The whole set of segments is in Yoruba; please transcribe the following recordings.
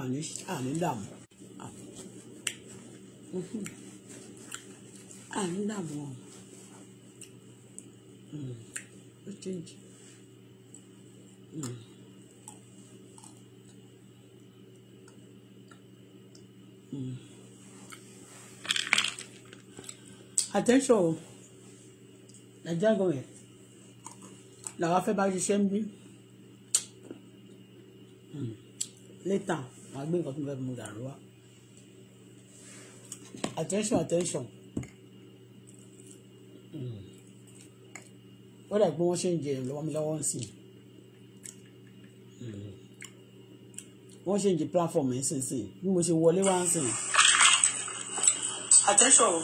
àní àní dààmú àní dààmú ọ hmm. ó change. Mm. Mm. attention o Nigerian government làwọn afẹ́ bá ṣiṣẹ́ ń bí hmm. later màá gbé nǹkan tó fẹ́ mu dàrú wá attention attention hmm. ó dà pé wọ́n ṣe ń jẹ lọ́wọ́ mi lọ́wọ́ hmm. wọ́n ṣe ń jẹ platform yẹn sínsìn bí mo ṣe wọlé wá ń sìn. attention o.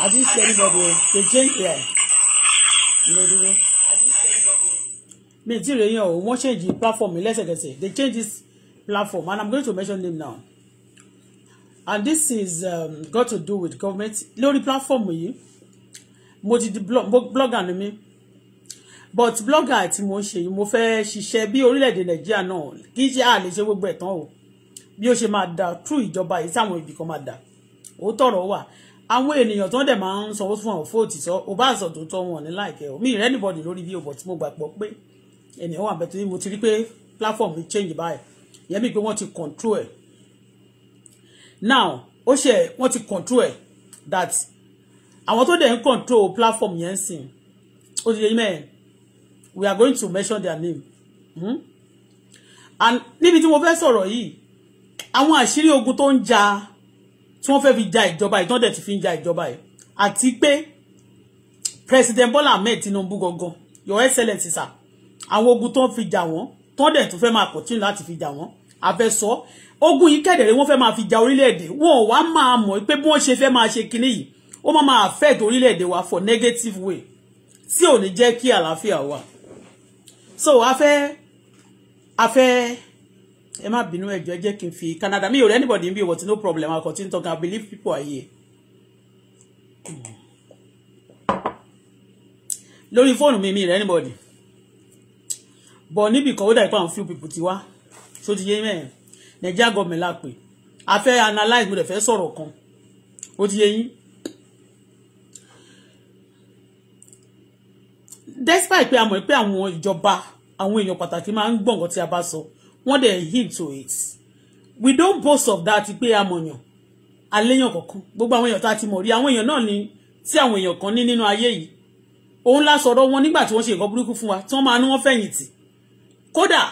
I didn't see anybody. They change there. mi ti rè yàn o wọ́n change the platform mi lẹ́sẹ̀kẹsẹ̀ they change this platform and i'm going to mention name now and this is um, got to do with government lórí platform yìí mo ti di blogger ni mi but blogger tí mo ń ṣe mo fe ṣiṣẹ́ bí orílẹ̀-èdè nàìjíríà náà kì í ṣe à lè ṣe gbogbo ẹ̀ tán o bí ó ṣe máa da through ìjọba yìí táwọn ibì kan máa da òótọ́ ọ̀rọ̀ wà àwọn ènìyàn tó ń dẹ̀ máa ń sanwó fún àwọn fóòtì sọ ò bá àsọ̀tò tọ́ wọn ní láìpẹ́ o mi ìrẹ́nìbọ̀dì lórí bí o bọ̀ tí mo gbàgbọ́ pé ẹni ọwọ́ àbẹ̀tẹ̀ mo ti rí pé platform mi change báyìí ìyẹn mi pé wọ́n ti control ẹ̀ now ó ṣe wọ́n ti control ẹ̀ that àwọn tó dẹ̀ ń control platform yẹn sìn ó ti yẹ yín mẹ́rin we are going to mention their name hmm? and níbi tí mo fẹ́ sọ̀rọ̀ yìí àwọn àṣírí ogun tó ń ja tí wọ́n fẹ́ fi ja ìjọba yìí tí wọ́n dẹ̀ ti fi ń ja ìjọba yìí àti pé president Bola Ahmed Tinubu gangan your excellency sir àwọn ogun tó ń fi jà wọ́n tó ń dẹ̀ tún fẹ́ máa continue láti fi jà wọ́n àfẹ́sọ́ ogun yìí kẹ̀dẹ̀rẹ́ wọ́n fẹ́ máa fi jà orílẹ̀-èdè wọn ò wá máa mọ̀ pé bí wọ́n ṣe fẹ́ máa ṣe kinní yìí ó máa máa affect orílẹ̀-èdè wa for negative way tí ò ní jẹ́ kí àlàáfíà wà so a fẹ́ a fẹ́ ẹ má bínú ẹjọ́ jẹ́ kí n fi Canada mi ò rẹ́ anybody n bí no problem I continue talking I believe people are here. lórí fóònù mi mi rẹ́ anybody bọ̀ níbì kan ó dà ìpàwọn few people ti wá ṣó ti yé mẹ́rin nàìjíríà gọ́ọ̀mẹ̀ la pè a fẹ́ analyse mo dẹ̀ fẹ́ sọ̀rọ̀ kan ó ti yé yín. despite pé a mọ̀ pé àwọn ìjọba àwọn èèyàn pàtàkì máa ń gbọ́ nǹkan tí a bá sọ wọ́n dẹ̀ hint to it we don't boast of that pé a mọ̀yàn aléyàn kọ̀ọ̀kan gbogbo àwọn èèyàn tá a ti mọ̀ rí àwọn èèyàn náà ni tí àwọn èèyàn kan ní nínú ayé yìí òun lásọ̀rọ̀ wọn nígbà tí wọ́n ṣe nǹkan burúkú fún wa tí wọ́n máa ní wọ́n fẹ̀yìntì kódà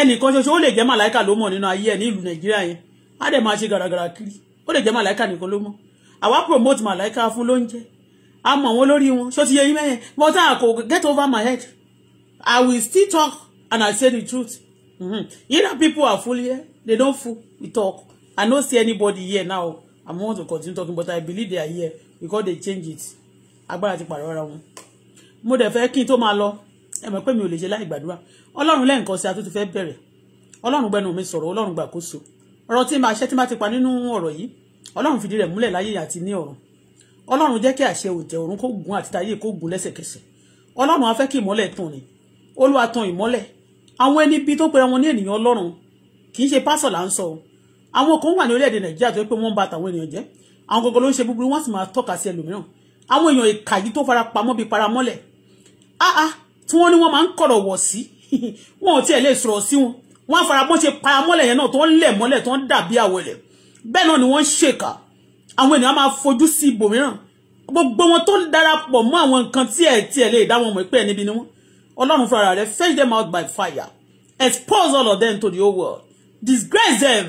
ẹnìkan ṣoṣo ó lè jẹ́ màláìka ló mọ̀ nínú ayé ẹ̀ ní ìlú nàìjíríà yẹn á dẹ̀ máa ṣe gàràgàrà kiri ó lè jẹ́ màláìka nìkan ló mọ̀ àwa promote màláìka fún lóúnjẹ a mọ̀ wọn lórí wọn ṣó ti yẹ yín mẹ́yẹn but I go get over my head I will still talk and I say the truth mm-hmm. either people are fool here they don fool we talk I no see anybody here now I want to continue talking but I believe they are here because they change it agbára ti pààrọ̀ ara wọn mo dẹ̀ fẹ́ kí n tó máa lọ ẹ mọ̀ pé mi ò lè ṣe láì gbàdúrà ọlọ́run lẹ́ǹkan sí àtúntò fẹ́ bẹ̀rẹ̀ ọlọ́run gbẹnu mi sọ̀rọ̀ ọlọ́run gbàkóso ọ̀rọ̀ tí màá ṣe tí màá ti pa nínú ọ̀rọ̀ yìí ọlọ́run fìdí rẹ̀ múlẹ̀ láyé àti ní ọ̀run ọlọ́run jẹ́ kí àṣẹ òjẹ̀ ọ̀run kó gun àti táyé kó gun lẹ́sẹ̀kẹsẹ̀ ọlọ́run á fẹ́ kí ìmọ́lẹ̀ tàn ni olúwa tan ìmọ́lẹ̀ àwọn ẹni bíi tó pera wọn ní ènìyàn ọlọ́run kì í ṣe pásọ̀ là ń sọ àwọn kan wà ní orílẹ̀-èdè nàìjíríà tó pé wọ́n ń ba tàwọn ènìyàn jẹ́ àwọn gọgọ ló ń ṣe búburú wọ́n sì máa tọ́ka sí ẹlòmíràn àwọn èèyàn ìkà yìí tó fara pamọ́ bíi paramọ́lẹ̀ áá tí wọ́n ní wọ́n máa ń kọ̀rọ̀ wọ̀ sí wọn ò tiẹ̀ lè sọ̀rọ̀ sí wọn wọn àfarabọ́n ṣe para mọ́lẹ̀ yẹn náà tó ń lẹ̀ mọ́lẹ̀ tó ń dàbí àwẹ̀lẹ̀ bẹ́ẹ̀ náà ni wọ́n ń ṣèkà àwọn ènìyàn máa fojú sí ibòmíràn gbogbo wọn tó ń darapọ̀ mọ́ àwọn nǹkan tí ẹ̀ tiẹ̀ lè dá wọn mọ̀ pé ẹ̀ níbi ni wọn ọlọ́run fúnra rẹ̀ fetch them out by fire expose all of them to the whole world disgrace them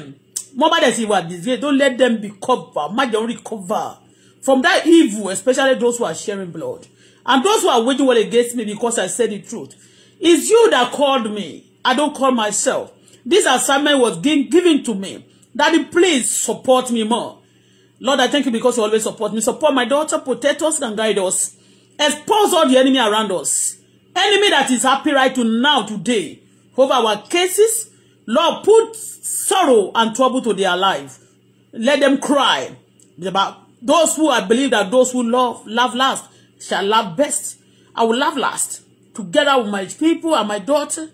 wọ́n bá dẹ̀ sí ìwà disgrace don't let them be covered má jẹun recover from that evil especially those who are sharing blood and those who are waging war against me because I said the truth It's you that called me. I don't call myself. This assignment was given to me. Daddy, please support me more. Lord, I thank you because you always support me. Support my daughter, protect us and guide us. Expose all the enemy around us. Enemy that is happy right to now, today, over our cases. Lord, put sorrow and trouble to their life. Let them cry. Those who I believe that those who love, love last, shall love best. I will love last together with my people and my daughter,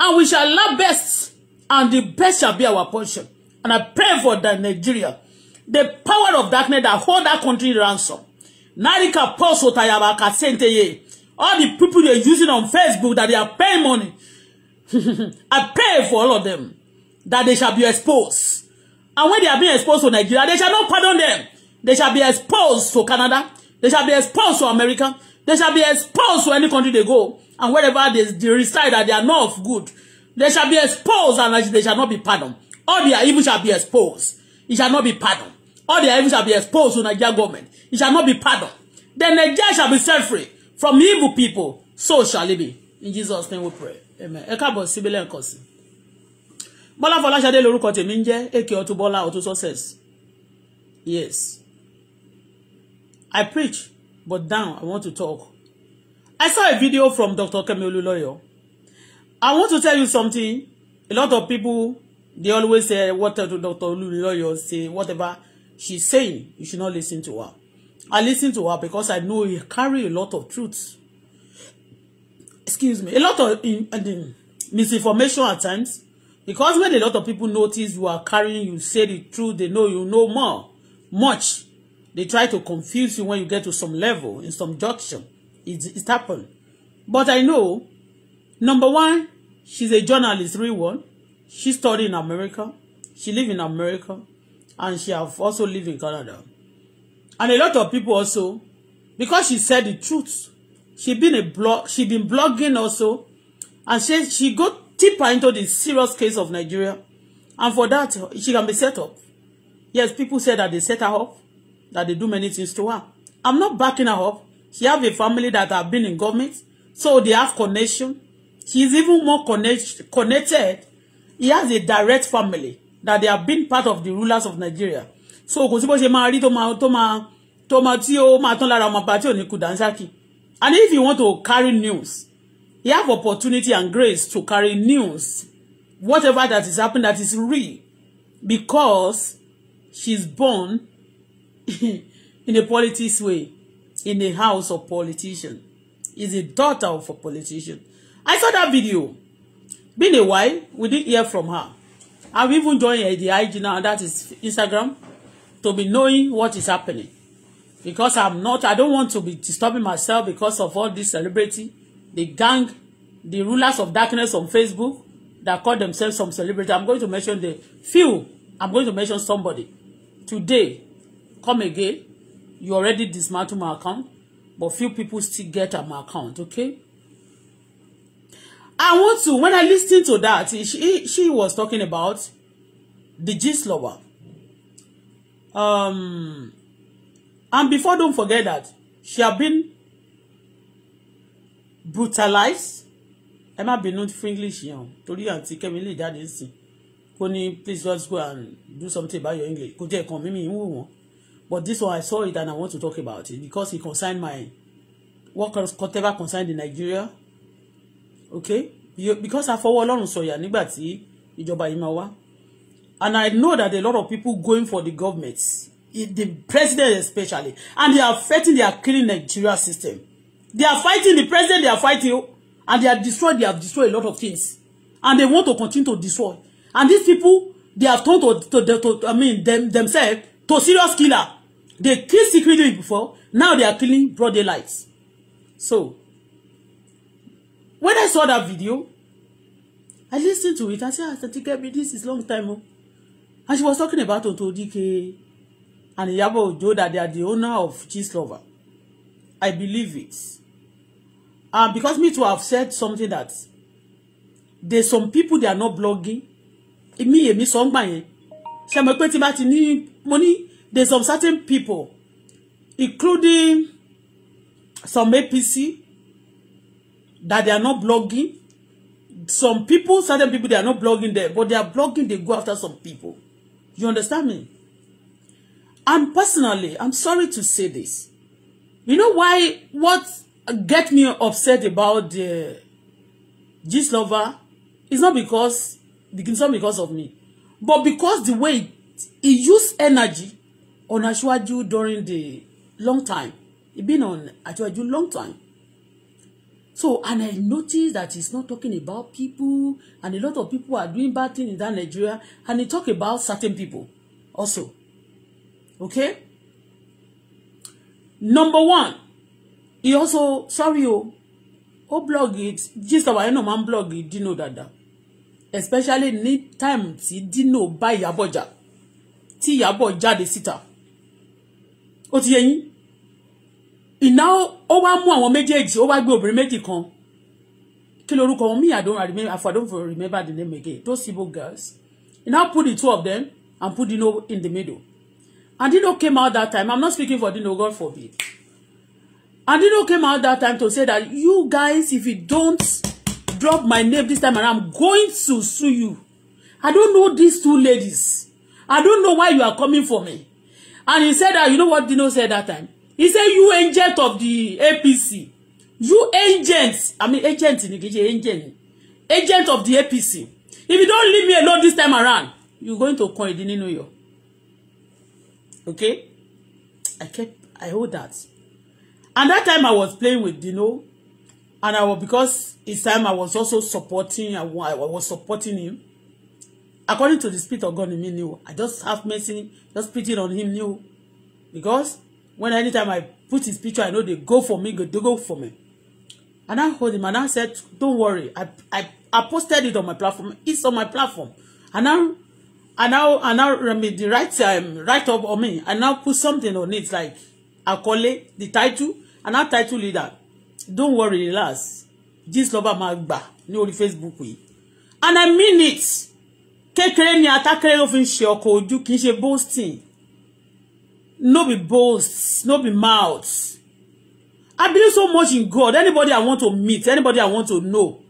and we shall love best, and the best shall be our portion. And I pray for that Nigeria, the power of darkness that hold that country ransom. Narika Poso Tayabaka Senteye. All the people they're using on Facebook that they are paying money. I pray for all of them that they shall be exposed. And when they are being exposed to Nigeria, they shall not pardon them. They shall be exposed to Canada. They shall be exposed to America. They shall be exposed to any country they go, and wherever they, they reside that they are not of good, they shall be exposed and they shall not be pardoned. All their evil shall be exposed. It shall not be pardoned. All their evil shall be exposed to Nigeria government. It shall not be pardoned. Then Nigeria shall be set free from evil people. So shall it be. In Jesus' name we pray. Amen. Ẹ káàbọ̀ síbí lẹ́ẹ̀kan sí. Bọ́lá Fọláṣadé lórúkọ tèmi ń jẹ́ Èkè Ọ̀túnbọ́lá Ọ̀tún Success. Yes. I preach. But now I want to talk. I saw a video from Dr. Kemi Oluloyo. I want to tell you something. A lot of people, they always say what Dr. Oluloyo say, whatever she's saying, you should not listen to her. I listen to her because I know you carry a lot of truths. Excuse me. A lot of in, in, misinformation at times. Because when a lot of people notice you are carrying, you say the truth, they know you know more, much. They try to confuse you when you get to some level, in some junction. It, it happened. But I know, number one, she's a journalist, real one. She studied in America. She live in America. And she have also live in Canada. And a lot of people also, because she said the truth, she been a blog, she been blogging also. And she, she got deeper into the serious case of Nigeria. And for that, she can be set up. Yes, people said that they set her up. that they do many things to her. I'm not backing her up. She have a family that have been in government, so they have connection. She's even more connect connected. He has a direct family that they have been part of the rulers of Nigeria. So kò sí bó ṣe máa rí tó máa tó máa tó máa tí ó máa tán lára And if you want to carry news, you have opportunity and grace to carry news, whatever that is happening that is real, because she's born in a politics way, in a house of politician. Is a daughter of a politician. I saw that video. Been a while, we didn't hear from her. I've even joined the IG now, that is Instagram, to be knowing what is happening. Because I'm not, I don't want to be disturbing myself because of all this celebrity, the gang, the rulers of darkness on Facebook that call themselves some celebrity. I'm going to mention the few. I'm going to mention somebody today come again you already dismantle my account but few people still get at my account okay I want to when I listen to that she she was talking about the gist lover um and before don't forget that she had been brutalized ẹ má bínú fún English you o torí àǹtí Kẹ́mi lè jáde sí kó ní please just go and do something about your English Could you come mímí ìwú But this one, I saw it and I want to talk about it because it concerned my what whatever concerned in Nigeria. Okay? Because I fọwọ́ Ọlọ́run sọ̀yà nígbà tí ìjọba yìí máa And I know that a lot of people going for the government, the president especially, and they are fighting, they are killing Nigeria system. They are fighting the president, they are fighting, and they are destroy. they have destroyed a lot of things. And they want to continue to destroy. And these people, they have turned to, to, to, to I mean, them, themselves to serious killer. They killed secretly before. Now they are killing broad daylight. So, when I saw that video, I listened to it. I said, ah, Auntie Kemi, this is long time. Ago. Oh. And she was talking about Auto DK and Yabo Ojo that they are the owner of Cheese Lover. I believe it. And because me too have said something that there's some people they are not blogging. Me, me, some eh. by. Ṣé mo pé tí bá ti ní mo ní There's some certain people, including some APC, that they are not blogging. Some people, certain people, they are not blogging there, but they are blogging, they go after some people. You understand me? And personally, I'm sorry to say this. You know why, what get me upset about the gist lover is not because, it's not because of me, but because the way he used energy on Ashwaju during the long time. He been on Ashwaju long time. So, and I noticed that he's not talking about people, and a lot of people are doing bad things in that Nigeria, and he talk about certain people also. Okay? Number one, he also, sorry oh, oh blog it, just àwọn ẹnu máa ń blog Dino dáadáa, especially ní time tí Dino bá Ìyábọ̀ jà, tí Ìyábọ̀ jáde síta ó ti yẹ yín ìná ó wá mú àwọn méjèèjì ó wá gbé obìnrin méjì kan kí lorúkọ wọn me i don't remember i don't remember the name again those Igbo girls he now put the two of them and put Dino in the middle and Dino came out that time i'm not speaking for Dino God forbid and Dino came out that time to say that you guys if you don't drop my name this time around i'm going to sue you i don't know these two ladies i don't know why you are coming for me And he said that, you know what Dino said that time? He said, you agent of the APC. You agents. I mean agent in the agent, agent of the APC. If you don't leave me alone this time around, you're going to call Dino. in New York. Okay? I kept, I hold that. And that time I was playing with Dino, and I was, because his time I was also supporting, I, I was supporting him according to the spirit of God in me new I just have mercy just put it on him new because when anytime I put his picture I know they go for me they go for me and I hold him and I said don't worry I I I posted it on my platform it's on my platform and now and now and now I the right um, right up on me and now put something on it like I call it the title and now title leader don't worry relax This lover máa gbà ní the Facebook we. and I mean it kékeré ni atákéré ló fi ń ṣe ọkọ̀ ojú kì í ṣe boasting no be boast no be mouth I believe so much in God anybody I want to meet anybody I want to know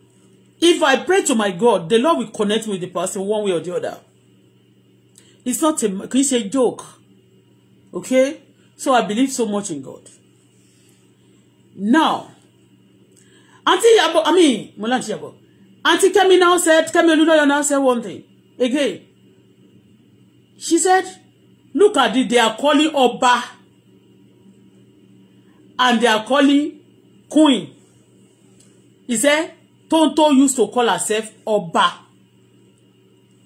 if I pray to my God the Lord will connect me with the person one way or the other it's not a kì í ṣe joke okay so I believe so much in God now aunty Yabo I mean Mola aunty Yabo aunty Kemi now said Kemi Oluloyo now said one thing again she said look at it they are calling Oba and they are calling Queen he said Tonto used to call herself Oba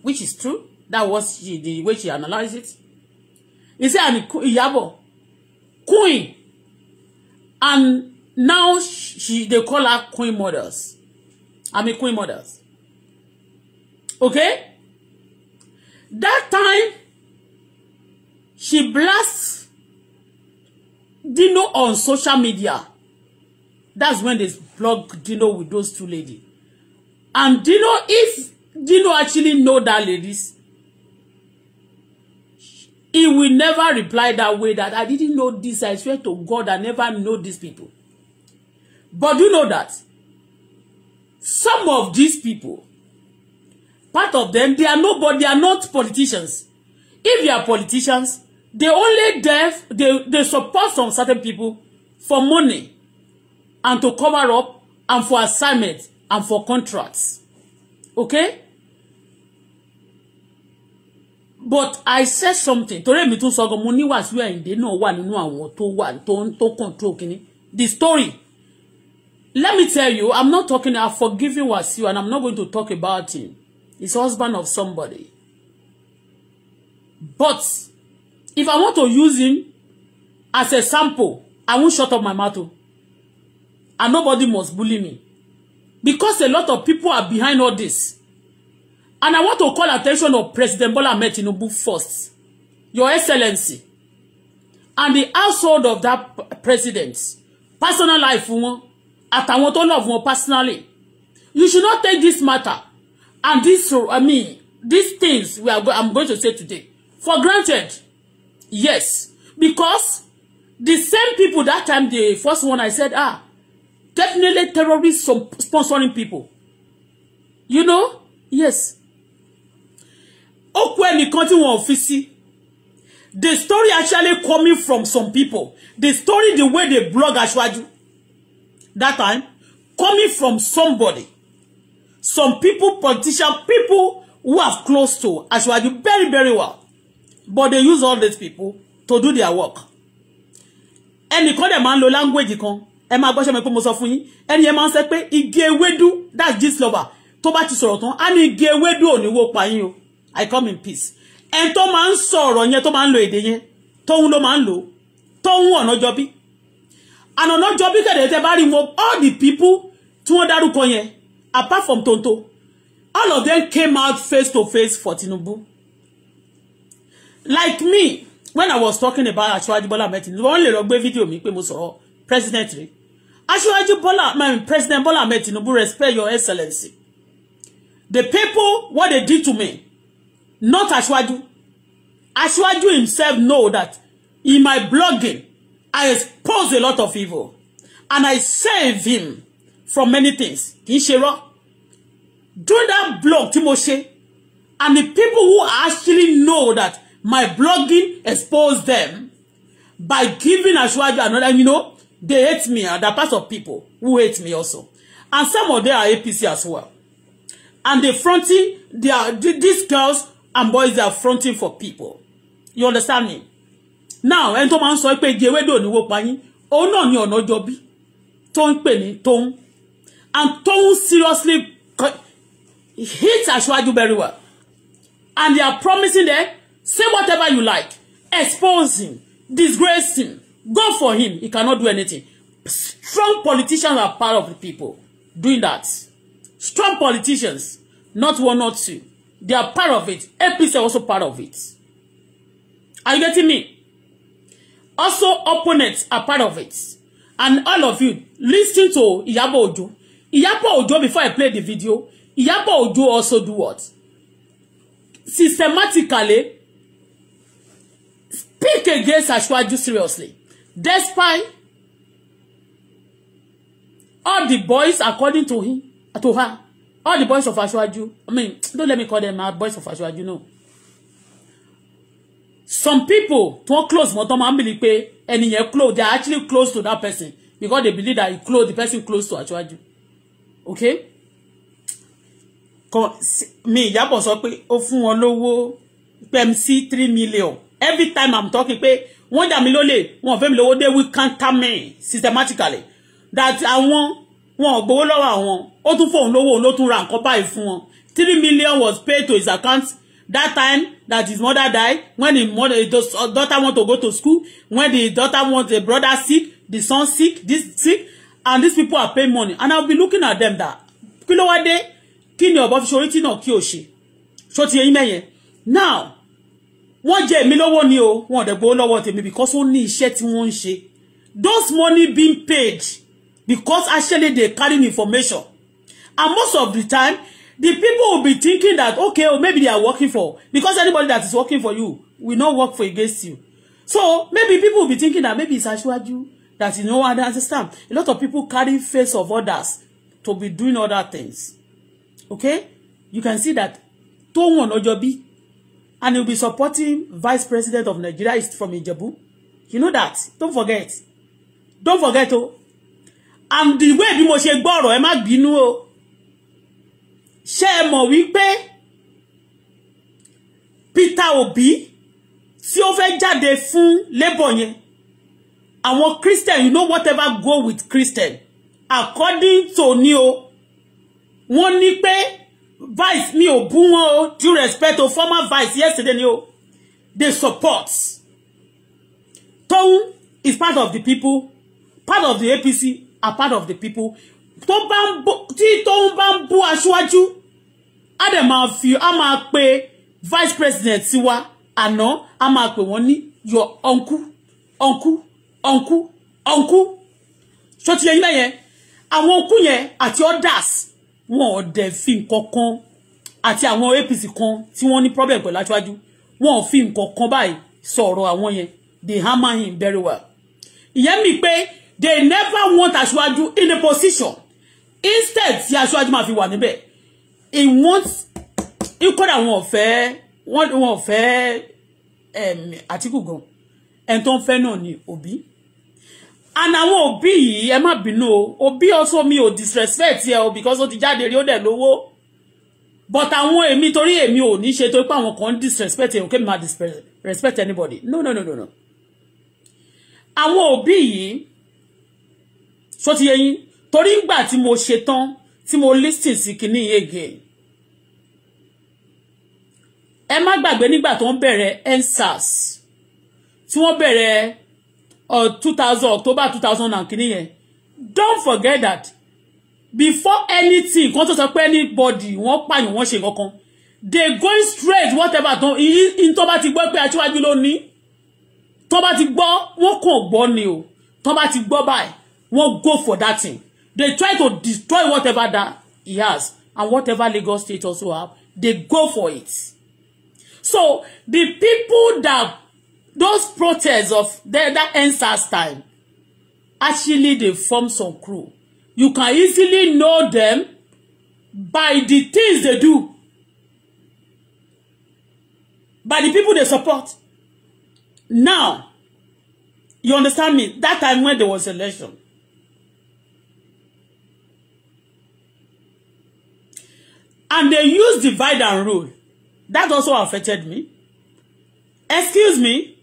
which is true that was she, the way she analyzed it he said "I'm Iyabo Queen and now she they call her Queen Mothers I mean Queen Mothers okay that time she blasts Dino on social media. That's when they block Dino with those two ladies. And Dino, if Dino actually know that ladies, he will never reply that way that I didn't know this. I swear to God, I never know these people. But you know that some of these people, part of them, they are nobody, they are not politicians. If they are politicians, they only deaf, they, they support some certain people for money and to cover up and for assignment and for contracts. Okay? But I said something. Torí èmi tún sọ gan mo ní Wàsíù Àyìndé náà wà nínú àwọn tó wà tó ń tó control kínní. The story. Let me tell you, I'm not talking, I'm forgiving Wàsíù and I'm not going to talk about him is husband of somebody. But if I want to use him as a sample, I won't shut up my mouth. Oh. And nobody must bully me. Because a lot of people are behind all this. And I want to call attention of President Bola Ahmed Tinubu first. Your Excellency. And the household of that president. Personal life, àtàwọn tó love wọn personally. You should not take this matter and this so I mean these things we are go I'm going to say today for granted yes because the same people that time the first one I said ah definitely terrorists Some sponsoring people you know yes ó kó ẹnìkan tí wọn the story actually coming from some people the story the way they blog aṣáájú that time coming from somebody some people, politician people who are close to Ashwaju very, very well. But they use all these people to do their work. Ẹnìkan dẹ̀ máa ń lo language kan. Ẹ máa gbọ́ṣẹ́ mi pé mo sọ fún yín. Ẹni yẹn máa ń sọ pé igi ewédú that's gist lover tó bá ti sọ̀rọ̀ tán á ní igi ewédú ò ní wó pa yín o. I come in peace. Ẹni tó máa ń sọ̀rọ̀ yẹn tó máa ń lo èdè yẹn tóun ló máa ń lò ó tóun ọ̀nà jọ bí. Ànàná kẹ̀dẹ̀ tẹ bá rí wọn all the people tí wọ́n dárúkọ yẹn apart from Tonto, all of them came out face to face for Tinubu. Like me, when I was talking about Asiwaju Bola Ahmed Tinubu, wọ́n video me gbé fídíò mi pé mo sọ̀rọ̀ president rẹ̀. my president Bola Ahmed Tinubu, respect your excellency. The people, what they did to me, not Asiwaju. Asiwaju himself know that in my blogging, I expose a lot of evil. And I save him from many things kì í ṣe rọ during that blog tí mo ṣe and the people who actually know that my blogging exposed them by giving Asiwaju another you know they hate me and that part of people who hate me also and some of them are APC as well and they fronting they are these girls and boys they are fronting for people you understand me now ẹni tó máa ń sọ pé igi ewédò ni wọ́n pa yín òun náà ni ọ̀nà jọ bí tó ń pè ní tóun and Toun seriously hit Ashwaju very well. And they are promising there. say whatever you like, expose him, disgrace him, go for him. He cannot do anything. Strong politicians are part of the people doing that. Strong politicians, not one or two. They are part of it. APC are also part of it. Are you getting me? Also, opponents are part of it. And all of you, listen to Iyabo Ojo. Iyapo Ojo, before I play the video, Iyapo Ojo also do what? Systematically speak against Ashwaju seriously. Despite all the boys according to him, to her, all the boys of Ashwaju, I mean, don't let me call them uh, boys of Ashwaju, no. Some people, to close, mo to ma believe close, they are actually close to that person because they believe that you close, the person close to Ashwaju okay kan mi Ìyábọ̀ sọ pé ó fún wọn lówó pmc three million every time i'm talking pé wọ́n dà mí lólè wọn fẹ́ mi lówó they will counter me systematically that àwọn wọn ò gbowó lọ́wọ́ àwọn ó tún fóun lówó òun ló tún ra nǹkan báyìí fún wọn three million was paid to his account that time that his mother die when the mother the daughter want to go to school when the daughter want the brother sick the son sick this sick and these people are paying money and I'll be looking at them that kilo ló wá dé kí ni ọ̀bọ fi ṣorí tí náà o ṣe ṣó ti eyín mẹ́yẹn now wọ́n jẹ èmi lọ́wọ́ ni o wọn ò dẹ̀ gbowó lọ́wọ́ tèmi because ó ní iṣẹ́ tí wọ́n ń those money being paid because actually they carrying information and most of the time the people will be thinking that okay oh, maybe they are working for because anybody that is working for you will not work for against you so maybe people will be thinking that maybe it's Aṣíwájú that you know and understand. A lot of people carry face of others to be doing other things. Okay? You can see that Toun Ojobi and he'll be supporting Vice President of Nigeria is from Ijebu. You know that. Don't forget. Don't forget oh. And the way bí must borrow, gbọ́ ọ̀rọ̀ ẹ má Share more we pay. Peter Obi tí ó fẹ́ jáde fún Labour yẹn àwọn christian you know whatever go with christian according to ni o wọ́n ní pé vice mi ò bú wọn o due respect to former vice yesterday ni o they support Toun is part of the people part of the APC are part of the people tó bá ń bú tí Toun bá ń bú aṣíwájú á dẹ̀ máa fi á máa pe vice president tiwa àná á máa pè wọ́n ní your uncle uncle ọ̀nkú ọ̀nkú ṣó ti yẹ yín mẹ́yẹn àwọn ọ̀nkú yẹn àti others wọn ò dẹ̀ fi nǹkan kan àti àwọn APC kan tí wọ́n ní problem pẹ̀lú aṣáájú wọn ò fi nǹkan kan báyìí sọ̀rọ̀ àwọn yẹn they hammer him very well ìyẹn mi pé they never want aṣáájú in the position instead tí aṣáájú máa fi wà níbẹ̀ he wants ikọ́dà wọn ò fẹ́ wọn ò fẹ́ Àtíkù gan ẹni tó ń fẹ́ náà ni Obi and àwọn òbí yìí ẹ má bínú o òbí also mi ò disrespect ẹ o because ó ti jáde rí ó dẹ̀ lówó but àwọn èmi torí èmi ò ní ṣe torí pé àwọn kan disrespect ẹ ò kémi máa disrespect anybody no no no no no àwọn òbí yìí ṣó ti yé yín torí ngbà tí mo ṣe tán tí mo listen sí kinní again ẹ má gbàgbé nígbà tó ń bẹ̀rẹ̀ endsars tí wọ́n bẹ̀rẹ̀ or two thousand October two thousand and kìíní yẹn don't forget that before anything kan tó sọ pé anybody wọ́n pààyàn wọ́n ṣe nǹkan kan they going straight whatever don in tó bá ti gbọ́ pé aṣíwájú ló ní tó bá ti gbọ́ wọ́n kàn gbọ́ ni o tó bá ti gbọ́ báyìí wọ́n go for that thing they try to destroy whatever that he has and whatever Lagos State also have they go for it so the people that those protests of the, that NSAS time, actually they form some crew. You can easily know them by the things they do, by the people they support. Now, you understand me? That time when there was election, and they use divide and rule. That also affected me. Excuse me,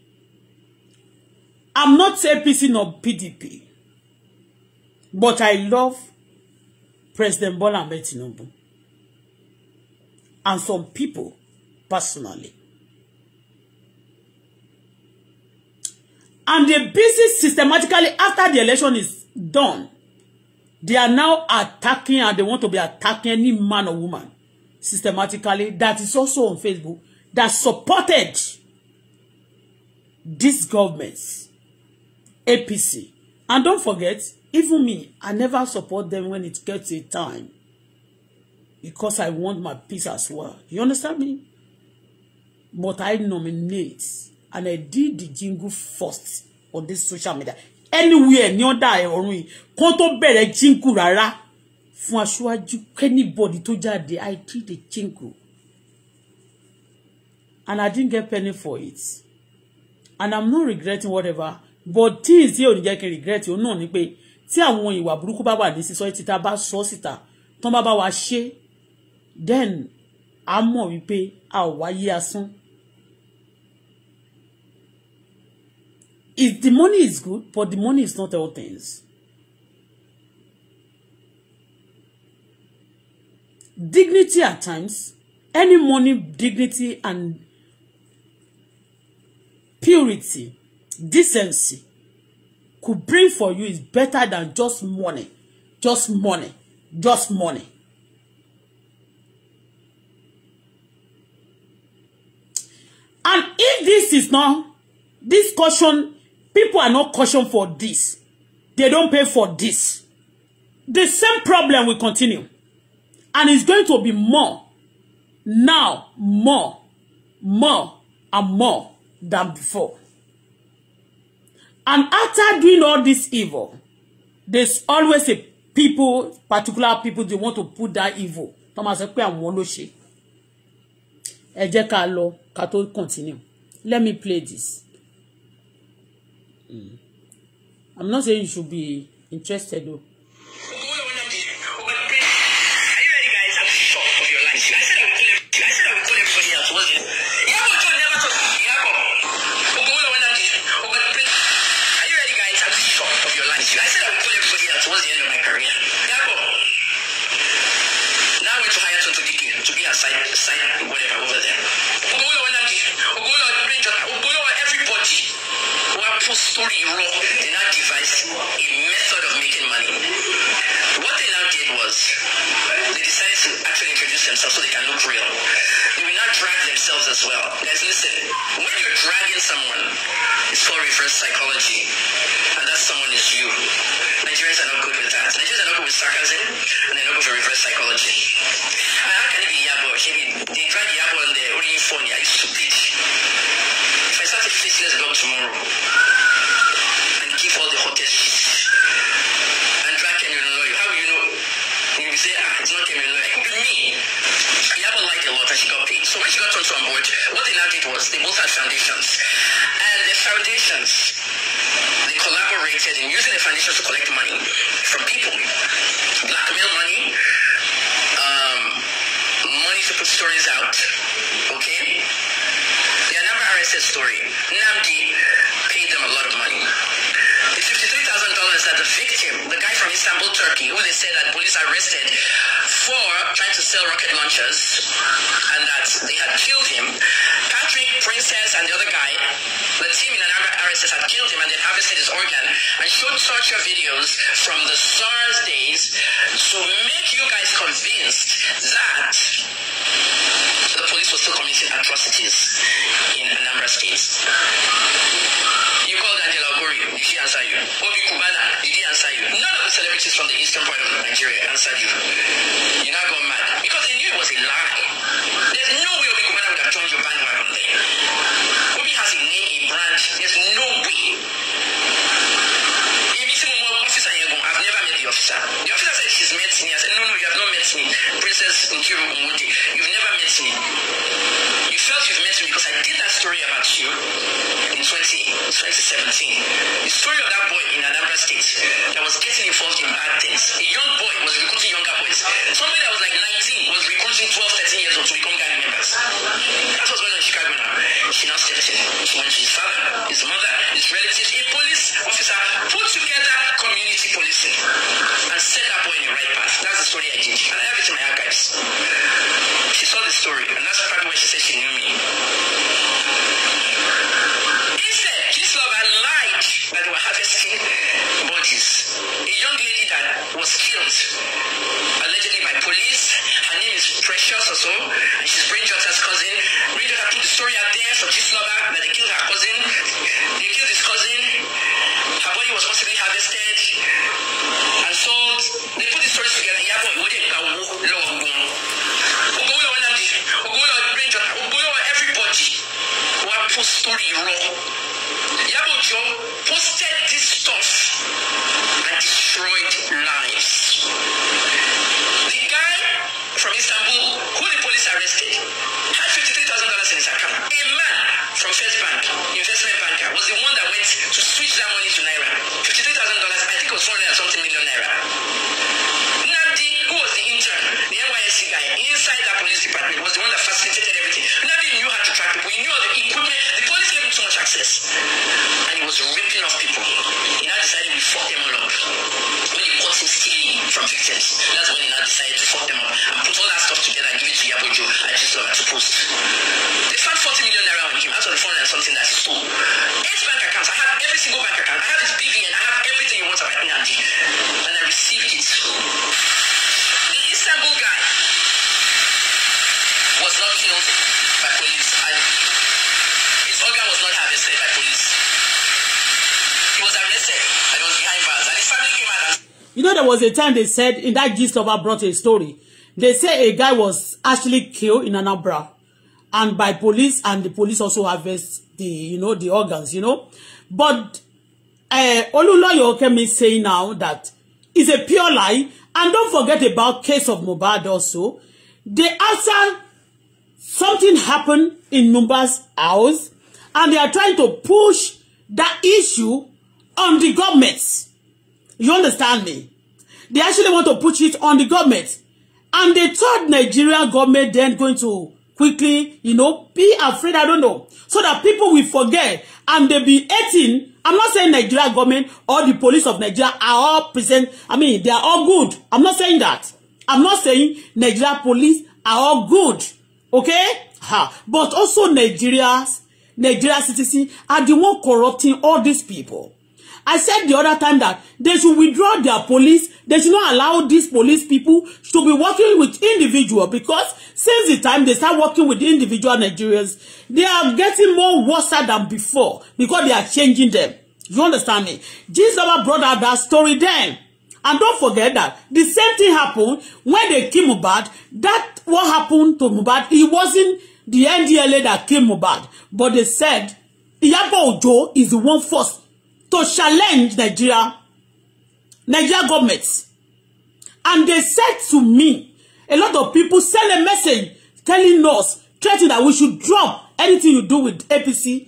I'm not APC nor PDP, but I love President Bola Tinubu and some people personally. And they busy systematically after the election is done. They are now attacking and they want to be attacking any man or woman systematically that is also on Facebook that supported these governments. APC. And don't forget, even me, I never support them when it gets a time. Because I want my peace as well. You understand me? But I nominate and I did the jingle first on this social media. Anywhere ní ọ̀dà ọ̀run yìí, kó tó bẹ̀rẹ̀ jingle rárá fún aṣáájú anybody tó jáde, I did the jingle. And I didn't get penny for it. And I'm not regretting whatever but things tí ò ní jẹ́ kí regret òun náà ni pé tí àwọn ìwà burúkú bá wà ní society tá a bá sọ síta tán bá bá wa ṣe then a mọ̀ wípé a ò wáyé asán. If the money is good, but the money is not all things. Dignity at times, any money, dignity and purity decency could bring for you is better than just money, just money, just money. And if this is not, this caution, people are not caution for this. They don't pay for this. The same problem will continue. And it's going to be more, now, more, more, and more than before. And after doing all this evil, there's always a people, particular people, they want to put that evil. Thomas máa sọ pé àwọn ló ṣe. continue. Let me play this. Hmm. I'm not saying you should be interested though. sold Europe, they now devised a method of making money. What they now did was they decided to actually introduce themselves so they can look real. They will not drag themselves as well. Guys, listen, when you're dragging someone, it's called reverse psychology. And that someone is you. Nigerians are not good with that. Nigerians are not good with sarcasm, and they're not good with reverse psychology. I And how can it be Yabo? They drag Yabo and they're only funny. Are you stupid? If I start a faceless dog tomorrow, man's looking and It could be me. I never liked a lot and she got paid. So when she got onto on board, what they now did was they both had foundations. And the foundations, they collaborated in using the foundations to collect money from people. Blackmail money, um, money to put stories out. Okay? They are never arrested story. Namdi that the victim, the guy from Istanbul, Turkey, who they say that police arrested for trying to sell rocket launchers and that they had killed him, Patrick, Princess, and the other guy, the team in an RSS had killed him and they harvested his organ and showed torture videos from the SARS days to make you guys convinced that the police were still committing atrocities in a number of states you, answered you. Obi Kubana, did he answer you? None of the celebrities from the eastern part of Nigeria answered you. You now gone mad because they knew it was a lie. There's no way Obi Kubana would have joined your bandwagon there. Obi has a name, a brand. There's no way. I've never met the officer. The officer said met I said, no, no, you have not met me. Princess Nkiru Umude, you've never met me. You felt you've met me because I did that story about you in 20, 2017. The story of that boy in Anambra State that was getting involved in bad things. A young boy was recruiting younger boys. Somebody that was like 19 was recruiting 12, 13 years old to become gang members. That was when in Chicago now. She now stepped in. She went to his father, his mother, his relatives, a police officer, put together community policing and set that boy right path. That's the story I did. And I have it in my archives. She saw the story, and that's probably why she said she knew me. Instead, this lover lied that they were harvesting bodies. A young lady that was killed, allegedly by police. Her name is Precious or so, and she's Brainjotter's cousin. Brainjotter put the story out there for this lover that they killed her cousin. They killed his cousin. Her body was possibly harvested and sold from First Bank, investment banker, was the one that went to switch that money to Naira. You know, there was a time they said, in that gist lover brought a story. They say a guy was actually killed in an abra, and by police, and the police also harvest the, you know, the organs, you know. But uh, eh, Oluloyo Okemi saying now that it's a pure lie. And don't forget about case of Mohbad also. They after something happened in Mohbad's house, and they are trying to push that issue on the governments. You understand me? They actually want to put it on the government. And they thought Nigerian government then going to quickly, you know, be afraid, I don't know, so that people will forget and they be hating. I'm not saying Nigerian government or the police of Nigeria are all present. I mean, they are all good. I'm not saying that. I'm not saying Nigeria police are all good. Okay? Ha. But also Nigeria's, Nigeria citizens are the one corrupting all these people. I said the other time that they should withdraw their police. They should not allow these police people to be working with individual because since the time they start working with individual Nigerians, they are getting more worse than before because they are changing them. You understand me? Jesus brought out that story then. And don't forget that the same thing happened when they killed Mohbad. That what happened to Mubad? It wasn't the NDLA that came Mohbad. But they said Iyabo Ojo is the one first to challenge Nigeria, Nigeria government. And they said to me, a lot of people send a message telling us, threatening that we should drop anything you do with APC.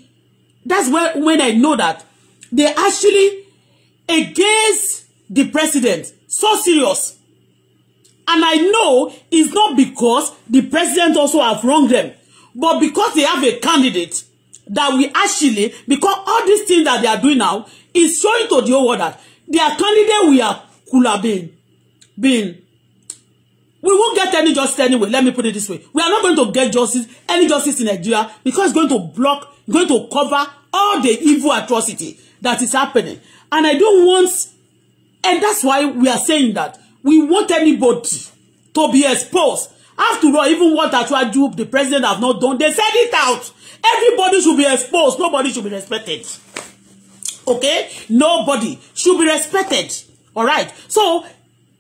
That's where, when I know that they actually against the president. So serious. And I know it's not because the president also have wronged them, but because they have a candidate that we actually, because all these things that they are doing now is showing to the whole world that their candidate we are could have been. been. We won't get any justice anyway. Let me put it this way. We are not going to get justice, any justice in Nigeria because it's going to block, going to cover all the evil atrocity that is happening. And I don't want, and that's why we are saying that we want anybody to be exposed. After all, even what Atwaju, the president, have not done, they said it out. Everybody should be exposed. Nobody should be respected. Okay? Nobody should be respected. All right. So,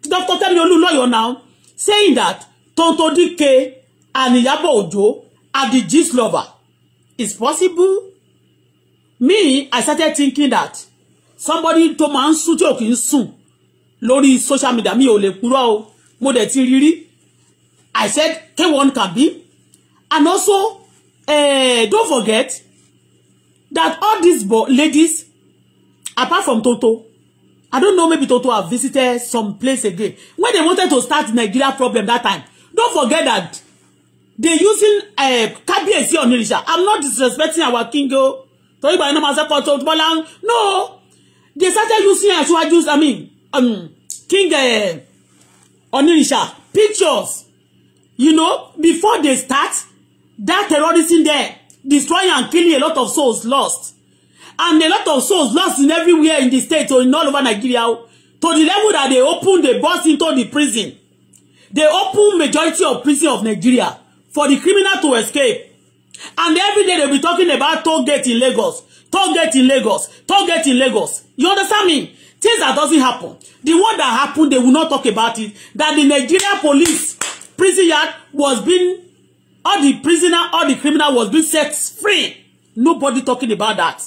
Dr. Temiolu lawyer now saying that Tonto Dike and Yabo Ojo are the gist lover. Is possible. Me, I started thinking that somebody to man suit you tí ò kì social media me ò lè purọ́ o mo dẹ̀ ti rírí I said K1 can be and also uh, don't forget that all these ladies, apart from Toto, I don't know, maybe Toto have visited some place again. When they wanted to start Nigeria problem that time, don't forget that they using uh, on Onirisha. I'm not disrespecting our king, oh. No! They started using Asiwaju, I mean, um, King uh, eh, Onirisha pictures. You know, before they start, That terrorism there, destroying and killing a lot of souls lost. And a lot of souls lost in everywhere in the state or in all over Nigeria to the level that they open the bus into the prison. They open majority of prison of Nigeria for the criminal to escape. And every day they be talking about toll gate in Lagos, toll gate in Lagos, toll gate in Lagos. You understand me? Things that doesn't happen. The one that happened, they will not talk about it. That the Nigeria police prison yard was being all the prisoner, all the criminal was being set free. Nobody talking about that.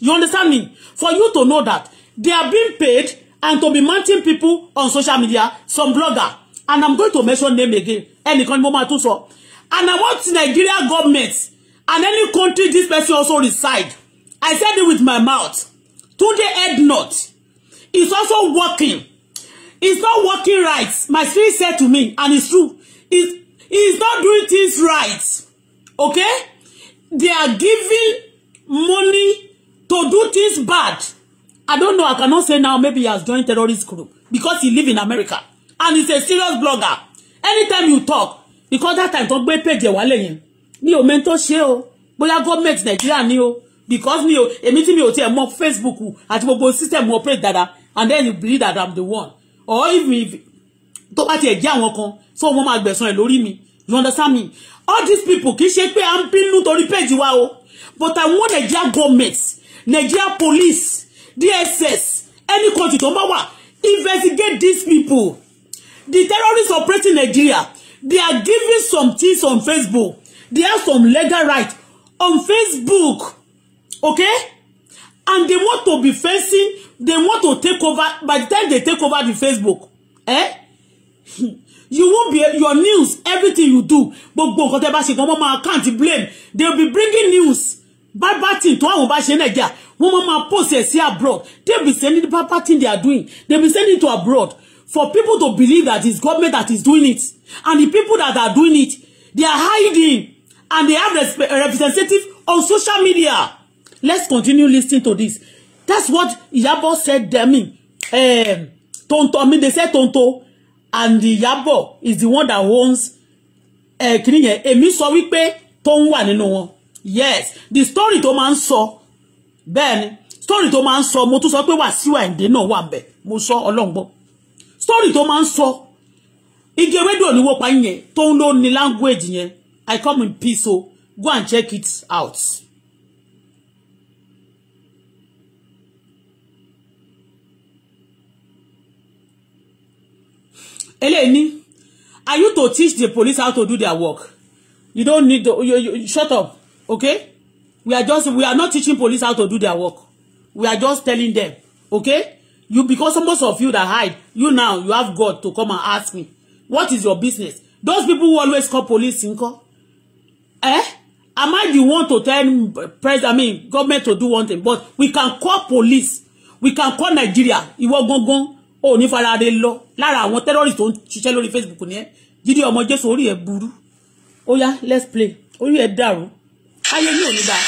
You understand me? For you to know that they are being paid and to be mounting people on social media, some blogger. And I'm going to mention name again. Any ni mo máa tún And I want Nigeria government and any country this person also reside. I said it with my mouth. To the head Ednut it's also working. It's not working right. My spirit said to me, and it's true. It's, is not doing things right. Okay? They are giving money to do things bad. I don't know. I cannot say now. Maybe he has joined terrorist group because he live in America and he's a serious blogger. Anytime you talk, because that time tó gbé page wálé yẹn mi ò mẹ́ńtọ́ ṣe o bóyá government Nigeria ni o because mi ò èmi tí mi ò tiẹ̀ mọ Facebook àti gbogbo system operate dada and then you believe that I'm the one or if mi tó bá tiẹ̀ jẹ́ àwọn kan so wọ́n máa gbẹ̀san ẹ̀ lórí mi you understand me all these people kì í ṣe pé à ń bínú torí page wa o but I want Nigeria government Nigeria police DSS any country tó ń bá wà investigate these people the terrorists operating Nigeria they are giving some things on Facebook they have some legal right on Facebook okay and they want to be facing. they want to take over by the time they take over the Facebook eh you won't be your news everything you do gbogbo nǹkan tẹ́ bá ṣe gan wọ́n máa blame they will be bringing news bàbá tí tó àwọn bá ṣe nàìjíríà wọ́n máa máa post ẹ̀ sí abroad they be sending the bàbá thing they are doing they be sending to abroad for people to believe that it's government that is doing it and the people that are doing it they are hiding and they have a uh, representative on social media let's continue listening to this that's what Yabo said demi um, tonto i mean they said tonto and the yabo is the one that owns eh, kìíní yẹn èmi sọ wípé Tóun wà nínú wọn yes the story to man ń sọ story to man ń sọ mo tún sọ pé Wàsíù Àyìndé náà wà bẹ́ẹ̀ mo sọ Ọlọ́run gbọ́ story to man ń sọ igi ni wọ́n pa yẹn Tóun ló ní language yẹn I come in peace o go and check it out. Eleni, are you to teach the police how to do their work you don't need to you, you, shut up okay we are just we are not teaching police how to do their work we are just telling them okay you because most of you that hide you now you have God to come and ask me what is your business those people who always call police nko eh am I the one to tell president I mean government to do one thing but we can call police we can call Nigeria Iwo gangan ò ní farade lọ Lara, àwọn terrorist tó ń ṣiṣẹ́ lórí Facebook ni ẹ jíde ọmọ Jésù orí ẹ burú ó let's play orí ẹ dàrú ayé mi ò ní dáa.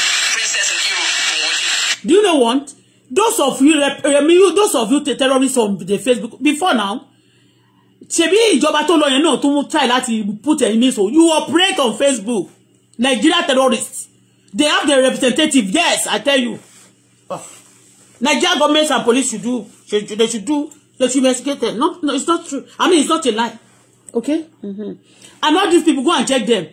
do you know what those of you those of you terrorists on the Facebook before now ṣebí ìjọba tó lọ yẹn náà tún try láti put ẹ̀yin mi so you operate on Facebook Nigeria terrorists they have their representative yes I tell you oh. Nigeria government and police should do should, they should do That you investigate them. Not, no, it's not true. I mean, it's not a lie. Okay? Mm-hmm. And all these people, go and check them.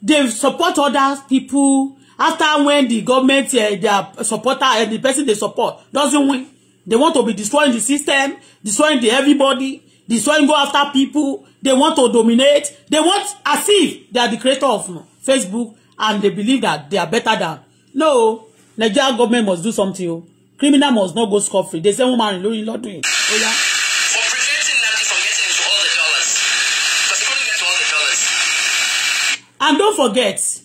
They support other people. After when the government, uh, their supporter, uh, the person they support doesn't win. They want to be destroying the system, destroying the everybody, destroying go after people. They want to dominate. They want as if they are the creator of Facebook and they believe that they are better than. No, Nigerian government must do something. Oh. Criminal must not go scot-free. They say woman lórí lọ́dún doing. Ó yá. And don't forget,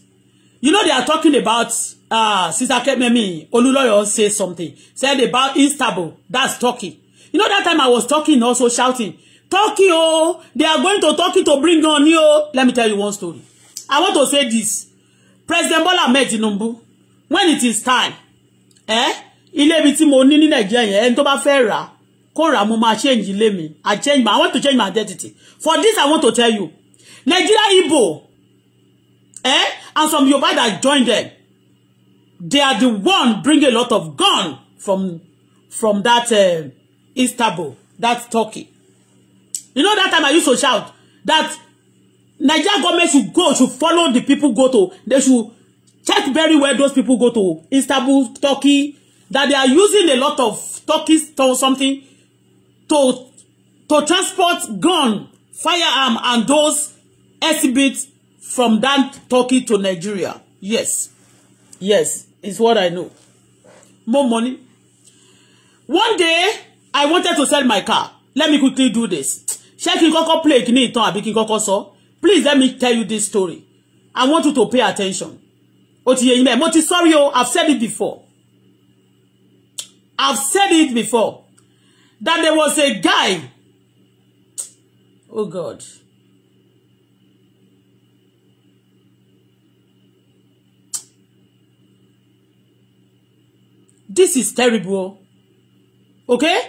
you know they are talking about uh Sister Kememi Oluloyo say something. Said about Istanbul. That's Turkey. You know that time I was talking also shouting, Turkey oh, they are going to Turkey to bring on you. Let me tell you one story. I want to say this. President Bola Ahmed Tinubu, when it is time, eh? Ilé mi tí mo ní ní Nigeria yẹn, ẹni tó bá fẹ́ rà, kó mo máa change ilé mi. I change my, I want to change my identity. For this I want to tell you, Nigeria Igbo eh? and some Yoruba that join them. They are the one bring a lot of gun from from that uh, Istanbul, that Turkey. You know that time I used to shout that Nigeria government should go, should follow the people go to, they should check very where those people go to Istanbul, Turkey, that they are using a lot of Turkish or something to to transport gun, firearm, and those exhibits from that Turkey to Nigeria. Yes. Yes, is what I know. More money. One day, I wanted to sell my car. Let me quickly do this. Ṣé kí n kọ́kọ́ play kí ni ìtàn àbí kí n kọ́kọ́ sọ? Please let me tell you this story. I want you to pay attention. Ó ti yé yín bẹ́ẹ̀. Mo ti sorry o, I've said it before. I've said it before. That there was a guy. Oh God. this is terrible okay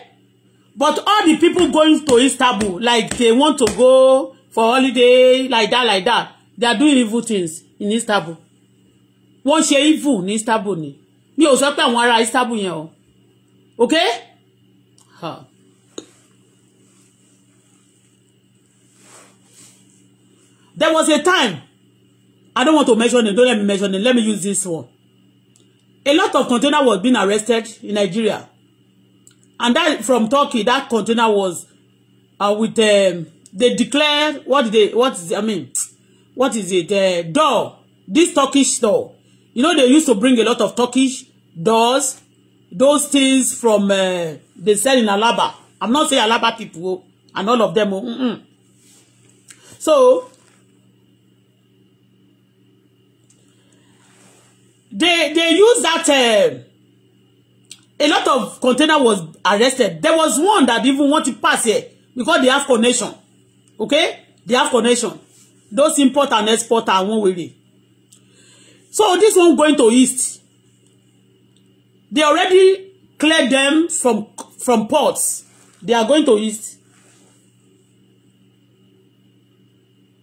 but all the people going to Istanbul like they want to go for holiday like that like that they are doing evil things in Istanbul wọ́n ṣe evil ní Istanbul ni mi ò sọ pé àwọn ará Istanbul yẹn o okay. Huh. There was a time I don't want to mention it don't let me mention it let me use this one a lot of container was being arrested in Nigeria. And that from Turkey, that container was uh, with um, they declared what they what is I mean what is it uh, door this Turkish door. You know they used to bring a lot of Turkish doors, those things from uh, they sell in Alaba. I'm not saying Alaba people and all of them. Oh, mm-mm. So they they use that uh, a lot of container was arrested there was one that even want to pass here because they have connection okay they have connection those import and export are one way so this one going to east they already cleared them from from ports they are going to east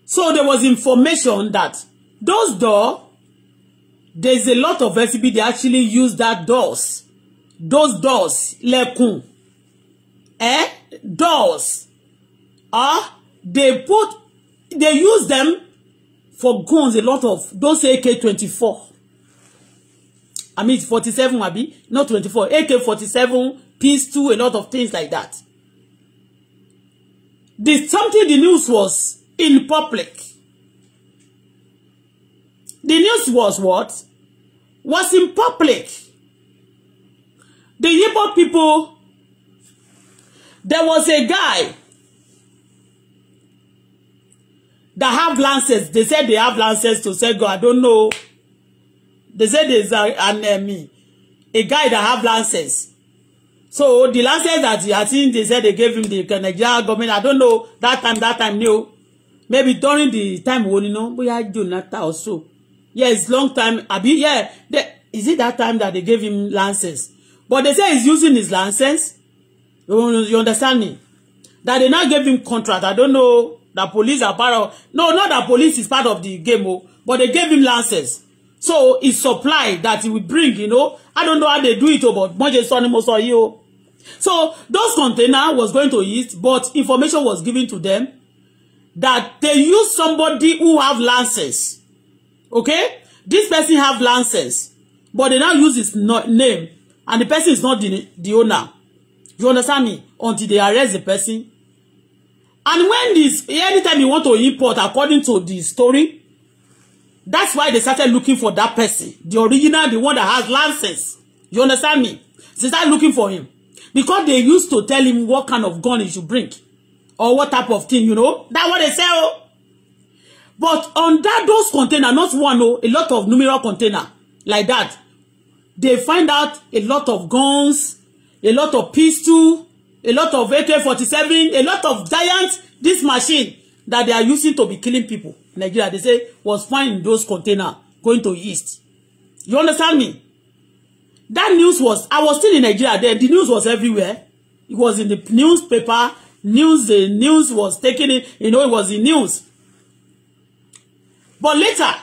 so there was information that those door there's a lot of SCB they actually use that doors those doors lẹ́kùn eh doors ah uh, they put they use them for guns a lot of those AK-24 I mean 47 maybe, not 24 AK-47 pistol a lot of things like that the something the news was in public The news was what? Was in public. The Igbo people, there was a guy that have lances. They said they have lances to say God. I don't know. They said there's an enemy, um, a guy that have lances. So the lances that he, had seen. they said they gave him the Nigerian government. I don't know that time. That time, new. Maybe during the time, you know, we had not also yes long time abi yeah they, is it that time that they gave him lances? but they say he's using his lances. you, you understand me that they now gave him contract i don't know that police are part of no not that police is part of the game oh but they gave him lances, so his supply that he will bring you know i don't know how they do it oh but mo is sọ ni mo sọ yìí oh. so those container was going to eat but information was given to them that they use somebody who have lances. Okay? This person have license, but they now use his name, and the person is not the, the owner. You understand me? Until they arrest the person. And when this, anytime you want to import, according to the story, that's why they started looking for that person. The original, the one that has license. You understand me? They start looking for him. Because they used to tell him what kind of gun he should bring. Or what type of thing, you know? That what they say, oh. But under those container, not one, no, oh, a lot of numeral container like that, they find out a lot of guns, a lot of pistol, a lot of AK-47, a lot of giant, this machine that they are using to be killing people in Nigeria, they say, was found in those container going to East. You understand me? That news was, I was still in Nigeria then, the news was everywhere. It was in the newspaper, news, the news was taking it. you know, it was in news. But later,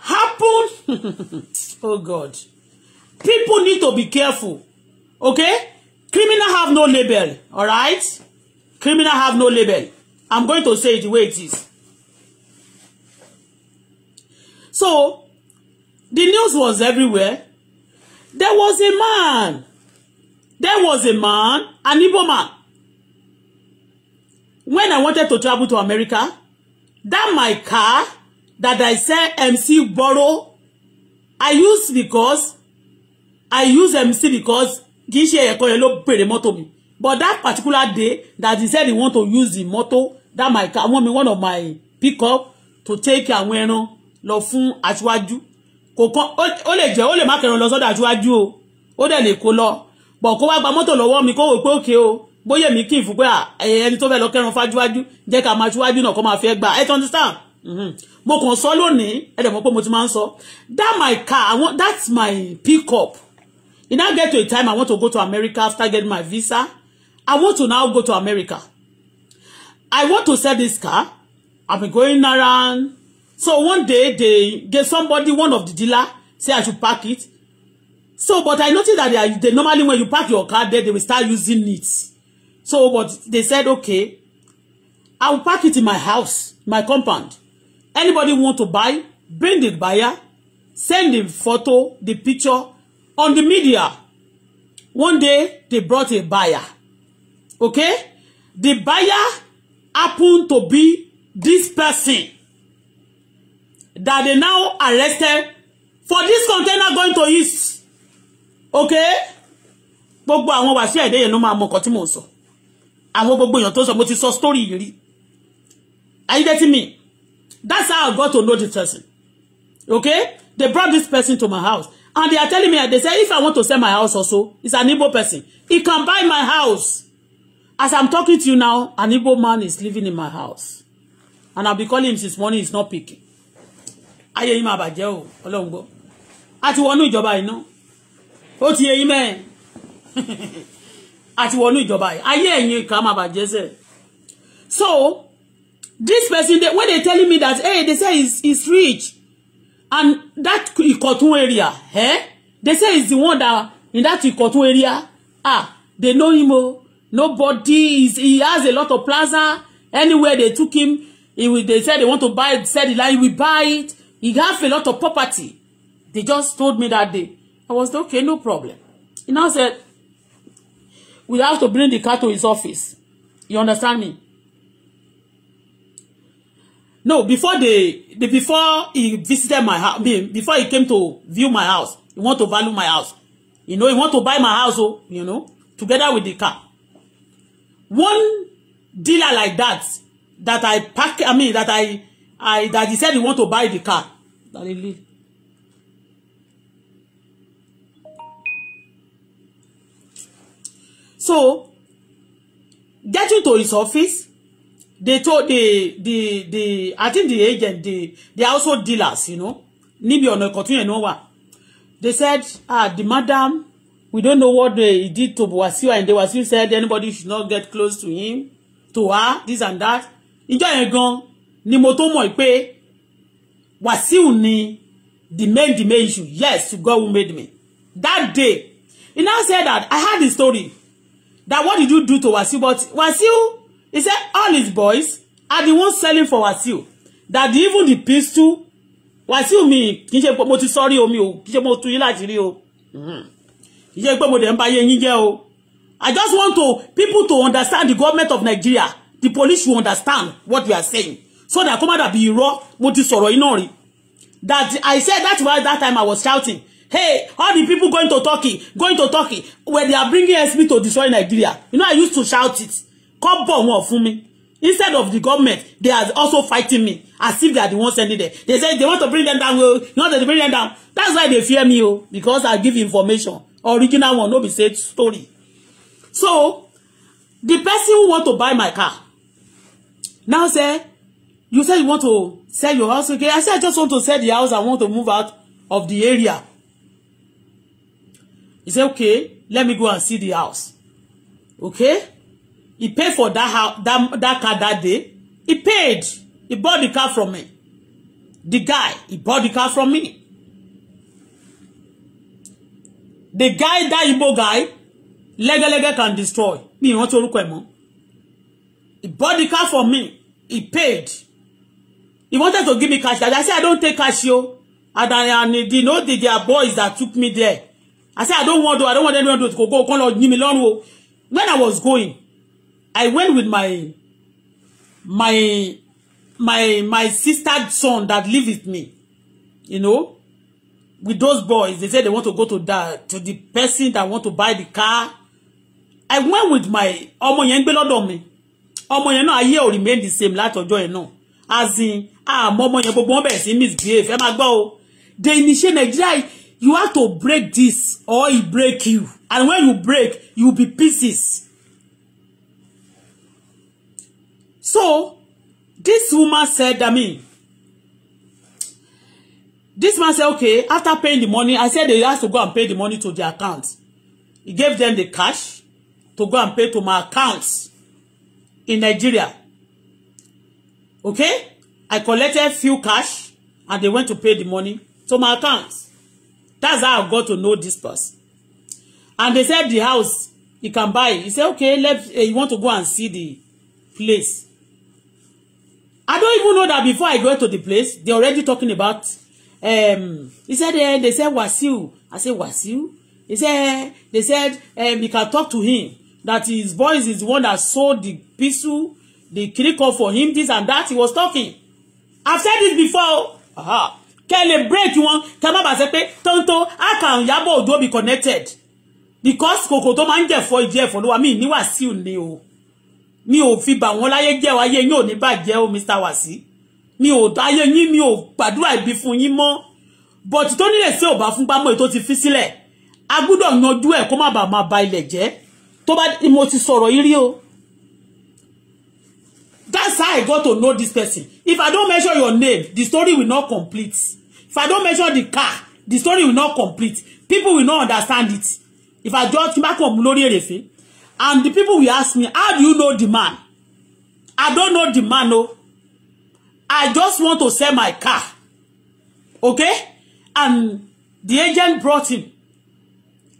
happened. oh God. People need to be careful. Okay? Criminal have no label. All right? Criminal have no label. I'm going to say it the way it is. So, the news was everywhere. There was a man. There was a man, an Igbo man. When I wanted to travel to America, that my car that I sell MC borrow I use because I use MC because kì í ṣe ẹ̀kọ́ yẹn ló bèrè mọ́tò mi but that particular day that he said he want to use the motor that my car want me one of my pickup to take àwọn ẹran lọ fún aṣíwájú kò kàn ó lè jẹ́ ó lè má kẹran lọ sọ́dọ̀ aṣíwájú o ó dẹ̀ lè kó lọ but kó wá gba mọ́tò lọ́wọ́ mi kó wò pé òkè o bóyá èmi kì í fún pé ah, ẹni tó fẹ́ lọ kẹrun fájúwájú jẹ́ ká máa ṣíwájú náà kó máa fẹ́ gbà ẹ tó understand mm-hmm. mo kàn sọ lónìí ẹ dẹ̀ mọ̀ pé mo ti máa ń sọ that my car I want, that's my pick up e now get to a time I want to go to America after getting my visa I want to now go to America I want to sell this car I've been going around so one day they get somebody one of the dealer say I should park it so but I notice that they, are, they normally when you park your car there they will start using it So, but they said, okay, I'll pack it in my house, my compound. Anybody want to buy, bring the buyer, send the photo, the picture on the media. One day, they brought a buyer. Okay? The buyer happened to be this person that they now arrested for this container going to east. Okay? Gbogbo àwọn wàṣẹ́ ẹ̀dẹ́yẹ̀ ló máa mọ tí mò ń sọ àwọn gbogbo èèyàn tó sọ mo ti sọ story yìí rí are you getting me that's how I got to know the person okay they brought this person to my house and they are telling me they say if I want to sell my house also it's an Igbo person he can buy my house as I'm talking to you now an Igbo man is living in my house and I'll be calling him since morning he's not picking ayé yìí máa bàjẹ́ o ọlọ́run gbọ́ a ti wọnú ìjọba iná ó ti yẹ yín mẹ́ẹ̀. Ati wonu ìjọba yìí ayé ẹ̀yin ká máa bàjẹ́ sẹ̀ so this person they, when they telling me that hey they say is is rich and that Ikotun area eh they say is the one that in that Ikotun area ah they know him oh nobody is he has a lot of plaza anywhere they took him he will they said they want to buy said he like we buy it he have a lot of property they just told me that day I was okay no problem he now said we have to bring the car to his office you understand me no before the the before he visited my house I mean, before he came to view my house he want to value my house you know he want to buy my house oh you know together with the car one dealer like that that I pack I mean that I I that he said he want to buy the car that he leave So getting to his office, they told the the the I think the agent the they are also dealers, you know. Níbi ọ̀nà ìkọ̀tún yẹn náà wà. They said, ah, the madam, we don't know what they did to Wasiu and the Wasiu said anybody should not get close to him, to her, this and that. Ìjọ yẹn gan ni mo tó mọ̀ Wasiu ni the main the main issue. Yes, God who made me. That day, he now said that I had the story that what did you do to Wasiu? But Wasiu, he said all his boys are the ones selling for Wasiu. That even the pistol, Wasiu me, he said, but you sorry ti me, omi he said, í ṣe mo you, he said, but you Kì í ṣe I just want to people to understand the government of Nigeria. The police should understand what we are saying. So that kó má dàbí irọ́, mo ti sọ̀rọ̀ yín náà rí. That I said that's why that time I was shouting. Hey, all the people going to Turkey, going to Turkey, where they are bringing SB to destroy Nigeria. You know, I used to shout it. Come bomb one for me. Instead of the government, they are also fighting me. As if they are the ones sending them. They say they want to bring them down. Oh, you know, they bring them down. That's why they fear me, oh, because I give information. Original one, no be said story. So, the person who want to buy my car, now say, you say you want to sell your house again. I say I just want to sell the house. I want to move out of the area. He said, okay, let me go and see the house. Okay? He paid for that, house, that, that car that day. He paid. He bought the car from me. The guy, he bought the car from me. The guy, that Igbo guy, lega lega can destroy. Mi wọ́n ti look at, mọ́. He bought the car from me. He paid. He wanted to give me cash. I said, I don't take cash, yo. And, I, and you know, the, their boys that took me there. I said, I don't want to, I don't want anyone to go, go go. call on me long. When I was going, I went with my, my, my, my sister's son that live with me, you know, with those boys. They said they want to go to that, to the person that want to buy the car. I went with my, ọmọ yẹn ń gbé lọ́dọ̀ mi. Ọmọ yẹn náà, ayé ò remain the same látọjọ́ yẹn náà. As in, ah, momo yẹn gbogbo wọn bẹ̀rẹ̀ sí misbehave. Ẹ máa gbọ́ o. They initiate Nigeria you have to break this or it break you and when you break you be pieces so this woman said i mean this man said okay after paying the money i said they have to go and pay the money to their account he gave them the cash to go and pay to my account in Nigeria okay i collected few cash and they went to pay the money to my account That's how I got to know this person. And they said the house he can buy. He said, okay, let uh, you want to go and see the place. I don't even know that before I go to the place, they're already talking about. Um, he said uh, they said Wasiu. I said Wasiu. He said they said um, you can talk to him that his boys is the one that sold the pistol, the kiriko for him, this and that. He was talking. I've said this before. Aha kẹ́ lè break wọn kẹ́ má bàa ṣe pé tóńtó àkàn Ìyábọ̀ Òjó be connected because kòkò tó máa ń jẹ̀fọ́ ìdí ẹ̀fọ́ ló wà mí ní Wàsíù ni o mi ò fi bà wọ́n láyé jẹ́ wáyé yín ò ní bàjẹ́ o Mr. Wàsí mi ò ayé yín mi ò gbàdúrà ìbí fún yín mọ́ but tó nílẹ̀ sí ò bá fún gbámọ́ ètò ti fi sílẹ̀ a gbúdọ̀ yanjú ẹ̀ kó má bàa máa ba ilẹ̀ jẹ́ tó bá mo ti sọ̀rọ̀ yìí rí o That's how I got to know this person. If I don't mention your name, the story will not complete. If I don't mention the car, the story will not complete. People will not understand it. If I just back up Lori Erefe, and the people will ask me, how do you know the man? I don't know the man, no. Oh. I just want to sell my car. Okay? And the agent brought him.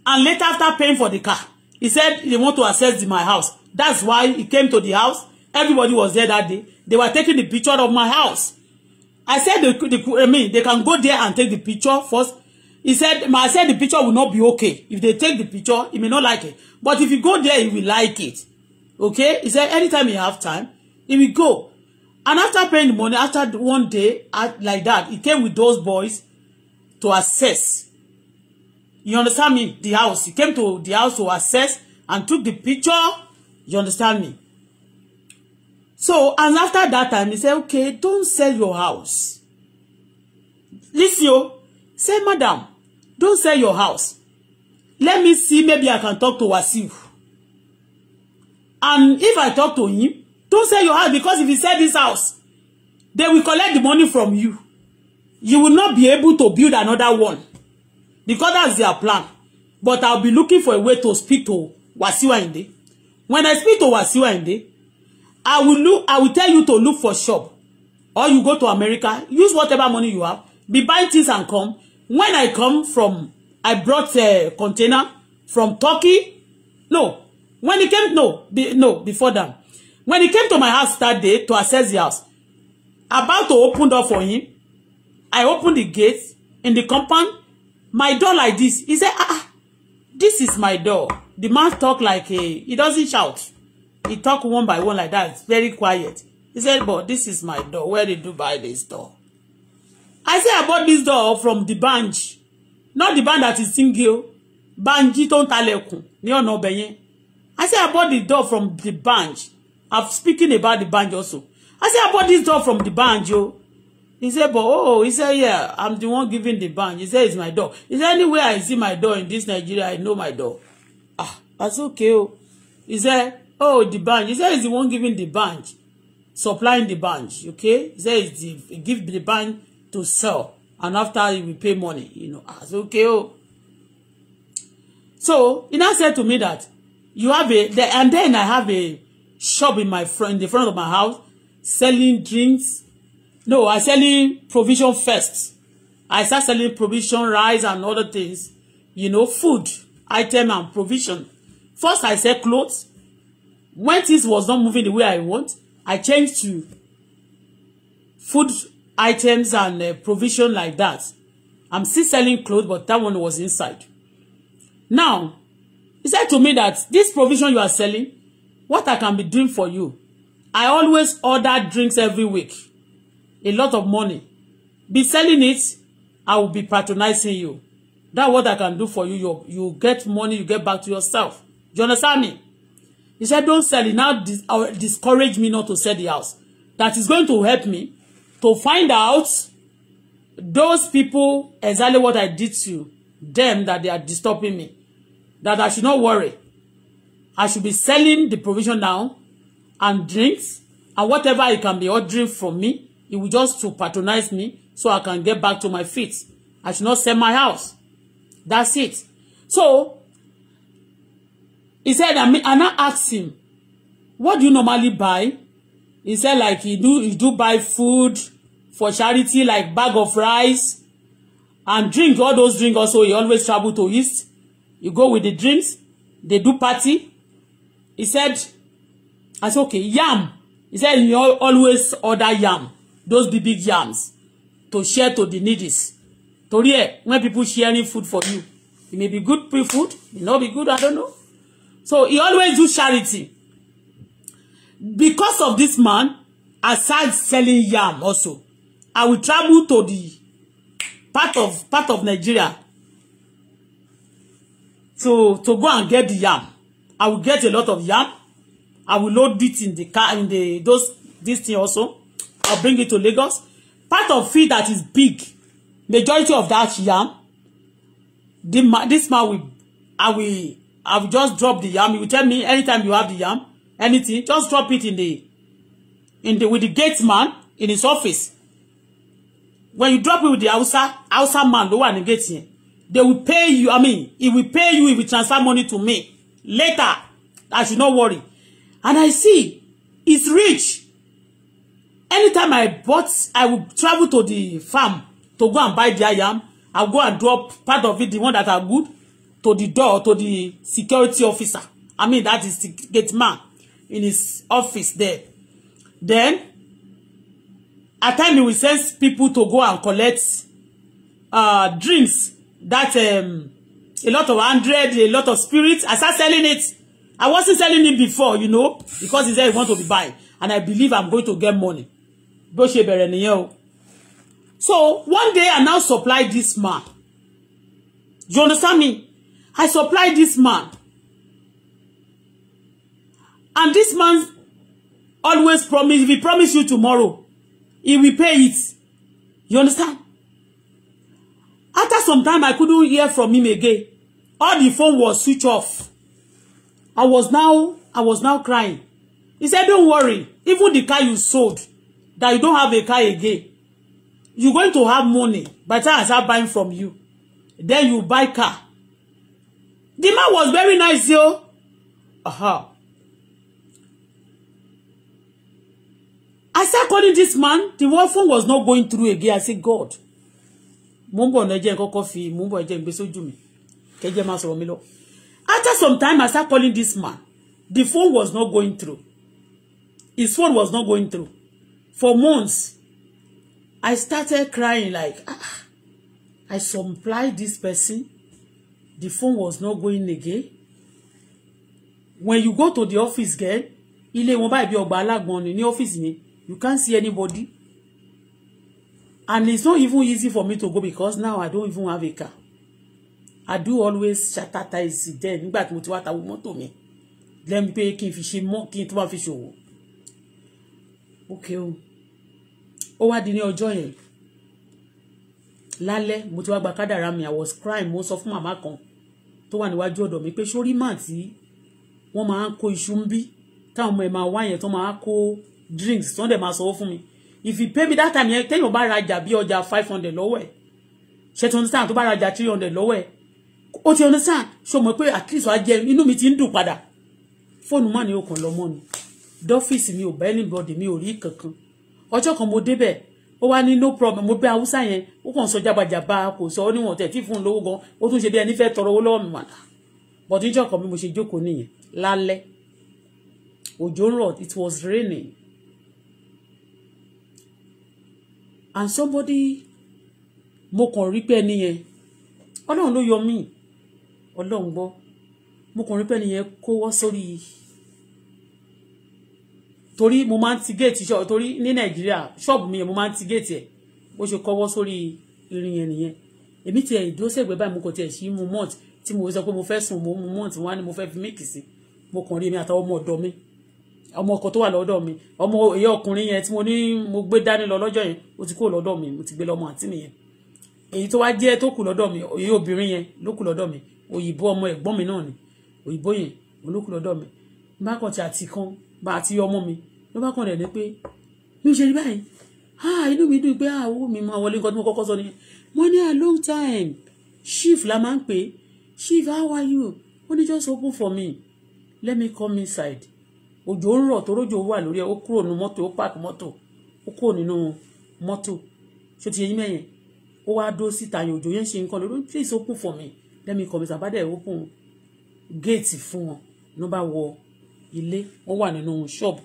And later after paying for the car, he said he want to assess my house. That's why he came to the house Everybody was there that day. They were taking the picture of my house. I said, they, they, I mean, they can go there and take the picture first. He said, I said the picture will not be okay. If they take the picture, he may not like it. But if you go there, he will like it. Okay? He said, anytime you have time, he will go. And after paying the money, after one day, like that, he came with those boys to assess. You understand me? The house. He came to the house to assess and took the picture. You understand me? So, and after that time, he said, okay, don't sell your house. Listen, oh, say, madam, don't sell your house. Let me see, maybe I can talk to Wasiu. And if I talk to him, don't sell your house because if you sell this house, they will collect the money from you. You will not be able to build another one because that's their plan. But I'll be looking for a way to speak to Wasiu Ayinde. When I speak to Wasiu Ayinde, I will look, I will tell you to look for shop. Or you go to America, use whatever money you have, be buying things and come. When I come from, I brought a container from Turkey. No, when he came, no, be, no, before that. When he came to my house that day to assess the house, about to open door for him, I opened the gate in the compound. My door like this. He said, ah, ah this is my door. The man talk like a, he doesn't shout. He talk one by one like that. It's very quiet. He said, but this is my door. Where did you buy this door? I say I bought this door from the Banji. Not the band that is singing. Banji tó ń Ni ní ọ̀nà ọbẹ̀ yẹn. I say I bought the door from the Banji. I'm speaking about the Banji also. I say I bought this door from the Banji yo." Oh. He said, but oh, he said, yeah, I'm the one giving the bank. He said, it's my door. He said, anywhere I see my door in this Nigeria, I know my door. Ah, that's okay. Oh. He said, Oh, the bunch. He says he won't give giving the bunch, supplying the bunch. Okay, he says he give the bunch to sell, and after he will pay money. You know, as okay. Oh. So he now said to me that you have a, the, and then I have a shop in my front, in the front of my house, selling drinks. No, I selling provision first. I start selling provision, rice, and other things. You know, food, item, and provision. First, I sell clothes when things was not moving the way I want, I changed to food items and uh, provision like that. I'm still selling clothes, but that one was inside. Now, he said to me that this provision you are selling, what I can be doing for you, I always order drinks every week. A lot of money. Be selling it, I will be patronizing you. That what I can do for you. You, get money, you get back to yourself. you understand me? He said, don't sell it. Now dis uh, discourage me not to sell the house. That is going to help me to find out those people exactly what I did to them that they are disturbing me. That I should not worry. I should be selling the provision now and drinks and whatever it can be ordering from me. It will just to patronize me so I can get back to my feet. I should not sell my house. That's it. So He said, I mean, and I asked him, what do you normally buy? He said, like, he do, he do buy food for charity, like bag of rice and drink, all those drinks. also. He always travel to East. You go with the drinks. They do party. He said, I said, okay, yam. He said, you always order yam, those big, big yams, to share to the needies. Torí ẹ̀, when people sharing food for you, it may be good pre-food, it may not be good, I don't know. So he always do charity. Because of this man, aside selling yam also, I will travel to the part of part of Nigeria to to go and get the yam. I will get a lot of yam. I will load it in the car in the those this thing also. I'll bring it to Lagos. Part of it that is big, majority of that yam, the, this man will I will I've just dropped the yam. You tell me anytime you have the yam, anything, just drop it in the in the with the gate man in his office. When you drop it with the Hausa, Hausa man, the one in the gate here, they will pay you. I mean, he will pay you, if will transfer money to me later. I should not worry. And I see he's rich. Anytime I bought, I will travel to the farm to go and buy the yam. I'll go and drop part of it, the one that are good to the door to the security officer i mean that is the gate man in his office there then at time he will send people to go and collect uh drinks that um a lot of hundred a lot of spirits i start selling it i wasn't selling it before you know because he said he want to be buy and i believe i'm going to get money bó ṣe so one day i now supply this man you understand me I supplied this man. And this man always promise, if he promise you tomorrow, he will pay it. You understand? After some time, I couldn't hear from him again. All the phone was switched off. I was now, I was now crying. He said, don't worry. Even the car you sold, that you don't have a car again, you're going to have money by the time I start buying from you. Then you buy car the man was very nice yo uh-huh. I started calling this man the whole phone was not going through again I said God mumbo ń bọ̀ náà jẹ́ kọ́kọ́ fi mo ń bọ̀ jẹ́ gbé sójú mi after some time I started calling this man the phone was not going through his phone was not going through for months I started crying like ah, ah. I supply this person the phone was not going again when you go to the office girl ilé wọn báyìí bí ọgbà alágbọn ni ní office. ni you can't see anybody and it's not even easy for me to go because now I don't even have a car I do always shatter tires there nígbà tí mo ti wá ta mọ́tò mi lẹ́nu pé kí n fi ṣe mọ́ kí n tó fi ṣòwò okay o ó wá di ní ọjọ́ yẹn lálẹ́ mo ti wá gba kádàrá mi I was crying most of fún màmá kan tó wà níwájú ọ̀dọ̀ mi pé sórí mà tí wọ́n máa ń kó iṣu ń bí táwọn ọmọ ẹ̀ máa wá yẹn tó máa kó drinks tó ń dẹ̀ máa sanwó fún mi if you pay me that time yẹn téèyàn bá rajà bí ọjà five hundred lọ́wọ́ ẹ̀ ṣe tó ń sàn tó bá rajà three hundred lọ́wọ́ ẹ̀ ó ti ọdún sàn ṣe mọ̀ pé at least wàá jẹ inú mi ti ń dùn padà fóònù mà ní okùn lọ́mọ́ ni dọ́fíìsì mi ò bá anybody mi ò rí kankan ọjọ́ kan mo débẹ̀ ó wá ní no problem mo bẹ haúsá yẹn ó kàn sọ jábàjábà kò sọ ó níwọ̀n tẹ̀ tí fún un lówó gan ó tún ṣe bí ẹni fẹ́ tọrọ owó lọ́wọ́ mi wà lá but níjọ́ kan bí mo ṣe jókòó nìyẹn lálẹ́ òjò ń rọ̀ it was raining and somebody mo kàn rí pé ẹni yẹn ọlọ́run ló yọ mí ọlọ́run gbọ́ mo kàn rí pé ẹni yẹn kówọ́ sórí torí mo máa ń ti géètì ṣọ́ọ̀bù torí ní nàìjíríà ṣọ́ọ̀bù mi yẹn mo máa ń ti géètì ẹ̀ bó ṣe kọ́wọ́ sórí irin yẹn nìyẹn èmi tiẹ̀ ìdóṣègbè báyìí mo kò tiẹ̀ sí mu mọ́ọ̀t tí mo sọ pé mo fẹ́ sùn mo mu mọ́ọ̀t wá ni mo fẹ́ fi míìkì sí mo kàn rí èmi àtàwọn ọmọ ọ̀dọ́ mi ọmọ ọkọ tó wà lọ́dọ̀ mi ọmọ èyí ọkùnrin yẹn tí mo ní mo gbé dání lọ lọ́jọ́ yẹn ó ti kúrò lọ́dọ̀ mi mo ti gbé lọ́mọ àǹtí nìyẹn èyí tó wá jẹ́ tó kù lọ́dọ̀ mi èyí obìnrin yẹn ló kù lọ́dọ̀ mi òyìnbó ọmọ ẹ̀gbọ́n mi náà ni òyìnbó yẹn ló kù lọ́dọ̀ mi bákan àti kan bá àti ọmọ mi ló bá kàn rẹ̀ ní pé mi ò ṣe rí báyìí ah inú mi dùn pé àwọ ah, mi máa wọlé nǹkan tí mo kọ́kọ́ sọ ni mo ní a ah, long time chief la máa ń pè chief how are you ó ní just open for me let me come inside òjò ń rọ̀ torójò wà lórí ẹ̀ ó kúrò nínú mọ́tò ó pààkì mọ́tò ó kúrò nínú mọ́tò ṣó ti yẹyìn mẹ́yìn ó wá dó síta yẹn òjò yẹn ṣe nǹkan lórí please open for me let me come inside àbádẹ́ open gate fún wọn ló bá wọ ilé wọ́n wà nínú ṣọ́ọ̀bù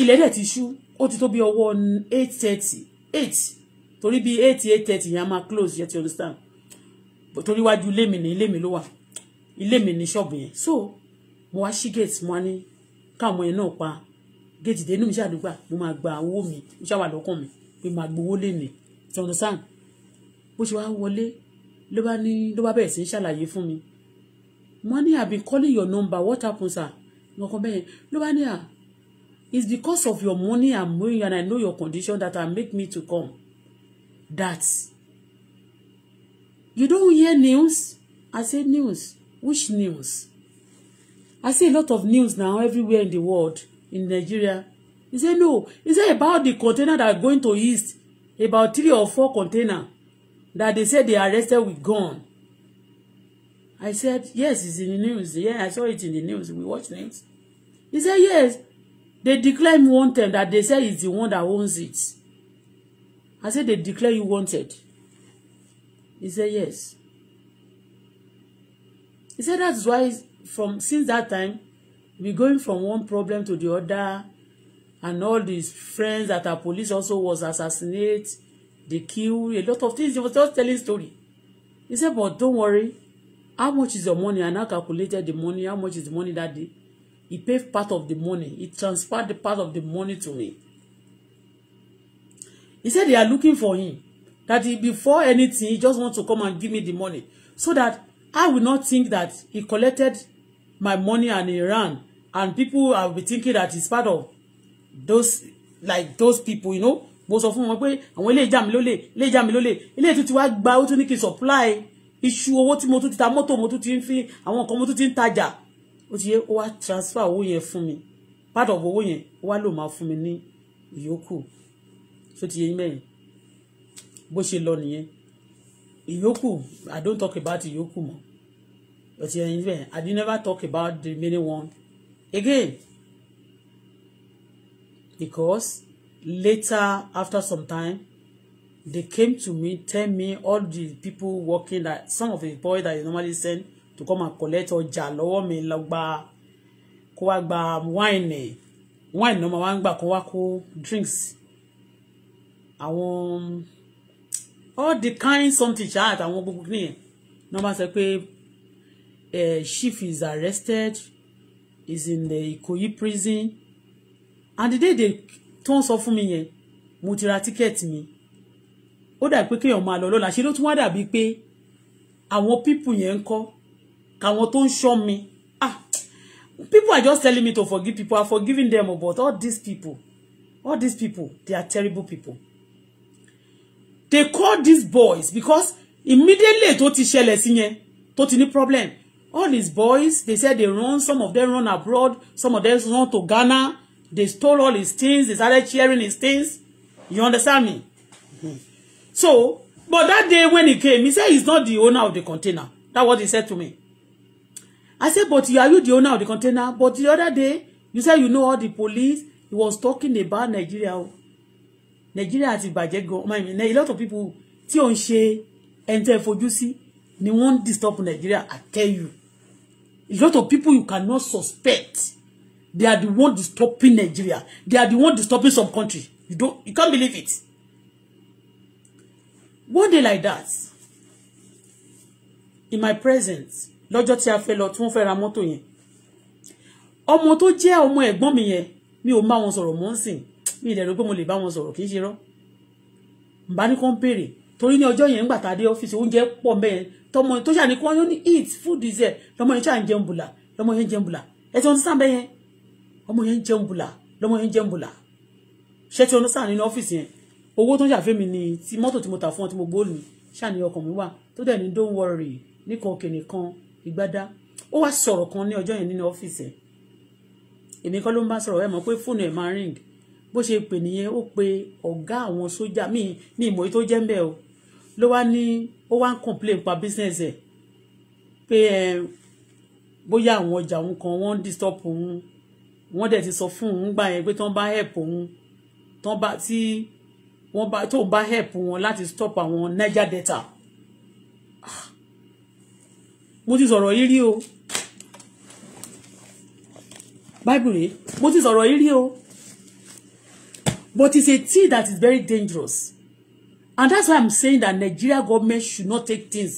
ilẹ̀ dẹ̀ ti ṣú ó ti tó bí ọwọ́ eight thirty eight torí bí eight eight thirty yẹn a máa close yẹn ti understand torí wájú ilé mi ní ilé mi ló wà ilé mi ní ṣọ́ọ̀bù yẹn so mo wá ṣí gate mo wá ní káwọn ẹ̀ náà pa gate dé inú mi ṣàdúgbà ah, mo máa gba owó mi mo ṣàwà lọ́kàn mi pé máa gbowó lè nì ti understand bó ṣe wá wọlé ló bá ní ló bá bẹ̀rẹ̀ sí ṣàlàyé fún mi money i been calling your number what happen sir No bẹ́ẹ̀ ló bá ní à ah, it's because of your money i'm owing and i know your condition that i make me to come that you don't hear news i say news which news i see a lot of news now everywhere in the world in nigeria he say no he say about the container that going to east about three or four container that they say they arrested with gun I said, yes, it's in the news. Yeah, I saw it in the news. We watched things. He said, yes. They declare him wanted that they say he's the one that owns it. I said, they declare you wanted. He said, yes. He said, that's why from since that time, we going from one problem to the other, and all these friends that our police also was assassinated, they killed, a lot of things. He was just telling story. He said, but don't worry how much is your money i now calculated the money how much is the money that day he pay part of the money he transferred the part of the money to me he said they are looking for him that he, before anything he just want to come and give me the money so that i will not think that he collected my money and he ran and people are be thinking that he's part of those like those people you know mo sọ fún wọn pé àwọn ilé ìjà mi lólè ilé ìjà mi lólè ilé ètò tí gba ó tún ní kí supply iṣu owó tí mo tún ti ta mọ́tò mo tún ti ń fi àwọn nǹkan mo tún ti ń tajà ó ti yẹ ó wá transfer owó yẹn fún mi part of owó yẹn ó wá lò máa fún mi ní ìyókù tó ti yẹ yín bó ṣe lọ nìyẹn ìyókù I don't talk about ìyókù mọ́ ó ti yẹ yín I did never talk about the remaining one again because later after some time they came to me tell me all the people working that some of the boys that they normally send to come and collect ọjà lọ́wọ́ mi lọ gba kó wá gba wine wine náà máa wá ń gbà kó wá kó drinks àwọn all the kind something ṣáà àtàwọn gbogbo nìyẹn náà máa sọ pé chief is arrested is in the Ikoyi prison and the day they turn ń sọ fún mi yẹn mo ti ra ticket mi ó dà pé kéèyàn máa lọ lọ́la ṣe ló tún wá dàbí pé àwọn pípù yẹn ń kọ́ káwọn tó ń ṣọ́ mi ah people are just telling me to forgive people i'm forgiving them but all these people all these people they are terrible people they call these boys because immediately tó ti ṣẹlẹ̀ sí yẹn tó ti ní problem all these boys they said they run some of them run abroad some of them run to Ghana they stole all his things they started sharing his things you understand me So, but that day when he came, he said he's not the owner of the container. That's what he said to me. I said, but are you the owner of the container? But the other day, you said you know all the police. He was talking about Nigeria. Nigeria ti bàjẹ́ gan. I mean, a lot of people tí ò ń ṣe ẹni tẹ́ fojú sí disturb Nigeria. I tell you. A lot of people you cannot suspect. They are the one disturbing Nigeria. They are the one disturbing some country. You don't, you can't believe it one day like that in my presence lọ́jọ́ tí a fẹ́ lọ tí wọ́n fẹ́ ra mọ́tò yẹn ọmọ tó jẹ́ ọmọ ẹ̀gbọ́n mi yẹn mi ò bá wọn sọ̀rọ̀ mọ́ ń sìn mi ìdẹ̀rù pé mo lè bá wọn sọ̀rọ̀ kì í ṣe rọ́ bá ní kó ń béèrè torí ní ọjọ́ yẹn ń gbà tá a dé ọ́fíìsì oúnjẹ pọ̀ mẹ́yẹn tọmọ tó ṣà ní kí yóò ní eat food is there lọmọ yẹn ṣà ń jẹun bùlà lọmọ yẹn ń jẹun bùlà ẹ ti wọn ti sàn bẹ́yẹn ọmọ yẹn ń jẹun bùlà lọmọ yẹn ń jẹun owó tó ń ṣàfihàn mi ni ti mọ́tò tí mo tà fún ọ tí mo gbóòlù ní ṣàní ọkàn mi wà tó dẹ̀ ní don't worry nìkan òkè nìkan ìgbádá ó wá sọ̀rọ̀ kan ní ọjọ́ yẹn nínú ọ́fíìsì ẹ̀ èmi kọ́ ló ń bá sọ̀rọ̀ ẹ̀ mọ̀ pé fóònù ẹ̀ máa ring bó ṣe pè nìyẹn ó pe ọ̀gá àwọn sójà mi ní ìmọ̀ tó jẹ́ mbẹ́ o ló wá ní ó wá ń complain pa business ẹ̀ pé ẹ bóyá àwọn ọjà òun kan wọ́n ń disturb òun wọ́n dẹ̀ ti sọ fún òun gbà yẹn pé tán bá help òun tán bá tí wọ́n bá tó bá help wọn láti stop àwọn niger delta ah. mo ti sọ̀rọ̀ yìí rí o bible rèé mo ti sọ̀rọ̀ yìí rí o but it's a thing that is very dangerous and that's why i'm saying that nigeria government should not take things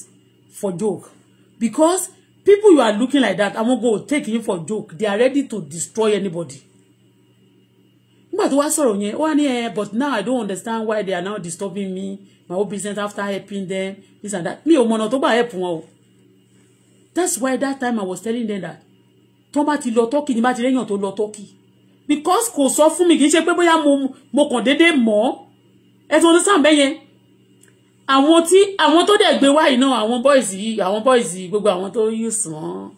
for joke because people you are looking like that àwọn go take you for joke they are ready to destroy anybody nígbà tó wá sọ̀rọ̀ yẹn wá ní ẹ eh, but now i don't understand why they are now disturbing me my whole business after helping them this and that mi ò mọ̀nà tó gbà help wọn o that's why that time i was telling them that tó bá ti lọ tọ́kì ni bá ti rẹ́yàn tó lọ tọ́kì because kò sọ fún mi kì í ṣe pé bóyá mo mo kàn déédéé mọ̀ ọ́ ẹ ti wọn ti sàn bẹ́yẹn àwọn tí àwọn tó dẹ̀ gbé wáyìí náà àwọn boys yìí àwọn boys yìí gbogbo àwọn tó yìí sàn án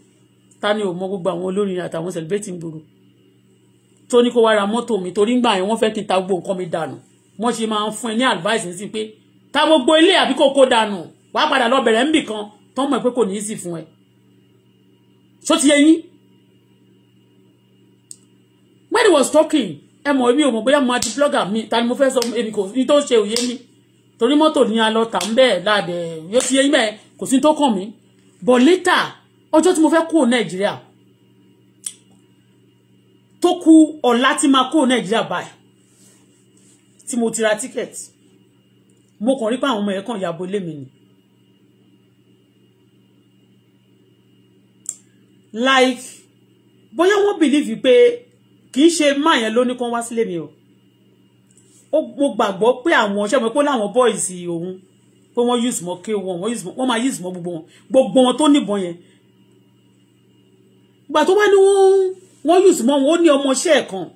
ta ni ò mọ gbogbo àwọn olórin àtàwọn celebrating gbòòrò tó kó wá ra mọ́tò mi torí ńgbà yẹn wọ́n fẹ́ kí n ta gbogbo nǹkan mi dànù wọ́n ṣe máa ń fún ẹ ní advice ní sí pé ta gbogbo ilé àbí kò kó dànù wàá padà lọ bẹ̀rẹ̀ ńbì kan tó mọ̀ pé kò ní í sì fún ẹ ṣó ti yẹ yín when he was talking ẹ mọ̀ èmi ò mọ̀ bóyá mo àti blogger mi ta ni mo fẹ́ sọ èmi kò ní tó ṣe òye mi torí mọ́tò ní alọ́ tà ń bẹ́ẹ̀ láàdẹ̀ yóò ti yẹ yín bẹ́ẹ̀ kò sí tó kàn mí but later ọjọ́ tí mo fẹ́ kúrò tó kú ọ̀la tí máa kúrò nàìjíríà báyìí tí mo ti ra tíkẹ̀tì mo kàn rí pé àwọn ọmọ ẹ̀ kàn ilé mi ni. like bóyá wọ́n bìlífì pé kì í ṣe máa yẹn ló ní kán wá sílé mi o mo gbàgbọ́ pé àwọn ọ̀ṣẹ́ mi pé láwọn boys òun pé wọ́n use mọ́ ké wọn wọ́n máa use mọ́ gbogbo wọn gbogbo wọn tó níbọn yẹn ìgbà tó wá ní wọ́n wọ́n use mọ́ wọn ó ní ọmọọṣẹ́ ẹ̀ kan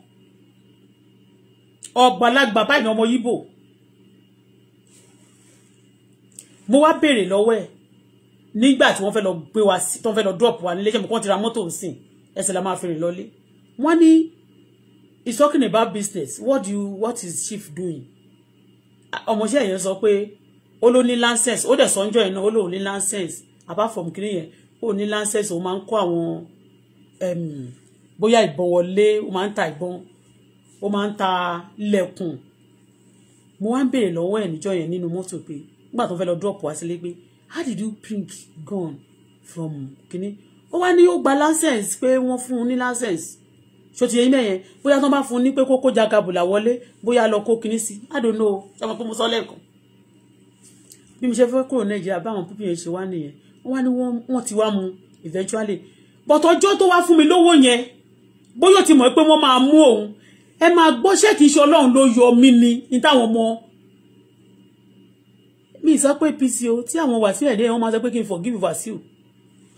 ọgbàlagbà báyìí ọmọ yíbò mo wá béèrè lọ́wọ́ ẹ̀ nígbà tí wọ́n fẹ́ lọ gbé wa sí tí wọ́n fẹ́ lọ drop wa nílé ṣẹ́mi kí wọ́n ti ra mọ́tò ń sìn ẹsẹ̀ la máa fi rìn lọ́lé wọ́n ní he's talking about business what do you what is chief doing ọmọọṣẹ́ yẹn sọ pé ó ló ní license ó dẹ̀ sọ́njọ́ yẹn náà ó lóun ní license apart from kiri yẹn ó ní license ó máa ń kó àwọn bóyá ìbọn wọlé ó máa ń ta ìbọn ó máa ń ta ilẹ̀kùn mo wá ń béèrè lọ́wọ́ ẹ̀ níjọ́ yẹn nínú mọ́tò pé nígbà tó fẹ́ lọ dọ́ọ̀pù wá pé how did you pink gun from kínní ó wá ní ó gba license pé wọ́n fún un ní license ṣó ti yẹ ibẹ̀ yẹn bóyá tó bá fún un ní pé kókó jagabula wọlé bóyá lọ kó kínní sí i don't know ṣọmọ pé mo sọ lẹ́ẹ̀kan bí mo ṣe fẹ́ kúrò nàìjíríà báwọn púpù yẹn ṣe wá nìyẹn wọ́n wá ní wọ́n ti wá mu eventually but ọjọ́ tó wá fún mi lówó yẹn bóyá ti mọ̀ pé wọ́n máa mú òun ẹ máa gbọ́ ṣé kìí ṣe ọlọ́run ló yọ mí ni ní táwọn ọmọ mi sọ pé apc o tí àwọn wàsíù ẹ̀dẹ́ wọn máa sọ pé kí n forgive wàsíù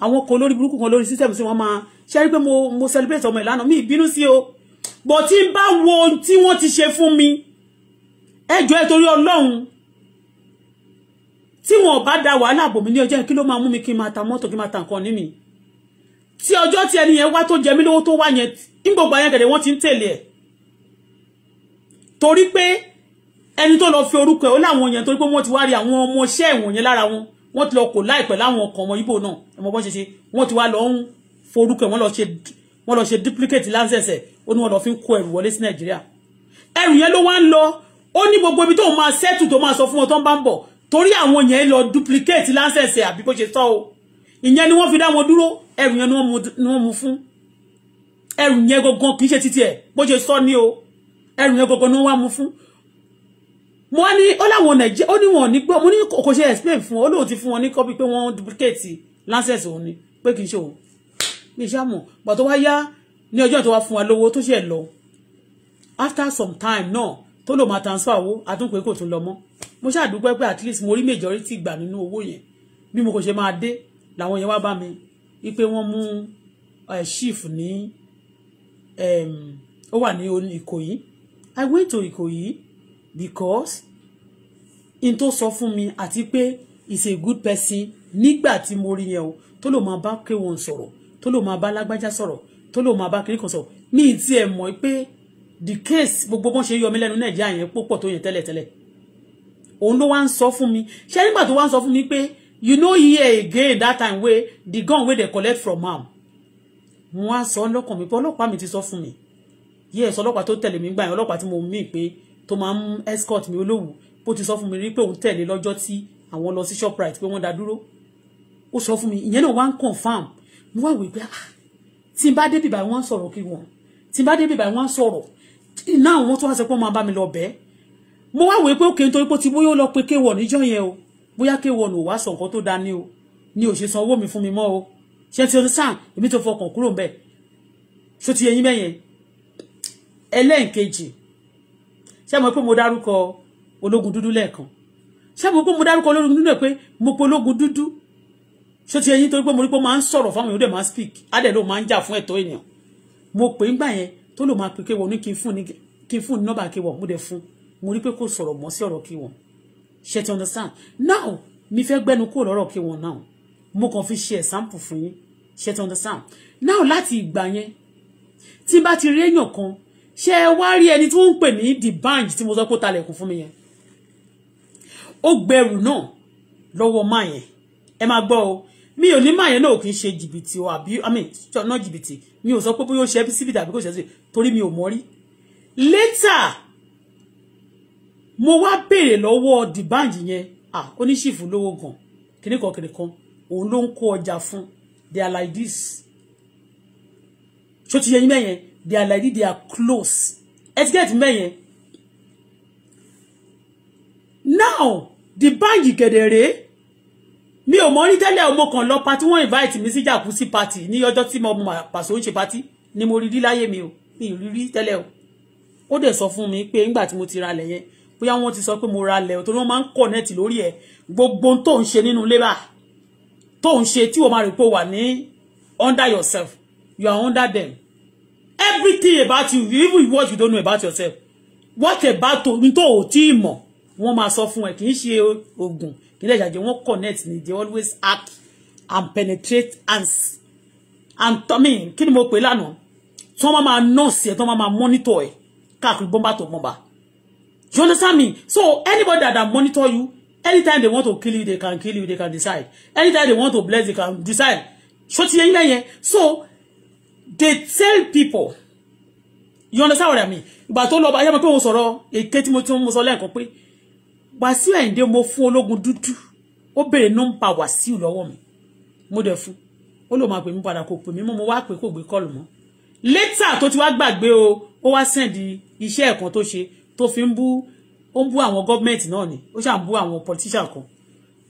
àwọn kan lórí burúkú kan lórí system sí wọn máa ṣe rí pé mo mo celebrate ọmọ ìlànà mi ìbínú sí o bọ̀ tí n bá wo ohun tí wọ́n ti ṣe fún mi ẹjọ́ ẹ torí ọlọ́run tí wọn ò bá da wàhálà bò mí ní ọjọ́ kí ló máa mú mi kí n máa ta mọ́tò kí n máa ta nǹkan ní mi tí ọjọ́ tí ẹni yẹn wá tó jẹ mí lówó tó wá yẹn ní gbogbo ayé gẹ̀dẹ̀ wọ́n ti ń tẹ̀lé ẹ̀ torí pé ẹni tó lọ fi orúkọ ẹ̀ ó láwọn yẹn torí pé wọ́n ti wá rí àwọn ọmọọṣẹ́ ẹ̀wọ̀n yẹn lára wọn wọ́n ti lọ kò láìpẹ́ láwọn ọkọ̀ ọmọ ibo náà mo bọ́n ṣe ṣe wọ́n ti wá lọ ń forúkọ ẹ̀ wọ́n lọ ṣe wọ́n lọ ṣe duplicate láńsẹ̀sẹ̀ ó ní wọ́n lọ fi ń kó ẹrù wọlé sí nàìjíríà ẹrù yẹn ló wá ń lọ ó ní gbogbo ibi tó máa settle tó máa sọ fún wọn tó ń bá ń bọ̀ torí àwọn yẹn lọ duplicate láńsẹ̀sẹ̀ àbí bó ṣe sọ o ìyẹn ni wọ́n fi dá wọn dúró ẹrù yẹn ni wọ́n mú fún ẹrù yẹn gangan kì í ṣe títí ẹ̀ bó ṣe sọ ní o ẹrù yẹn gangan ni wọ́n wá mú fún mo wá ní ó láwọn nàìjíríà ó ní wọn ní gbọ́ mo ní kò ṣe explain fún ọ lóòótì fún wọn ní kọ́bí pé wọ́n duplicate lancet òun ni pé kì ṣe òun mi ṣá mọ̀ gbà tó wá yá ní ọjọ́ tó wá fún wa lówó tó ṣe lọ after some time náà tó lò máa transfer owó àtúnpé kò tún lọ mọ́ mo ṣàdúpẹ́ pé at least mo rí majority gbà nínú owó yẹn bí mo kò ṣe máa dé làwọn yẹn wá bá mi wípé wọ́n mú chief eh, ní ó wà ní Ìkòyí I went to Ìkòyí because in tó sọ fún mi àti pé is a good person nígbà tí mo rí yẹn o tó lò máa bá kéwọn sọ̀rọ̀ tó lò máa bá lágbájá sọ̀rọ̀ tó lò máa bá kiri kan sọ̀rọ̀ mi ti ẹ̀ mọ̀ pé the case gbogbo bọ́n ṣe yọ mí lẹ́nu nàìjíríà yẹn púpọ̀ tó yẹn tẹ́lẹ̀tẹ́lẹ̀ òun ló wá ń sọ fún mi ṣé nígbà tó wá ń sọ fún mi pé you know hear again that time wey the gun wey dem collect from am wọn á sọ ọlọ́kàn mi pé ọlọ́pàá mi ti sọ fún mi yes ọlọ́pàá tó tẹ̀lé mi gbà yẹn ọlọ́pàá tí mo mí pé tó máa ń escort mi olówù bó ti sọ fún mi rí pé òun tẹ̀lé lọ́jọ́ tí àwọn lọ sí shoprite pé wọ́n dá dúró ó sọ fún mi ìyẹn náà wá ń confam mo wá wí pé ah tí n bá débi báyìí wọ́n sọ̀rọ̀ kí wọ́n tí n bá débi báyìí wọ́n sọ̀rọ̀ iná àwọn tó wá sọ pé wọ́n máa bá mi lọ bẹ́ẹ̀ mo wá wí pé òkè nítorí pé ó ti bóyá lọ pé kéwọ̀ níjọ́ yẹn o bóyá kéwọn ò wá sọ nǹkan tó dáa ní o ní o ṣe san owó mi fún mi mọ́ o ṣé ti ọdún sáà èmi tó fọkàn kúrò ńbẹ̀ ṣó ti yẹyin bẹ́yẹn ẹlẹ́ǹkejì ṣé mo pé mo dárúkọ ológun dúdú lẹ́ẹ̀kan ṣé mo pé mo dárúkọ ológun dúdú pé mo pe ológun dúdú ṣó ti yẹyin torí pé mo rí pé ó máa ń sọ̀rọ̀ fáwọn èèyàn ó dẹ̀ máa ń speak á dẹ̀ ló máa ń jà fún ẹ̀tọ́ èèyàn mo pè ń gbà yẹn tó lò máa pè kéwọn ní kí n fún ní nọ́mbà kéwọn mo dẹ̀ fún mo rí pé kò sọ̀rọ̀ mọ́ sí ọ̀rọ̀ kéwọn ṣe ti understand now mi fẹ́ gbẹ́nu kúrò lọ́rọ̀ kí wọn náà mo kàn fi ṣe example fún yín ṣe ti understand now láti ìgbà yẹn tí n bá ti rí èèyàn kan ṣe ẹ wá rí ẹni tí wọ́n ń pè ní the bank tí mo sọ pé ó talẹ̀kùn fún mi yẹn ó gbẹrù náà lọ́wọ́ máa yẹn ẹ máa gbọ́ o mi ò ní máa yẹn náà kì í ṣe jìbìtì o àbí i mean not jìbìtì mi ò sọ pé bóyá ó ṣe síbìtì àbí kò ṣe síbìtì torí mi ò mọ̀ rí later mo wá béèrè lọ́wọ́ dìbàǹd yẹn ah oníṣìfù lówó gan kìnnìkan kìnnìkan òun ló ń kó ọjà fún they are like this ṣó ti yẹ yín mẹ́yẹn they are like this they are close etiquette mẹ́yẹn now dìbàǹd gẹ̀dẹ̀rẹ́ mi ò mọ rí tẹ́lẹ̀ ọmọ kan lọ pati wọ́n invite mi sí jàkúsí party ní ọjọ́ tí mo mọ pàṣẹ ó party ni mo rí rí láyé mi o mi rí rí tẹ́lẹ̀ o ó dẹ̀ sọ fún mi pé nígbà tí mo ti ra lẹ̀ yẹn bóyá wọ́n ti sọ pé mo ra lẹ̀ torí wọ́n máa ń connect lórí ẹ̀ gbogbo tó ń ṣe nínú lébà tó ń ṣe tí wọ́n máa rí pé wà ní under yourself you are under them everything about you even what you don't know about yourself what about ohun tó ò tí ì mọ̀ wọ́n máa sọ fún ẹ kì í ṣe oògùn kì lè ṣàjẹ́ wọ́n connect ni they always act and penetrate and and tọ́mí kí ni mo pè lánàá tí wọ́n máa nọ́ọ̀sì ẹ̀ tí wọ́n máa mọ́nítọ̀ ẹ̀ káàkiri bọ́mbà tó mọ́ba You understand me? So anybody that, that monitor you, anytime they want to kill you, they can kill you, they can decide. Anytime they want to bless, they can decide. So they tell people, you understand what I mean? But all over bá yẹ́ mọ́ pé mo sọ̀rọ̀ èké tí mo tí mo sọ lẹ́ẹ̀kan pé Wàsíù Àyìndé mo fún ológun dúdú ó béèrè nọ́mbà Wàsíù lọ́wọ́ mi mo dẹ̀ fún ó lò máa pè mí padà kò pè mí mọ́ mo wá pé kò gbé kọ́ọ̀lù mọ́ létà tó ti wá gbàgbé o ó wá sẹ́ndì iṣẹ́ ẹ̀kan tó fi ń bú ó ń bú àwọn gọ́ọ̀mẹ̀ntì náà ni ó ṣàn bú àwọn politician kan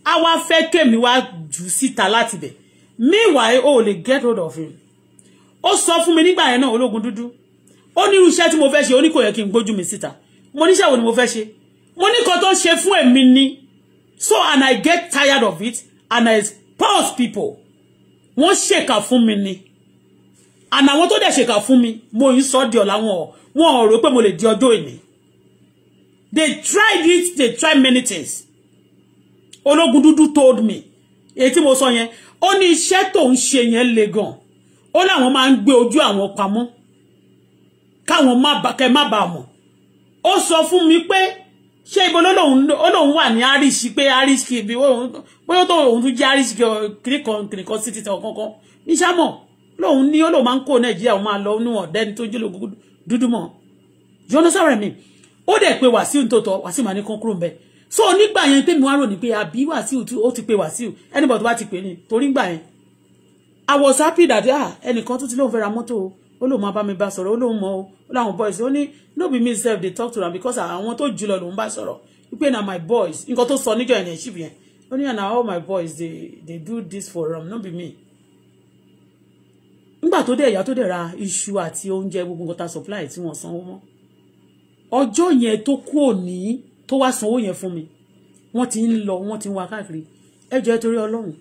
á wá fẹ́ kémi wá jù síta láti bẹ̀ meanwhile o ò lè get hold of him ó sọ fún mi nígbà yẹn náà ológun dúdú ó ní irú iṣẹ́ tí mo fẹ́ ṣe ó ní kò yẹ kí n gbójú mi síta mo níṣẹ́ wo ni mo fẹ́ ṣe mo ní kan tó ṣe fún èmi ni so and I get tired of it and I expose people wọ́n ṣèkà fún mi ni and àwọn tó dẹ̀ ṣèkà fún mi mo yìí sọ di ọ̀la wọn ò wọn ò rò pé mo lè di ọjọ́ ìní They tried it, they tried many things. Ológun dúdú told me. Ètí mo sọ yẹn, ó ní iṣẹ́ tó ń ṣe yẹn le gan. Ó láwọn máa ń gbé ojú àwọn pamọ́. Káwọn má ba kẹ ma ba mọ̀. Ó sọ fún mi pé ṣé ibo lóhùn wà ní Irish pé Irish kì í bí bóyá tó òun tún jẹ́ Irish kìrìkan kìrìkan sí títẹ̀ ọ̀kankan. Níṣàmọ̀ lóhùn ní ó lóhùn máa ń kó Nàìjíríà òun máa lọ níwọ̀n dẹ́ni tó jùlọ dúdú mọ́. Do you understand what I mean? ó dẹ̀ pé wàsíù tó tọ́ wàsíù máa ní kán kúrò ń so nígbà yẹn tèmi wá rò ní pé àbí wàsíù ó ti pé wàsíù anybody wá ti pe ni torí ngbà yẹn I was happy that ah ẹnìkan tó ti lóun fẹ́ ra o ó lóun máa mi bá sọ̀rọ̀ ó lóun mọ̀ ó láwọn boys ó ní no be me sef dey talk to them because àwọn tó jùlọ lòun bá sọ̀rọ̀ wípé na my boys nǹkan tó sọ níjọ yẹn yẹn ṣìbìyẹn ó ní na all my boys they they do this for them no be me. nígbà tó dẹ̀ ìyá tó dẹ̀ ra iṣu àti oúnjẹ gbogbo ta supply tí wọ́n sanwó mọ́ ọjọ́ yẹn tó kú òní tó wá sanwó yẹn fún mi wọ́n ti ń lọ wọ́n ti ń wá káàkiri ẹ jọ̀ọ́ ẹ torí ọlọ́run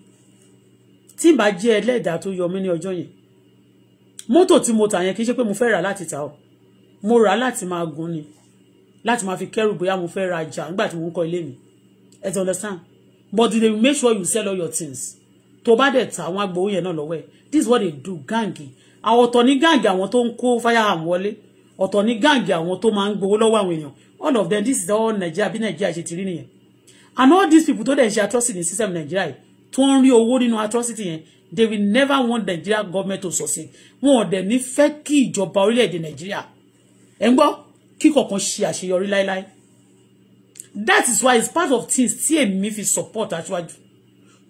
tí n bá jẹ́ ẹlẹ́dàá tó yọ mí ní ọjọ́ yẹn mọ́tò tí mo tà yẹn kì í ṣe pé mo fẹ́ rà láti tà ọ́ mo rà láti máa gun ni láti máa fi kẹ́rù bóyá mo fẹ́ ra ọjà nígbà tí mo ń kọ́ ilé mi ẹ ti understand but they make sure you sell all your things tó bá dẹ̀ ta àwọn agbowó yẹn náà lọ́wọ́ ẹ̀ this is what they do gangi àwọn ọ̀tọ̀ ní gangi àwọn tó ń kó firearm wọlé ọ̀tọ̀ ní gáǹgì àwọn tó máa ń gbowó lọ́wọ́ àwọn èèyàn all of them this is all Nigeria bí Nigeria ṣe ti rí nìyẹn and all these people tó dẹ̀ ṣe atrocity in system Nigeria yìí tó ń rí owó nínú atrocity yẹn they will never want Nigeria government to succeed wọn ò dẹ̀ ní fẹ́ kí ìjọba orílẹ̀-èdè Nigeria ẹ̀ ń gbọ́ kí kọ̀ọ̀kan ṣe àṣeyọrí láéláé that is why it's part of things tí èmi fi support aṣáájú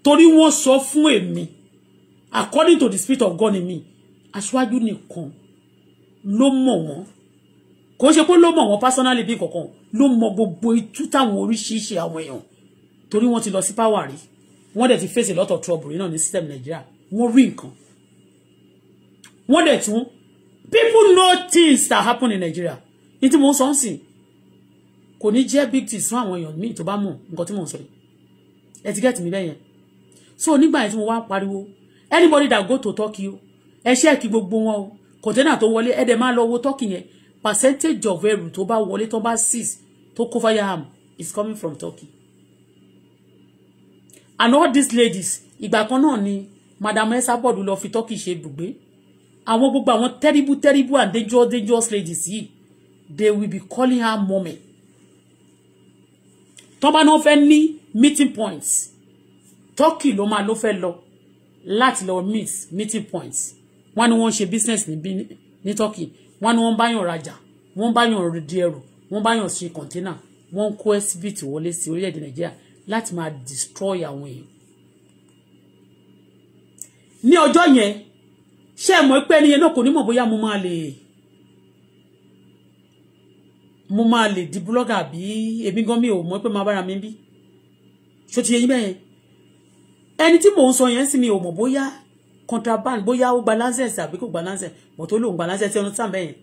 torí wọ́n sọ fún èmi according to the spirit of God in me aṣáájú nìkan ló mọ̀ wọ́n kò ṣe pé ló mọ̀ wọ́n personally bí kankan ló mọ gbogbo itú táwọn oríṣiríṣi àwọn èèyàn torí wọ́n ti lọ sí power rí wọ́n dẹ̀ ti face a lot of trouble náà ní system Nigeria wọ́n rí nǹkan wọ́n dẹ̀ tún people know things that happen in Nigeria ní tí mo ń sọ ń sìn kò ní jẹ́ big things fún àwọn èèyàn míì tó bá mọ̀ nǹkan tí mo ń sọ yìí ẹ ti gẹ́tì mi bẹ́ẹ̀ yẹn so nígbà yẹn tí mo wá pariwo anybody that go to Turkey o ẹ ṣe é kí gbogbo wọn o kọ̀tẹ́nà tó wọlé ẹ dẹ̀ máa lọ wo Turkey yẹn percentage of ẹrù tó bá wọlé tó bá seize tó kó firearm is coming from Turkey and all these ladies ìgbà kan náà ni madam esabod lọ fi Turkey ṣe ibùgbé àwọn gbogbo àwọn terrible terrible and dangerous dangerous ladies yìí they will be calling her mommy tó bá náà fẹ́ ní meeting points Turkey ló máa ló fẹ́ lọ láti lọ meet meeting points wọ́n ní wọ́n ṣe business ní Turkey wọ́n ní wọ́n báyàn rajà wọ́n báyàn di ẹrù wọ́n báyàn ṣe kọ̀ńténà wọ́n kó ẹ́síbìtì wọlé sí orílẹ̀-èdè nàìjíríà láti máa destroy àwọn èèyàn. ní ọjọ́ yẹn ṣé ẹ mọ̀ pé ẹni yẹn náà kò ní mọ̀ bóyá mo máa lè mo máa lè di blogger bí èmi gan mi ò mọ̀ pé máa bára mi bí ṣó ti yẹ yín bẹ́ẹ̀ ẹni tí mò ń sọ yẹn sì mi ò mọ̀ bóyá contraband bóyá ó gba license àbí kò gba license but ó lóun gba license ẹnu tàn bẹ́yẹn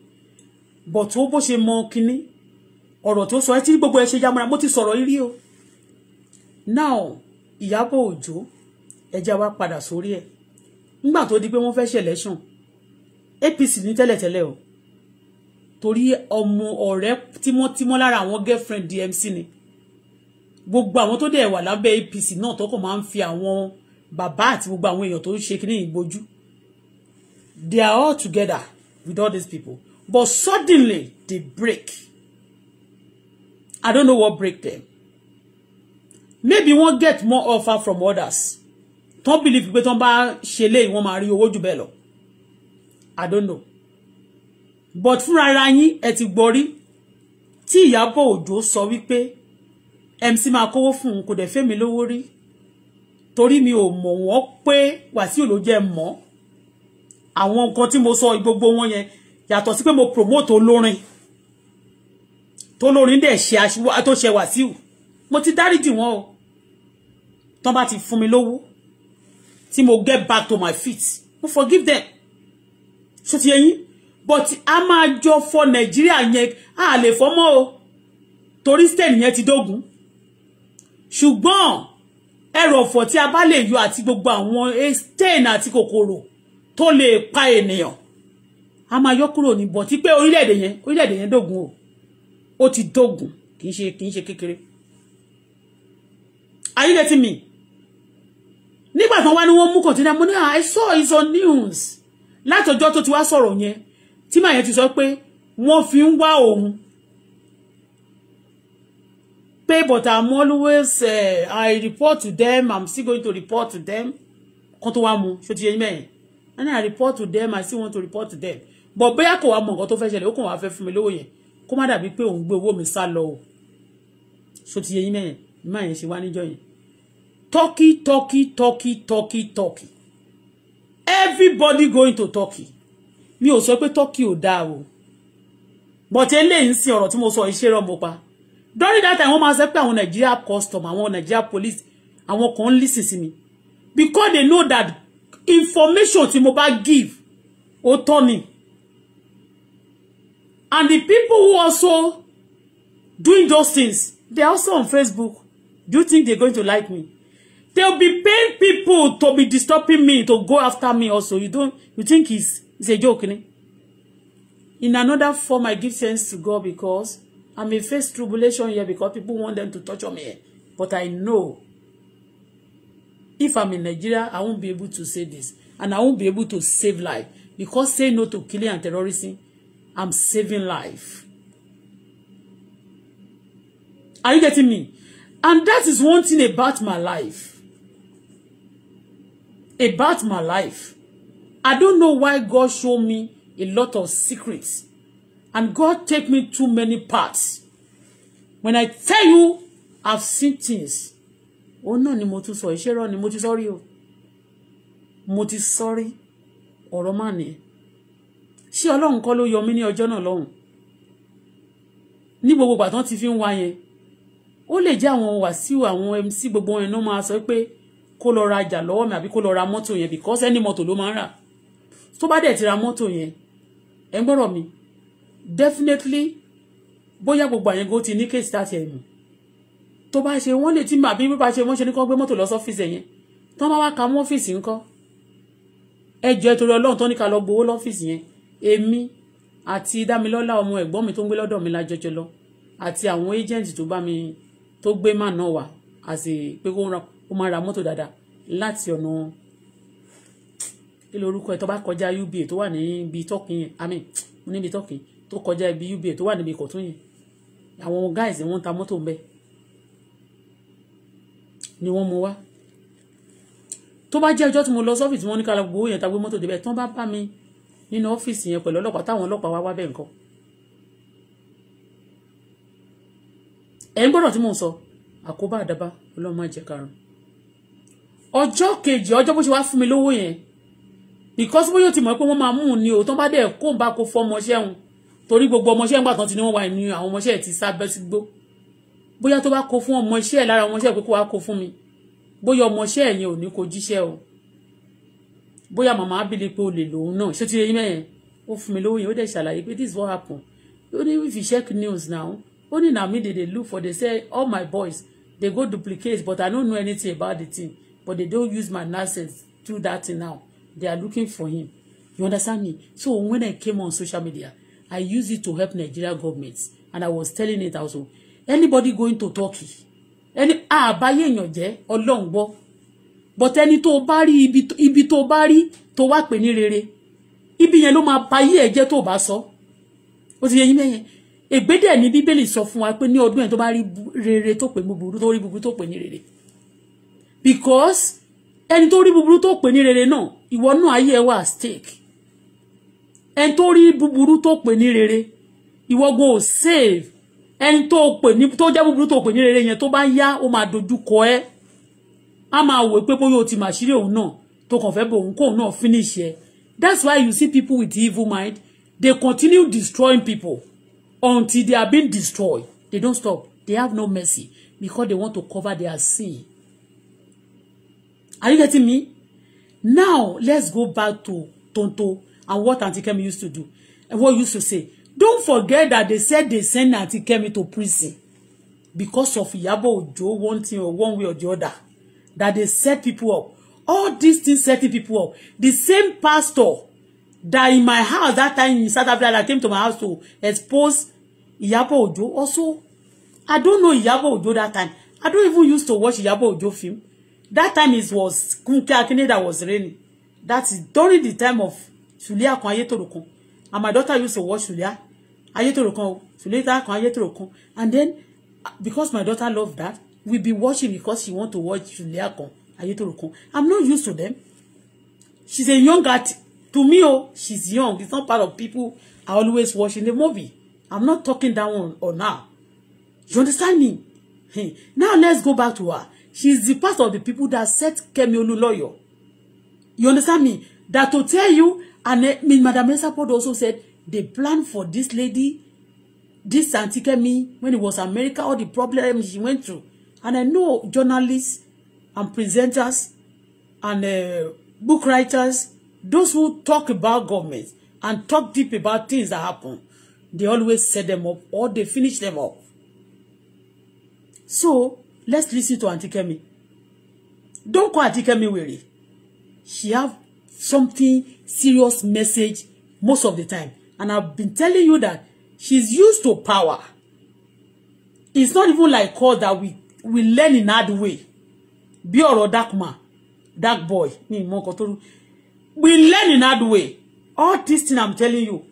but ó bó ṣe mọ kínní ọ̀rọ̀ tó sọ ẹ́ tí gbogbo ẹ ṣe yamara mo ti sọ̀rọ̀ yìí o now Ìyábọ̀ Òjó ẹja wa padà sórí ẹ̀ nígbà tó di pé wọ́n fẹ́ ṣe election APC ní tẹ́lẹ̀tẹ́lẹ̀ o torí ọmọ ọ̀rẹ́ tímọ́tímọ́ lára àwọn girlfriend DMC ni gbogbo àwọn tó dẹ̀ wà lábẹ́ APC náà tọkọ̀ máa ń fi àwọn bàbá àti gbogbo àwọn èèyàn tó ń ṣe kíní ìgbójú they are all together with all these people but suddenly they break i don't know what break them maybe wọ́n get more offer from others tán believe pé tán bá ṣe léyìí wọ́n máa rí owó jù bẹ́ẹ̀ lọ i don't know but fúnra ara yín ẹ ti gbọ́ rí tí Ìyábọ̀ Òjó sọ wípé MC máa kówó fún un kò dẹ̀ fẹ́mi lówó rí torí mi ò mọ̀ wọ́n pé Wàsíù ló jẹ́ mọ́ àwọn nǹkan tí mo sọ gbogbo wọn yẹn yàtọ̀ sí pé mo promote olórin tó lórin dẹ̀ ṣe aṣíwá tó ṣe Wàsíù mo ti dáríjì wọn o tán bá ti fún mi lówó tí mo get back to my feet mo forgive them so ti yé but a máa jọ fọ Nàìjíríà yẹn a lè fọmọ o torí stain yẹn ti dógùn ṣùgbọ́n ẹrù ọ̀fọ̀ tí a bá lè yọ àti gbogbo àwọn stain àti kòkòrò tó lè pa ènìyàn a máa yọ kúrò níbọ̀ tí pé orílẹ̀-èdè yẹn orílẹ̀-èdè yẹn dógùn o ó ti dógùn kì í ṣe kì í ṣe kékeré are you getting me nígbà tán wá ní wọ́n mú kọ̀tínà mo ní ah, I saw it on news látọjọ́ tó ti wá sọ̀rọ̀ yẹn tí màá yẹn ti sọ pé wọ́n fi ń wá òun pay but i'm always uh, i report to them i'm still going to report to them kan tó wá mu ṣó ti and i report to them i still want to report to them but bóyá kò wá mọ nǹkan tó fẹ́ ṣẹlẹ̀ ó kàn wá fẹ́ fún mi lówó yẹn kó má dàbí pé òun gbé owó mi sá lọ o ṣó ti yẹ mẹ́yìn má yẹn ṣe everybody going to turkey mi ò sọ pé turkey ò dáa o bọ̀tẹ́ lè ń sin mo sọ ìṣeré ọmọ pa during that time wọ́n máa sọ pé àwọn Nigeria custom àwọn Nigeria police àwọn kan ń listen sí mi because they know that information tí mo bá give ó tọ́ ni and the people who also doing those things they also on Facebook do you think they going to like me they will be paying people to be disturbing me to go after me also you don't you think it's it's a joke ne in another form I give thanks to God because I may face tribulation here because people want them to torture me here. But I know if I'm in Nigeria, I won't be able to say this. And I won't be able to save life. Because say no to killing and terrorism, I'm saving life. Are you getting me? And that is one thing about my life. About my life. I don't know why God showed me a lot of secrets And God take me too many paths. When I tell you, I've seen things. Oh no, ni mo tún sọ, ìṣe rọ ni mo ti sọ́rí o. Mo ti sọ́rí. Ọ̀rọ̀ mà ni. Ṣé Ọlọ́run kọ́ ló yọ mí ní ọjọ́ náà lọ́hùn? Ní gbogbo ìgbà tán ti fi ń wá yẹn. Ó lè jẹ́ àwọn wàsíù àwọn MC gbogbo yẹn náà máa sọ pé kó lọ ra ọjà mi àbí kó lọ ra mọ́tò yẹn because any mọ́tò ló máa ń rà. Tó bá ti ra mọ́tò yẹn, ẹ ń mi definitely bóyá gbogbo àyẹ̀ngó ti ní kéèsì láti ẹ̀mù tó bá ṣe wọ́n lè tí mà bí bá ṣe wọ́n ṣe ní kán gbé mọ́tò lọ sọ́fíìsì ẹ̀yẹn tán bá wá ka mọ́ ọ́fíìsì ńkọ́ ẹjọ́ ẹ torí ọlọ́run tán ní ká lọ gbowó lọ́fíìsì yẹn èmi àti dámilọ́lá ọmọ ẹ̀gbọ́n mi tó ń gbé lọ́dọ̀ mi lájọjọ lọ àti àwọn agent tó bá mi tó gbé mà náà wà àti pé kó máa ra mọ́tò dáadáa láti ọ̀nà kí lorúkọ ẹ̀ tó bá kọjá uba tó wà níbi tọ́kì yẹn àmì níbi tọ́kì yẹn tó kọjá ibi uba tó wà níbi ìkọ̀tún yẹn àwọn guys wọ́n ta mọ́tò ń bẹ ni wọ́n mú wá tó bá jẹ́ ọjọ́ tí mo lọ sọ́fíìsì wọn ní kálá gbogbo yẹn ta gbé mọ́tò débẹ̀ tí wọ́n bá bá mi nínú ọ́fíìsì yẹn pẹ̀lú ọlọ́pàá táwọn ọlọ́pàá wá wá bẹ̀ nǹkan ẹ̀ ń gbọ́dọ̀ tí mò ń sọ àkóbá àdábá ọlọ́run má jẹ́ karùn ọjọ́ kejì ọjọ́ bó ṣe wá fún mi lówó yẹn because bóyá o ti mọ̀ pé wọ́n máa mú un ni o tán bá dẹ̀ kó n bá kó fọmọ ṣẹ́hun torí gbogbo ọmọọṣẹ́ ńgbà kan ti ní wọ́n wà ní àwọn ọmọọṣẹ́ ti sábẹ́ sí gbó bóyá tó bá kó fún ọmọọṣẹ́ lára ọmọọṣẹ́ pé kó wá kó fún mi bóyá ọmọọṣẹ́ yẹn ò ní kó jíṣẹ́ o bóyá màmá abílẹ̀ pé o lè lòun náà ṣé ti eyín mẹ́yẹn ó fún mi lówó yẹn ó dẹ̀ ṣàlàyé pé this is what happen ó ní if you check news now ó ní na me dey dey look for they say all my boys dey go duplicate but i no know anything about the thing but they don use my nonsense do that thing now they are looking for him you understand me so when i came on social media I use it to help Nigeria government and I was telling it also anybody going to Turkey any ah ẹni àbáyé èèyàn jẹ́ ọlọ́run gbọ́ but ẹni tó bá rí ibi tó bá rí tó wá pè ní rere ibi yẹn ma máa bayé ẹ̀ jẹ́ tó bá sọ ó ti yẹ yín mẹ́yẹn ègbédè ní bíbélì sọ fún wa pé ní ọdún ẹ̀ tó bá rí rere tó pè ní búburú tó rí búburú tó rere because any to rí búburú tó pè ní rere no ìwọ náà ayé ẹ stake ẹni tó rí búburú tó pè ní rere ìwọ gan ò save ẹni tó pè ní tó jẹ́ búburú tó pè ní rere yẹn tó bá yá ó máa dojú kọ ẹ́ á máa wò pé bóyá o ti mà sírí òun náà tó kàn fẹ́ bò òun kóun náà finish ẹ that's why you see people with evil mind they continue destroying people until they are being destroyed they don't stop they have no mercy because they want to cover their sin are you getting me now let's go back to Tonto and what Auntie Kemi used to do and what used to say. Don't forget that they said they sent Auntie Kemi to prison because of Yabo Ojo one thing or one way or the other. That they set people up. All these things setting people up. The same pastor that in my house that time in South Africa that came to my house to expose Yabo Ojo also. I don't know Yabo Ojo that time. I don't even used to watch Yabo Ojo film. That time it was Kunke Akine that was reigning. That is during the time of Sulia kan Ayétòrò kan and my daughter used to watch Sulia Ayétòrò kan o Sulia kan Ayétòrò kan and then because my daughter love that we be watching because she want to watch Sulia kan Ayétòrò kan I'm not used to them she's a young girl. to me oh she's young it's not part of people are always watching the movie I'm not talking down on, on her you understand me hey. now let's go back to her she's the part of the people that set Kemi Oluloyo you understand me that to tell you And I mean, Madam Esapod also said they plan for this lady, this Auntie Kemi, when it was America, all the problems she went through. And I know journalists and presenters and uh, book writers, those who talk about government and talk deep about things that happen, they always set them up or they finish them up. So, let's listen to Auntie Kemi. Don't call Auntie Kemi weary. She have something serious message most of the time and I've been telling you that she's used to power it's not even like all that we we learn in hard way bí ọ̀rọ̀ dark man dark boy ní ìmọ̀ nǹkan tó we learn in hard way all this thing I'm telling you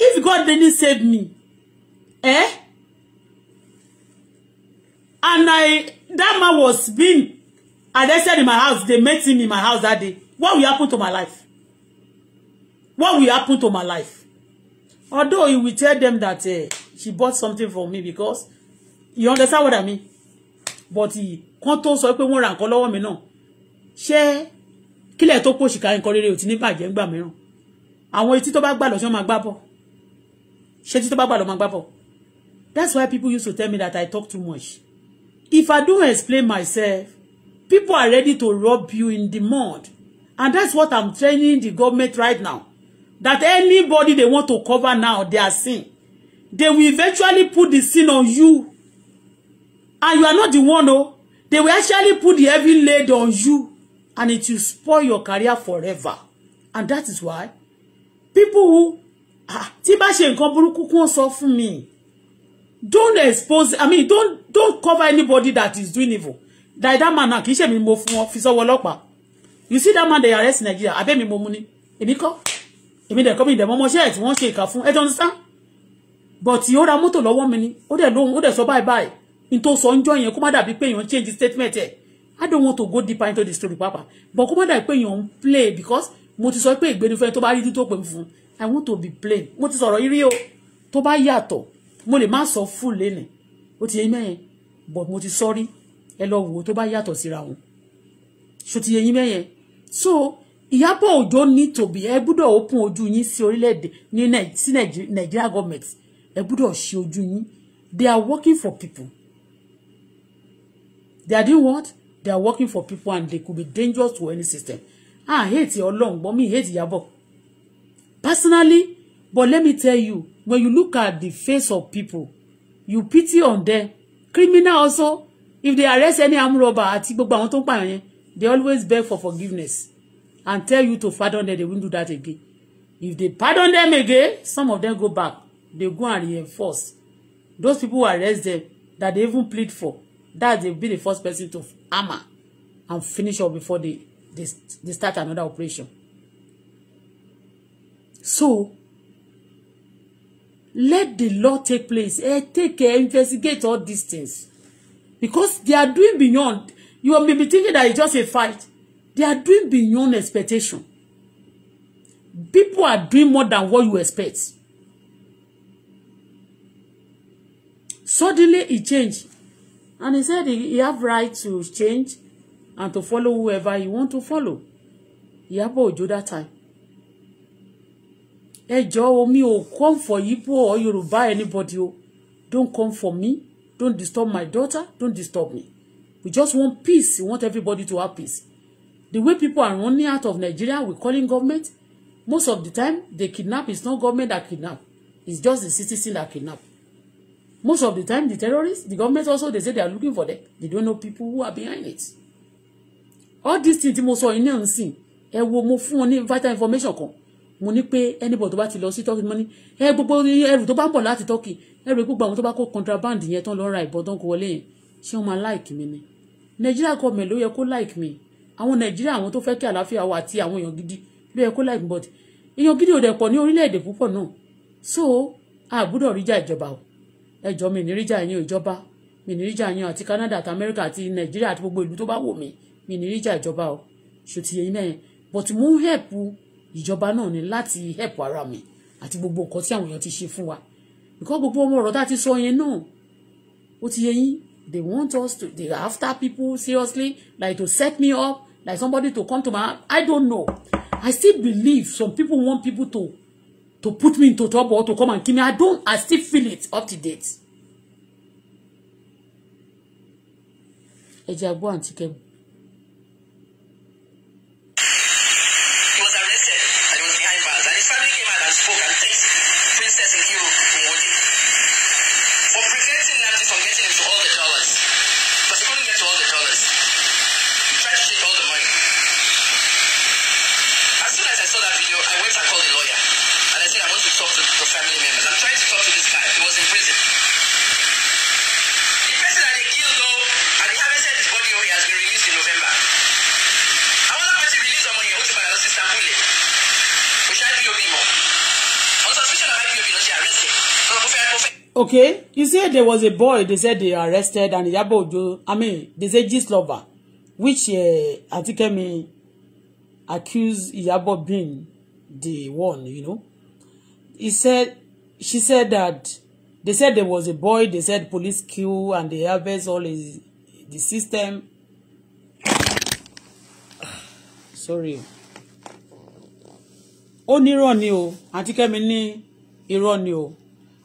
if God didn't save me eh and I that man was being arrested in my house they met him in my house that day What will happen to my life? What will happen to my life? Although he will tell them that uh, she bought something for me because you understand what I mean? But he tó sọ pé wọ́n ra nǹkan me mi náà ṣé kílẹ̀ tó she ṣìkà nǹkan rere ò ti ní bàjẹ́ ńgbà mìíràn àwọn etí tó bá gbà lọ ṣé wọ́n that's why people used to tell me that I talk too much if I don't explain myself people are ready to rub you in the mud And that's what I'm training the government right now. That anybody they want to cover now their sin, they will eventually put the sin on you. And you are not the one, oh. They will actually put the heavy load on you. And it will spoil your career forever. And that is why people who ah, tí bá ṣe Don't expose, I mean, don't don't cover anybody that is doing evil. Like that man now, kì í ṣe mi mo fún ọ fi sọ́wọ́ you see that man they arrest in Nigeria I mo mú ni èmi kọ́ èmi dẹ̀ kọ́ mi dẹ̀ mọ́mọ́ ṣẹ́ẹ̀ tí wọ́n ṣe ìkà fún ẹ jọ ní sá but ó ra mọ́tò lọ́wọ́ mi ni ó dẹ̀ lóhun ó dẹ̀ sọ báyìí báyìí n tó sọ ń jọ yẹn kó má dàbí pé èèyàn change statement ẹ̀ I don't want to go deeper into the story papa but kó má dàbí pé play because mo ti sọ pé ìgbénifẹ́ tó bá rí tó I want to be plain mo ti sọ̀rọ̀ irí o tó bá yàtọ̀ mo lè má full lẹ́nìí ó ti but mo ti sọ rí ẹ lọ wò ṣòtìyẹ yín mẹ́yẹn so Ìyábọ̀ Òjó ní tòbí ẹ gbúdọ̀ open ojú yín sí orílẹ̀-èdè ní sí Nigeria government ẹ gbúdọ̀ ṣe ojú yín they are working for people they are doing what they are working for people and they could be dangerous to any system ah hate Ọlọ́run but me hate Ìyábọ̀ personally but let me tell you when you look at the face of people you pity on them criminal also if they arrest any armed robber àti gbogbo àwọn tó ń pààyàn yẹn they always beg for forgiveness and tell you to pardon them they won't do that again if they pardon them again some of them go back they go and reinforce those people who arrest them that they even plead for that they'll be the first person to hammer and finish up before they they, they start another operation so let the law take place eh, take care investigate all these things because they are doing beyond You will be thinking that it's just a fight. They are doing beyond expectation. People are doing more than what you expect. Suddenly he changed. And he said he, he have right to change and to follow whoever he want to follow. He Iyabo Ojo that time. Hey, Joe, me, oh, come for Igbo or Yoruba anybody Oh, Don't come for me. Don't disturb my daughter. Don't disturb me. We just want peace. We want everybody to have peace. The way people are running out of Nigeria, we're calling government. Most of the time, they kidnap. It's not government that kidnap. It's just the citizen that kidnap. Most of the time, the terrorists, the government also, they say they are looking for them. They don't know people who are behind it. All these things, mo sọ yín náà sìn, ẹ wo mo fún wọn vital information kan. Mo ní pé anybody tó bá ti lọ sí Turkey mo ní ẹ gbogbo ẹrù tó bá ń bọ̀ láti Turkey ẹrù gbogbo àwọn tó bá kó contraband yẹn tán lọ ra ìbọn tó ń kó wọlé yẹn ṣé wọ́n máa láìkí mi ni. Nigeria government ló yẹ kó like mi àwọn Nigeria àwọn tó fẹ́ kí àlàáfíà wà àti àwọn èèyàn gidi ló yẹ kó like mi but èèyàn gidi ò dẹ̀ pọ̀ ní orílẹ̀-èdè púpọ̀ náà so àbúrò ríjà ìjọba o ẹjọ́ mi níríjà yín ìjọba mi níríjà yín àti Canada àti America àti Nigeria àti gbogbo ìlú tó bá wò mí mi níríjà ìjọba o ṣòtì yẹn náà but mo ń help ìjọba náà ni láti help ara mi àti gbogbo nǹkan tí àwọn èèyàn ti ṣe fún wa nǹkan gbogbo ọmọ ọ̀rọ̀ tá a ti sọ yẹn náà ó ti yẹ yín they want us to they after people seriously like to set me up like somebody to come to my i don't know i still believe some people want people to to put me into trouble or to come and kill me i don't i still feel it up to date ẹ jẹ́ àgbọ̀ Okay, you see, there was a boy. They said they arrested and Yabo Ojo. I mean, they say gist lover, which uh, Atikemi accused Yabo being the one. You know, he said she said that they said there was a boy. They said police kill and they harvest all his the system. Sorry. Ó ní irọ́ ni o, Atikemi ní irọ́ ni o.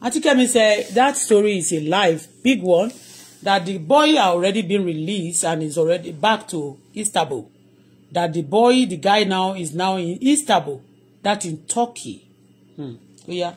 Atikemi said that story is a live big one that the boy had already been released and is already back to Istanbul. That the boy, the guy now is now in Istanbul, that in Turkey. Hmm. Oh yeah.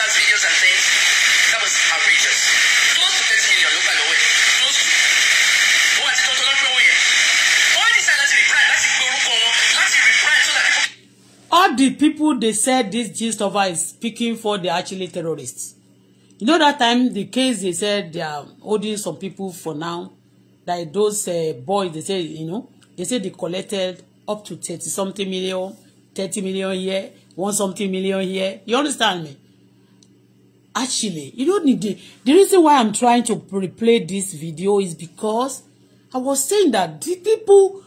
posters, videos, and things. That was outrageous. Close to 30 million ló gbàgbọ́ ẹ̀. Close to. Ó wà tí tọ́tọ́ lọ́pẹ́ owó yẹn. All this time láti rebrand láti gbé orúkọ wọn láti rebrand so that people. All the people they said this gist of is speaking for they actually terrorists. You know that time the case they said they are holding some people for now, like those uh, boys they say you know they say they collected up to thirty something million, thirty million here, one something million here. You understand me? actually you don't need the, the reason why i'm trying to replay this video is because i was saying that the people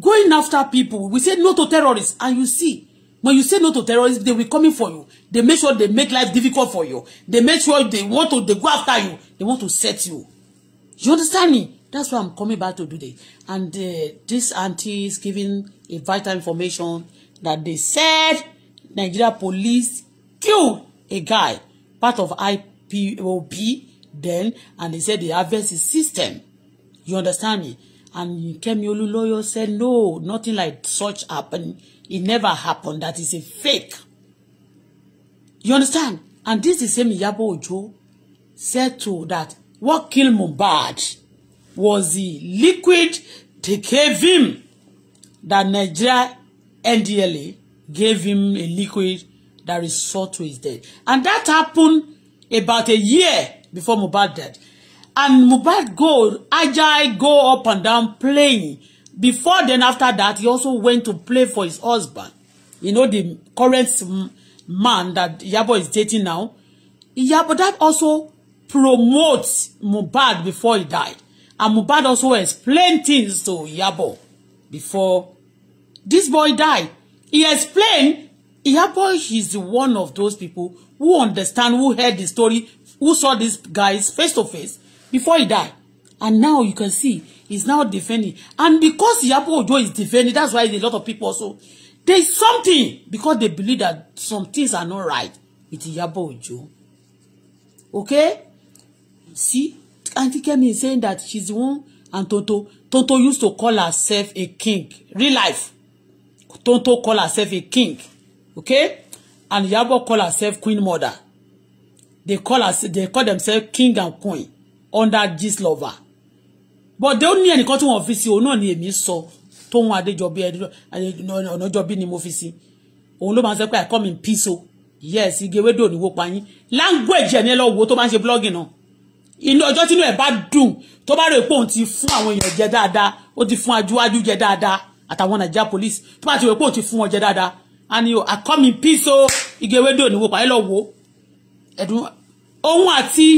going after people we say no to terrorists and you see when you say no to terrorists they will coming for you they make sure they make life difficult for you they make sure they want to they go after you they want to set you you understand me that's why i'm coming back to do this and uh, this auntie is giving a vital information that they said Nigeria police killed a guy, part of IPOB then, and they said they harvest is system. You understand me? And Kemi lawyer said, no, nothing like such happened. It never happened. That is a fake. You understand? And this is same Yabo Ojo said to that what killed Mohbad was the liquid they gave him that Nigeria NDLEA gave him a liquid that resort to his death. And that happened about a year before Mohbad died. And Mohbad go, Ajay go up and down playing. Before then, after that, he also went to play for his husband. You know, the current man that Yabo is dating now. Yabo that also promotes Mohbad before he died. And Mohbad also explained things to Yabo before this boy died. He explained Iyabo is one of those people who understand, who heard the story, who saw these guys face to face before he died. And now you can see he's now defending. And because Iyabo Ojo is defending, that's why a lot of people also, there's something because they believe that some things are not right with Iyabo Ojo. Okay? See, Auntie Kemi is saying that she's the one and Toto. Toto used to call herself a king. Real life. Toto call herself a king okay and yabo call herself queen mother they call us, they call themselves king and queen under this lover but they ó ní ẹnìkan tí wọ́n fi sí òun náà ni èmi sọ tóun adéjọbí ọ̀nàjọbí ni no, fi sí òun ló máa ń man say, i come in peace o yes he igewédò òníwó payín language ẹ̀ Language, ẹlọ́wọ́ tó máa ń ṣe blogging náà inú ọjọ́ tínú ẹ̀ bá dùn To bá rò pé òun ti fún àwọn èèyàn jẹ dáadáa ó ti fún ajúwájú jẹ dáadáa àtàwọn nàìjíríà police To bá ti rò pé òun ti fún wọn jẹ dáadáa and you are coming peace o oh. igewedo ni wo pa ẹ lọ wo ẹdun òun àti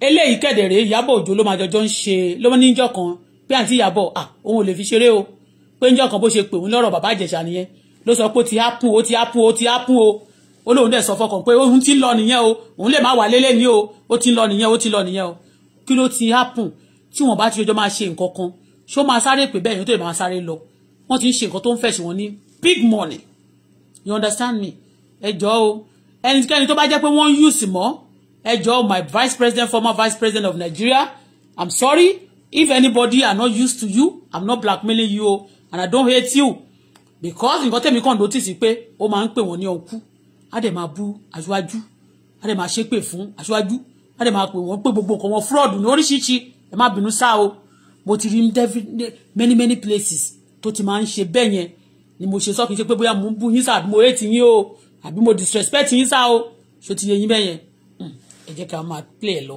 eléyìí kẹ̀dẹ̀rẹ̀ Ìyábọ̀ Òjó ló máa jọjọ́ ń ṣe ló ní ìjọ kan pé àǹtí Ìyábọ̀ à òun ò lè fi ṣeré o pé ìjọ kan bó ṣe pè òun lọ́rọ̀ bàbá Ìjẹ̀ṣà nìyẹn ló sọ pé ó ti hápù ó ti hápù ó ti hápù o ó lóun dẹ̀ sọ fọkàn pé òun ti ń lọ nìyẹn o òun lè má wà lélẹ̀ ní o ó ti ń lọ nìyẹn ó ti ń lọ nìyẹn o kí ló ti hápù tí wọ́n bá ti jọjọ́ máa ṣe nǹkan kan ṣó máa sáré pè bẹ́ẹ̀ yóò tó máa sáré lọ wọ́n ti ń ṣe nǹkan tó ń fẹ̀sùn wọn ní big money you understand me ẹ jọ̀ọ́ o ẹnikẹ́ni tó bá jẹ́ pé wọ́n use mọ́ ẹ jọ̀ọ́ my vice president former vice president of Nigeria i'm sorry if anybody are not used to you i'm not blackmailing you o and i don't hate you because nǹkan tẹ̀mí kàn notice pé ó máa ń pè wọ́n ní ọkú á dẹ̀ máa bú aṣáájú á dẹ̀ máa ṣépè fún aṣáájú á dẹ̀ máa pè wọ́n pé gbogbo nǹkan wọn fraud ní oríṣiríṣi ẹ má bínú sáà o mo ti rí many many places tó ti máa ń ṣe bẹ́ẹ̀ yẹn ni mo ṣe sọ kí n ṣe pé bóyá mo ń bú yín sá àbí mo hate yín o àbí mo disrespect yín sá o ṣó ti yẹ yín bẹ́yẹn hmm, ẹ jẹ́ ká máa play ẹ lọ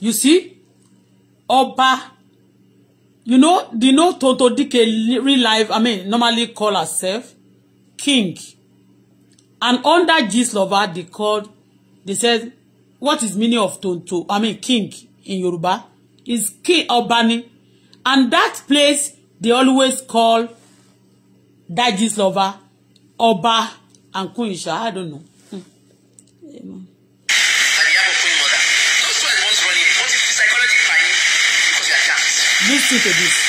You see? Oba. You know, do you know Toto Dike real life, I mean, normally call herself king. And under gist lover, they called, they said, what is meaning of Tonto, I mean, king in Yoruba? Is King Obani. And that place, they always call that gist lover, Oba and Queen Isha. I don't know. Hmm. sinto disso.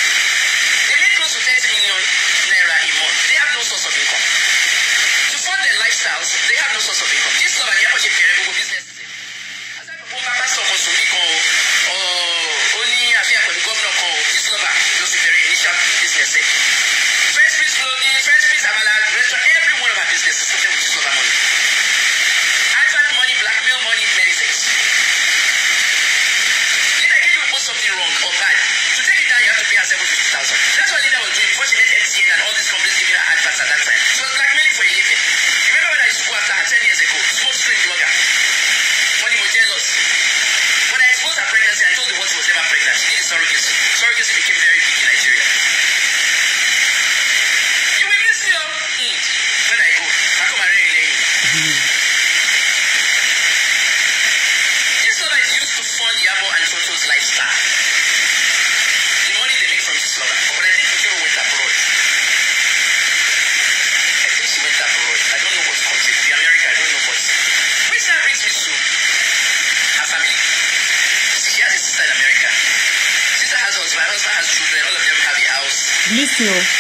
No.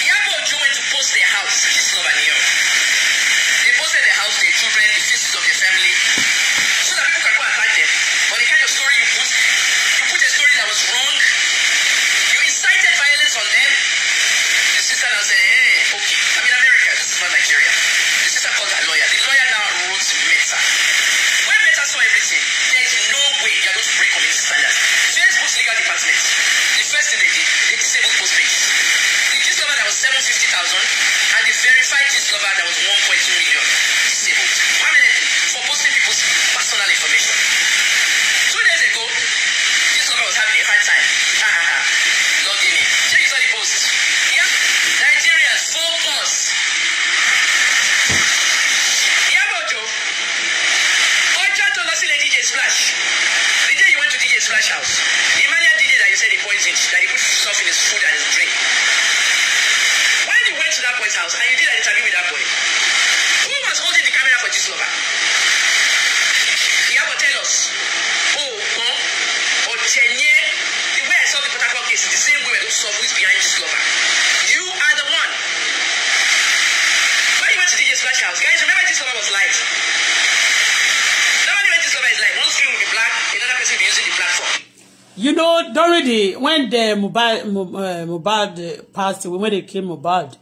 during the when the Mohbad uh, Mohbad passed when they came Mohbad,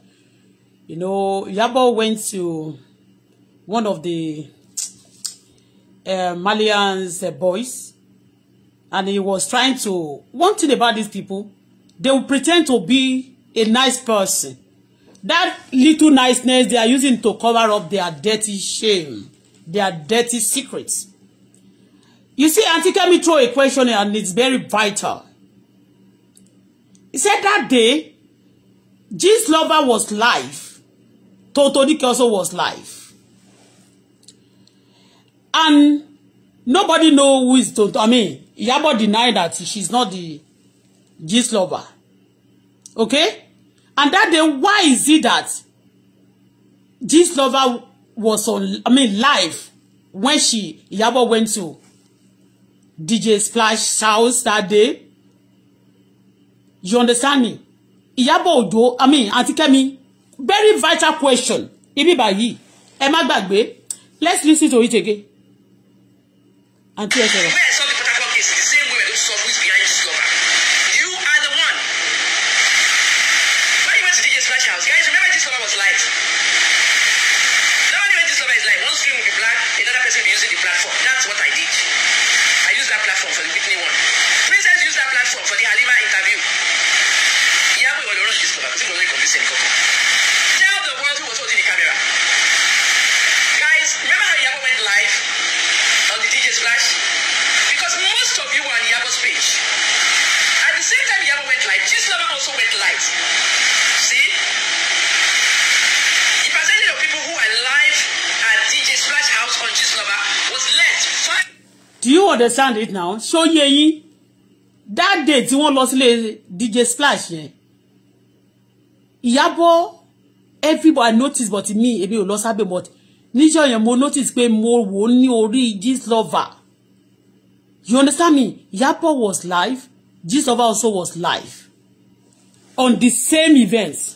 you know Yabo went to one of the uh, Malian's uh, boys, and he was trying to one thing about these people, they will pretend to be a nice person. That little niceness they are using to cover up their dirty shame, their dirty secrets. You see, Auntie Kemi throw a question and it's very vital. He said that day, G's lover was live. Toto Dike also was live. And nobody know who is Toto. I mean, Yabo denied that she's not the G's lover. Okay? And that day, why is it that G's lover was on, I mean, live when she, Yabo went to DJ Splash house that day. You understand me? Ìyábọ̀ Òjó, I mean, Aunty Kemi, very vital question. Ibi báyìí, ẹ má gbàgbé. Let's listen to it again. Aunty Ẹ do you understand it now So ye, yín that day tí wọ́n lọ sílé DJ Splash yẹn Ìyábọ̀ everybody notice but me èmi ò lọ sábẹ́ but níjọ́ yẹn mo notice pé mo wo ni ori orí lover you understand me Ìyábọ̀ was live gist lover also was live on the same events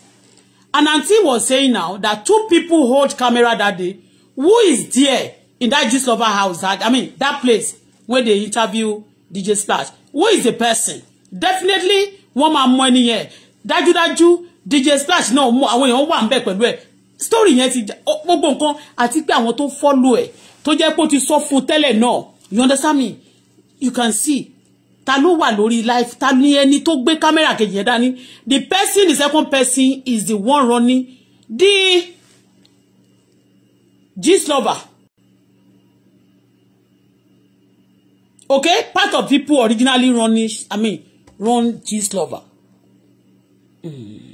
and aunty was saying now that two people hold camera that day who is there in that gist lover house that i mean that place wey dey interview dj splash who is the person definitely wọ́n máa mọ ẹni yẹn dájúdájú dj splash náà mọ àwọn èèyàn wà ń bẹ pẹ̀lú ẹ̀ story yẹn ti gbogbo nǹkan àti pé àwọn tó follow ẹ̀ tó jẹ́ pé ó ti sọ fún tẹ́lẹ̀ náà you understand me you can see ta ló wà lórí life ta ni ẹni tó gbé kámẹ́rà kejì yẹn dání the person the second person is the one running the gist lover Okay, part of people originally run, I mean, run cheese lover. Mm.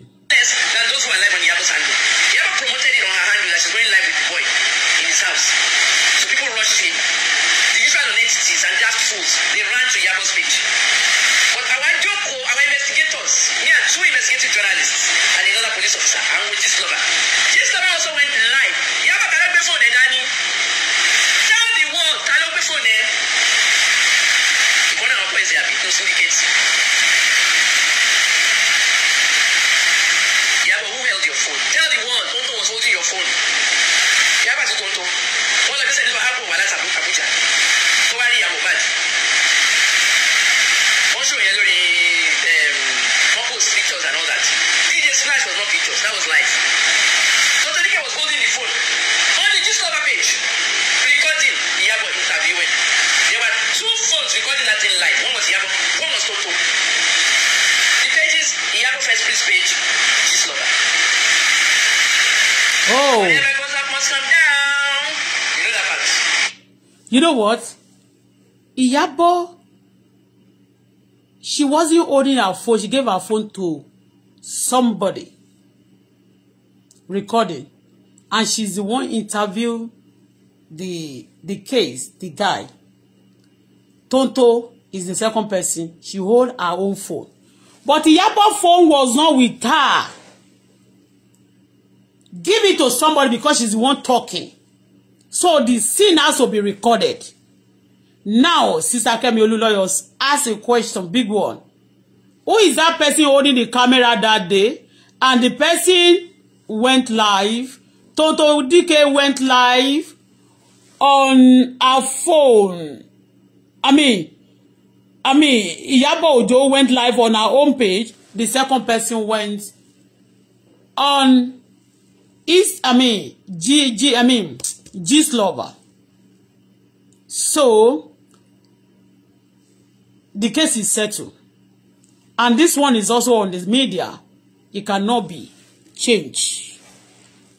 You know what? Iyabo, she wasn't holding her phone. She gave her phone to somebody recording. And she's the one interview the the case, the guy. Tonto is the second person. She hold her own phone. But Iyabo phone was not with her. Give it to somebody because she's the one talking. So the scene has to be recorded. Now, Sister Kemi lawyers ask a question, big one. Who is that person holding the camera that day? And the person went live. Toto Dike went live on her phone. I mean, I mean, Iyabo Ojo went live on our own page. The second person went on his, I mean, G, G, I mean, gist lover. So, the case is settled. And this one is also on the media. It cannot be changed.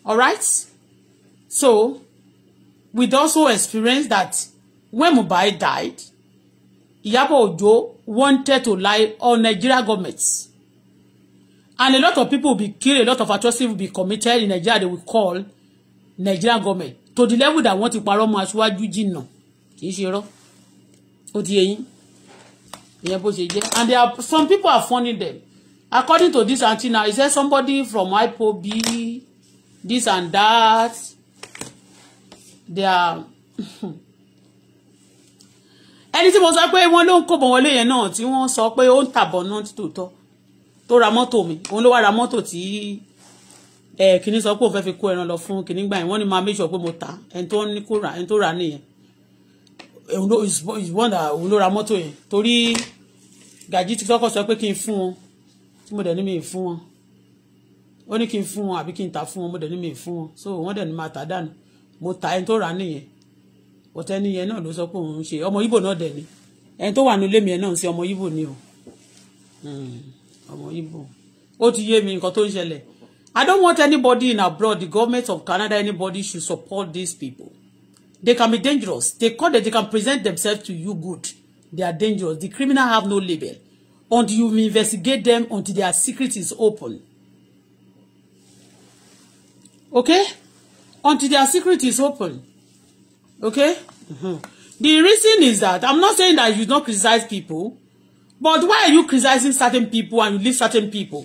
Alright? So, we also experienced that when Mubai died, Iyabo Ojo wanted to lie on Nigeria governments, And a lot of people will be killed, a lot of atrocities will be committed in Nigeria, they will call Nigerian government to the level that wọ́n ti parọ́ mọ́ aṣíwájú jìnnà kì í ṣe irọ́ ó ti yé ìyẹn bó ṣe jẹ́ and there are some people are funding them according to this now is there somebody from IPOB this and that they are ẹni tí mo sọ pé wọ́n ló ń kóbọn wọlé yẹn náà tí wọ́n sọ pé ó ń tàbọn náà títòótọ́ tó ra mọ́tò mi òun ló wá ra mọ́tò tí ẹ kìíní sọ pé òun fẹ́ fi kó ẹran lọ fún kìíní gbà yẹn wọ́n ní máa méjọ pé mo tà ẹni tó ní kó rà ẹni tó rà nìyẹn ìwọ́n dà òun ló ra mọ́tò yẹn torí gàjí ti kọ́kọ́ sọ pé kí n fún wọn tí mo dẹ̀ ní mi fún wọn ó ní kí n fún wọn àbí kí n tà fún wọn mo dẹ̀ ní mi fún wọn so wọ́n dẹ̀ ní máa tà dànù mo ta ẹni tó rà nìyẹn ọ̀tẹ́ níyẹn náà ló sọ pé òun ń ṣe ọmọ Ìgbò náà dẹ̀ ni ẹni tó wà ní ilé mi yẹn náà ń ṣe ọmọ Ìgbò ni o hmm, ọmọ Ìgbò ó ti yé mi nǹkan tó ń ṣẹlẹ̀ I don't want anybody in abroad, the government of Canada, anybody should support these people. They can be dangerous. They call that they can present themselves to you good. They are dangerous. The criminal have no label. Until you investigate them, until their secret is open. Okay? Until their secret is open. Okay? Mm-hmm. The reason is that I'm not saying that you don't criticize people, but why are you criticizing certain people and you leave certain people?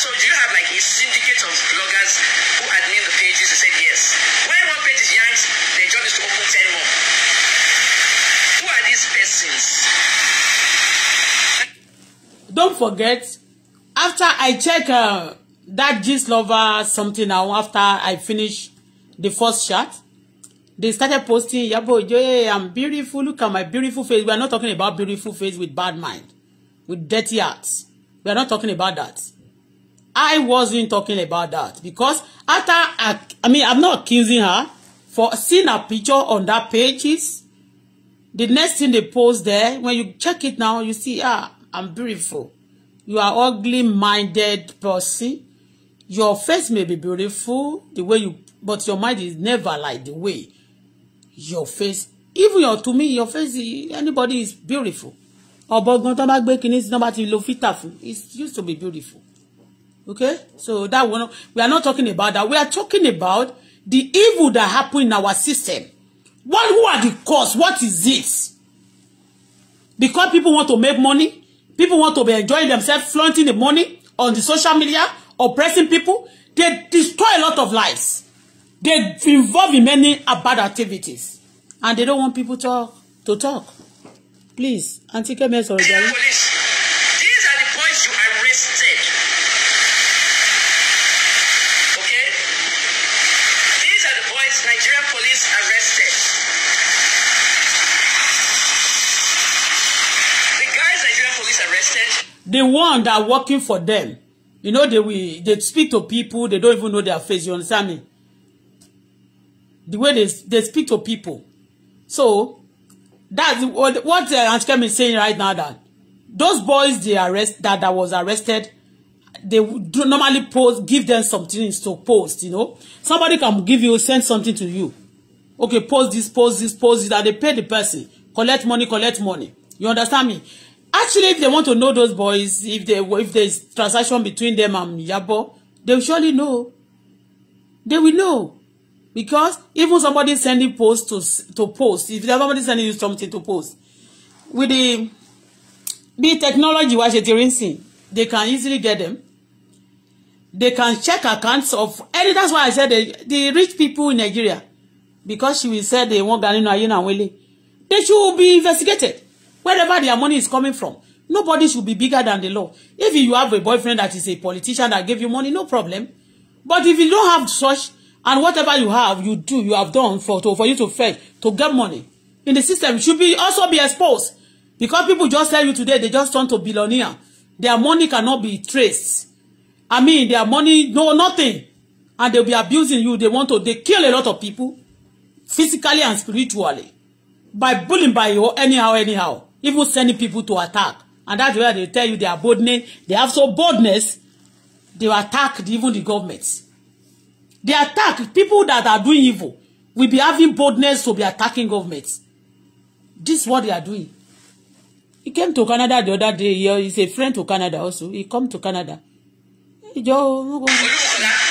So do you have like a syndicate of bloggers who admin the pages? I said yes. When one page is yanked, their job is to open 10 more. Who are these persons? Don't forget, after I check uh, that gist lover something now, after I finish the first shot, they started posting, Yabo, hey, I'm beautiful, look at my beautiful face. We are not talking about beautiful face with bad mind, with dirty hearts. We are not talking about that. I wasn't talking about that because after I, I mean, I'm not accusing her for seeing a picture on that pages. The next thing they post there, when you check it now, you see, ah, I'm beautiful. You are ugly-minded person. Your face may be beautiful, the way you, but your mind is never like the way your face, even your, to me, your face, anybody is beautiful. Ọ̀bọ̀n gan tó bá gbé kinní sí, tó bá it used to be beautiful. Okay? So that one we are not talking about that. We are talking about the evil that happen in our system. What who are the cause? What is this? Because people want to make money, people want to be enjoying themselves, flaunting the money on the social media, oppressing people. They destroy a lot of lives. They involve in many bad activities. And they don't want people talk to talk. Please, Auntie Kemi sọ̀rọ̀ jàre. the one that working for them you know they will they speak to people they don't even know their face you understand me the way they they speak to people so that's what what uh, Anshikem is saying right now that those boys they arrest that that was arrested they do normally post give them something to post you know somebody can give you send something to you okay post this post this post this that they pay the person collect money collect money you understand me Actually, if they want to know those boys, if they if there's transaction between them and Yabo, they will surely know. They will know. Because even somebody sending post to to post, if somebody sending you something to post, with the be technology wa ṣe ti rí they can easily get them. They can check accounts of any that's why I said the, the rich people in Nigeria because she will say they want Ganinu Ayina Wele. They should be investigated wherever their money is coming from nobody should be bigger than the law if you have a boyfriend that is a politician that gave you money no problem but if you don't have such and whatever you have you do you have done for to for you to fetch to get money in the system should be also be exposed because people just tell you today they just turn to billionaire their money cannot be traced I mean their money no nothing and they'll be abusing you they want to they kill a lot of people physically and spiritually by bullying by you anyhow anyhow even sending people to attack and that's where they tell you they are boldness they have so boldness they attack even the government they attack people that are doing evil will be having boldness to be attacking governments this is what they are doing he came to Canada the other day he is a friend to Canada also he come to Canada. He just,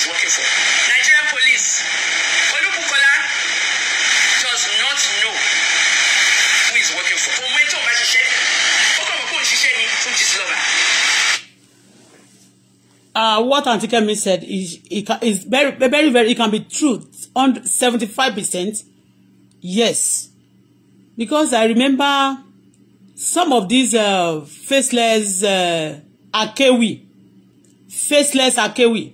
is working for. Nigerian police Olubukola does not know who is working for. Òun mẹ́tò bá ṣiṣẹ́, ó ni fún Gistlover. Uh, what Auntie Kemi said is, is very, very, very, it can be truth on 75%. Yes. Because I remember some of these uh, faceless uh, Akewi, faceless Akewi,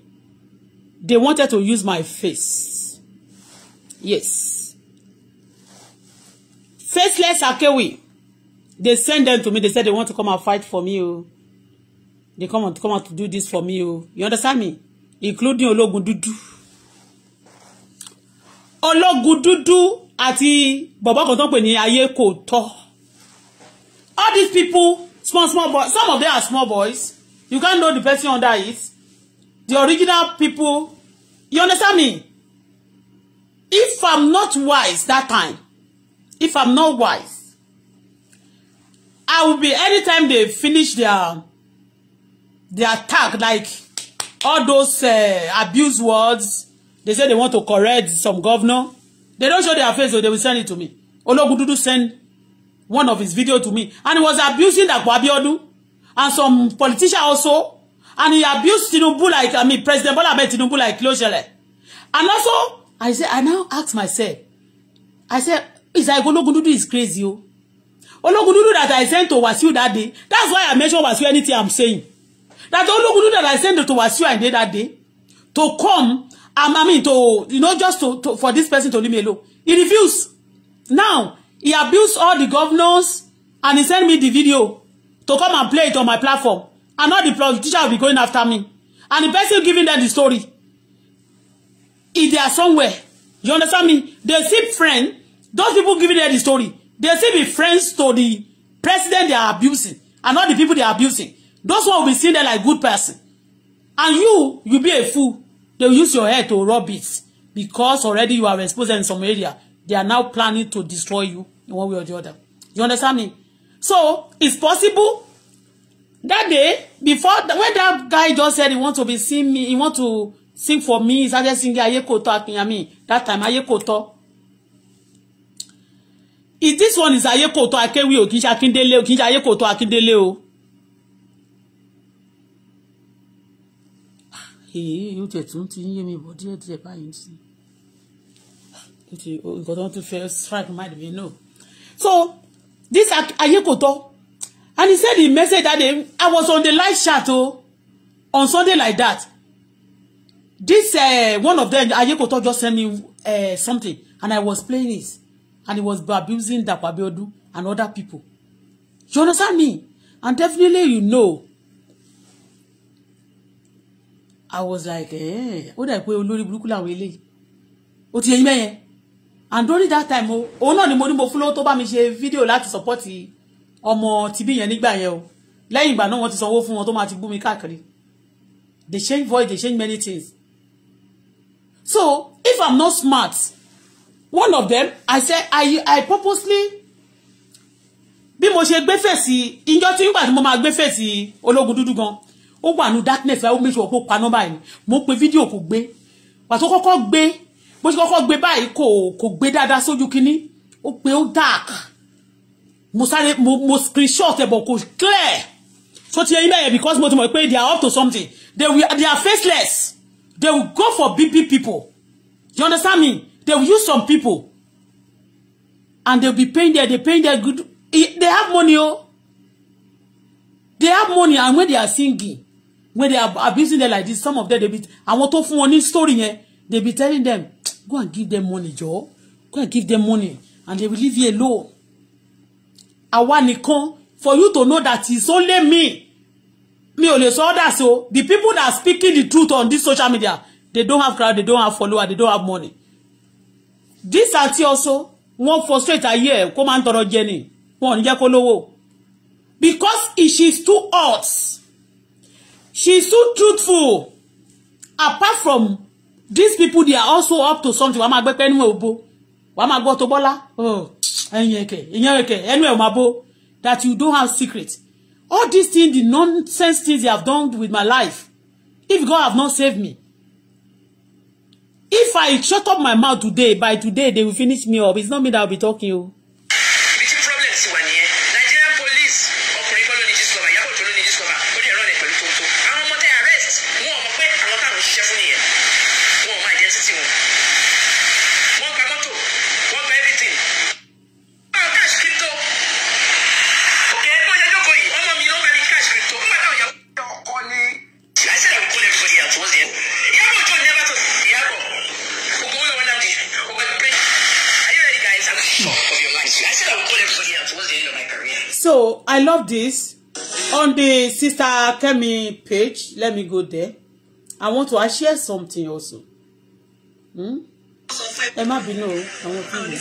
They wanted to use my face. Yes. Faceless Akewi. They send them to me. They said they want to come and fight for me. Oh. They come and come out to do this for me. Oh. You understand me? Including Ologun Dudu. ati Baba àti bàbá kan tó All these people, small, small boys, some of them are small boys. You can't know the person under it. The original people You understand me? If I'm not wise that time, if I'm not wise, I will be anytime they finish their their attack, like all those uh, abuse words, they say they want to correct some governor. They don't show their face, so they will send it to me. Ologududu send one of his video to me, and he was abusing that Abiodun and some politician also and he abused Tinubu like I mean President Bola met Tinubu like ló and also I say I now ask myself I say it's like Ologundudu is crazy o Ologundudu that I sent to Wasiu that day that's why I mention Wasiu anything I'm saying that Ologundudu that I sent to Wasiu I did that day to come um, I mean to you know just to, to for this person to leave me alone he refused now he abused all the governors and he sent me the video to come and play it on my platform and all the politicians will be going after me and the person giving them the story if they are somewhere you understand me they see friends. those people giving them the story they see be friends to the president they are abusing and all the people they are abusing those one will be seen there like good person and you you be a fool they will use your head to rob it because already you are exposed in some area they are now planning to destroy you in one way or the other you understand me so it's possible that day before when that guy just said he want to be sing me he want to sing for me he started singing ayekoto akinyami that time ayekoto if this one is ayekoto akewi o kì í ṣe akindele o kì í ṣe ayekoto akindele o. èyí yóò tẹ̀ tún ti ń yé mi bọ̀ díẹ̀ díẹ̀ báyìí sí i nǹkan tó ń tún fẹ́ strike mind me no so this ayekoto And he said the message that day, I was on the live chat oh, on Sunday like that. This uh, one of them, Ayekoto just sent me uh, something, and I was playing it. And he was abusing Dapo Babiodu and other people. You understand me? And definitely you know. I was like, eh, what I play on burúkú làwọn eléyìí. Ó ti yẹ yín And during that time, oh, náà ni mo ní mo fún lówó tó bá mi ṣe fídíò láti support yìí ọmọ tìbí yẹn nígbà yẹn o lẹ́yìn ìgbà náà wọ́n ti sanwó fún wọn tó máa ti bú mi káàkiri they change voice they change many things so if i'm not smart one of them i say i i purposely bí mo ṣe gbé fèsì ìjọ tí nígbà tí mo máa gbé fèsì ológun dúdú gan ó wà ní darkness ó méjì òpó pa nọ́mbà yìí mo pe fídíò kò gbé pàtó kọ́kọ́ gbé bó ṣe kọ́kọ́ gbé báyìí kò kò gbé dáadáa sójú kínní ó pe ó dark mo sáré mo mo screenshot ẹ̀ bọ̀ clear so ti ẹyin bẹ́ẹ̀ because mo ti mọ̀ pé they are up to something they will they are faceless they will go for big big people you understand me they will use some people and they will be paying there they paying there good they have money oh. they have money and when they are singing when they are abusing them like this some of them they be àwọn tó fún wọn ní story yẹn they be telling them go and give them money jọ̀ọ́ go and give them money and they will leave you alone àwa nìkan for you to know that it's only me Me only lè sọ So the people that are speaking the truth on this social media they don't have crowd they don't have followers, they don't have money this aunty also wọ́n frustrate ayé ẹ̀ kó máa ń tọrọ jẹ ni wọn ò ní jẹ́ because she is too hot she is too truthful apart from these people they are also up to something wọ́n máa gbẹ́pẹ́ níwọ̀n òbó wàá máa gbọ́ tó bọ́lá oh, ẹ̀yìn ẹ̀kẹ́ ẹ̀yìn ẹ̀kẹ́ ẹnu ẹ̀ máa bó that you don't have secret all these things the nonsense things you have done with my life if God have not saved me if I shut up my mouth today by today they will finish me up it's not me that will be talking o. Oh. I love this on the Sister Kemi page let me go there I want to share something also. Hmm? ẹ má bínú o àwọn fíìmù.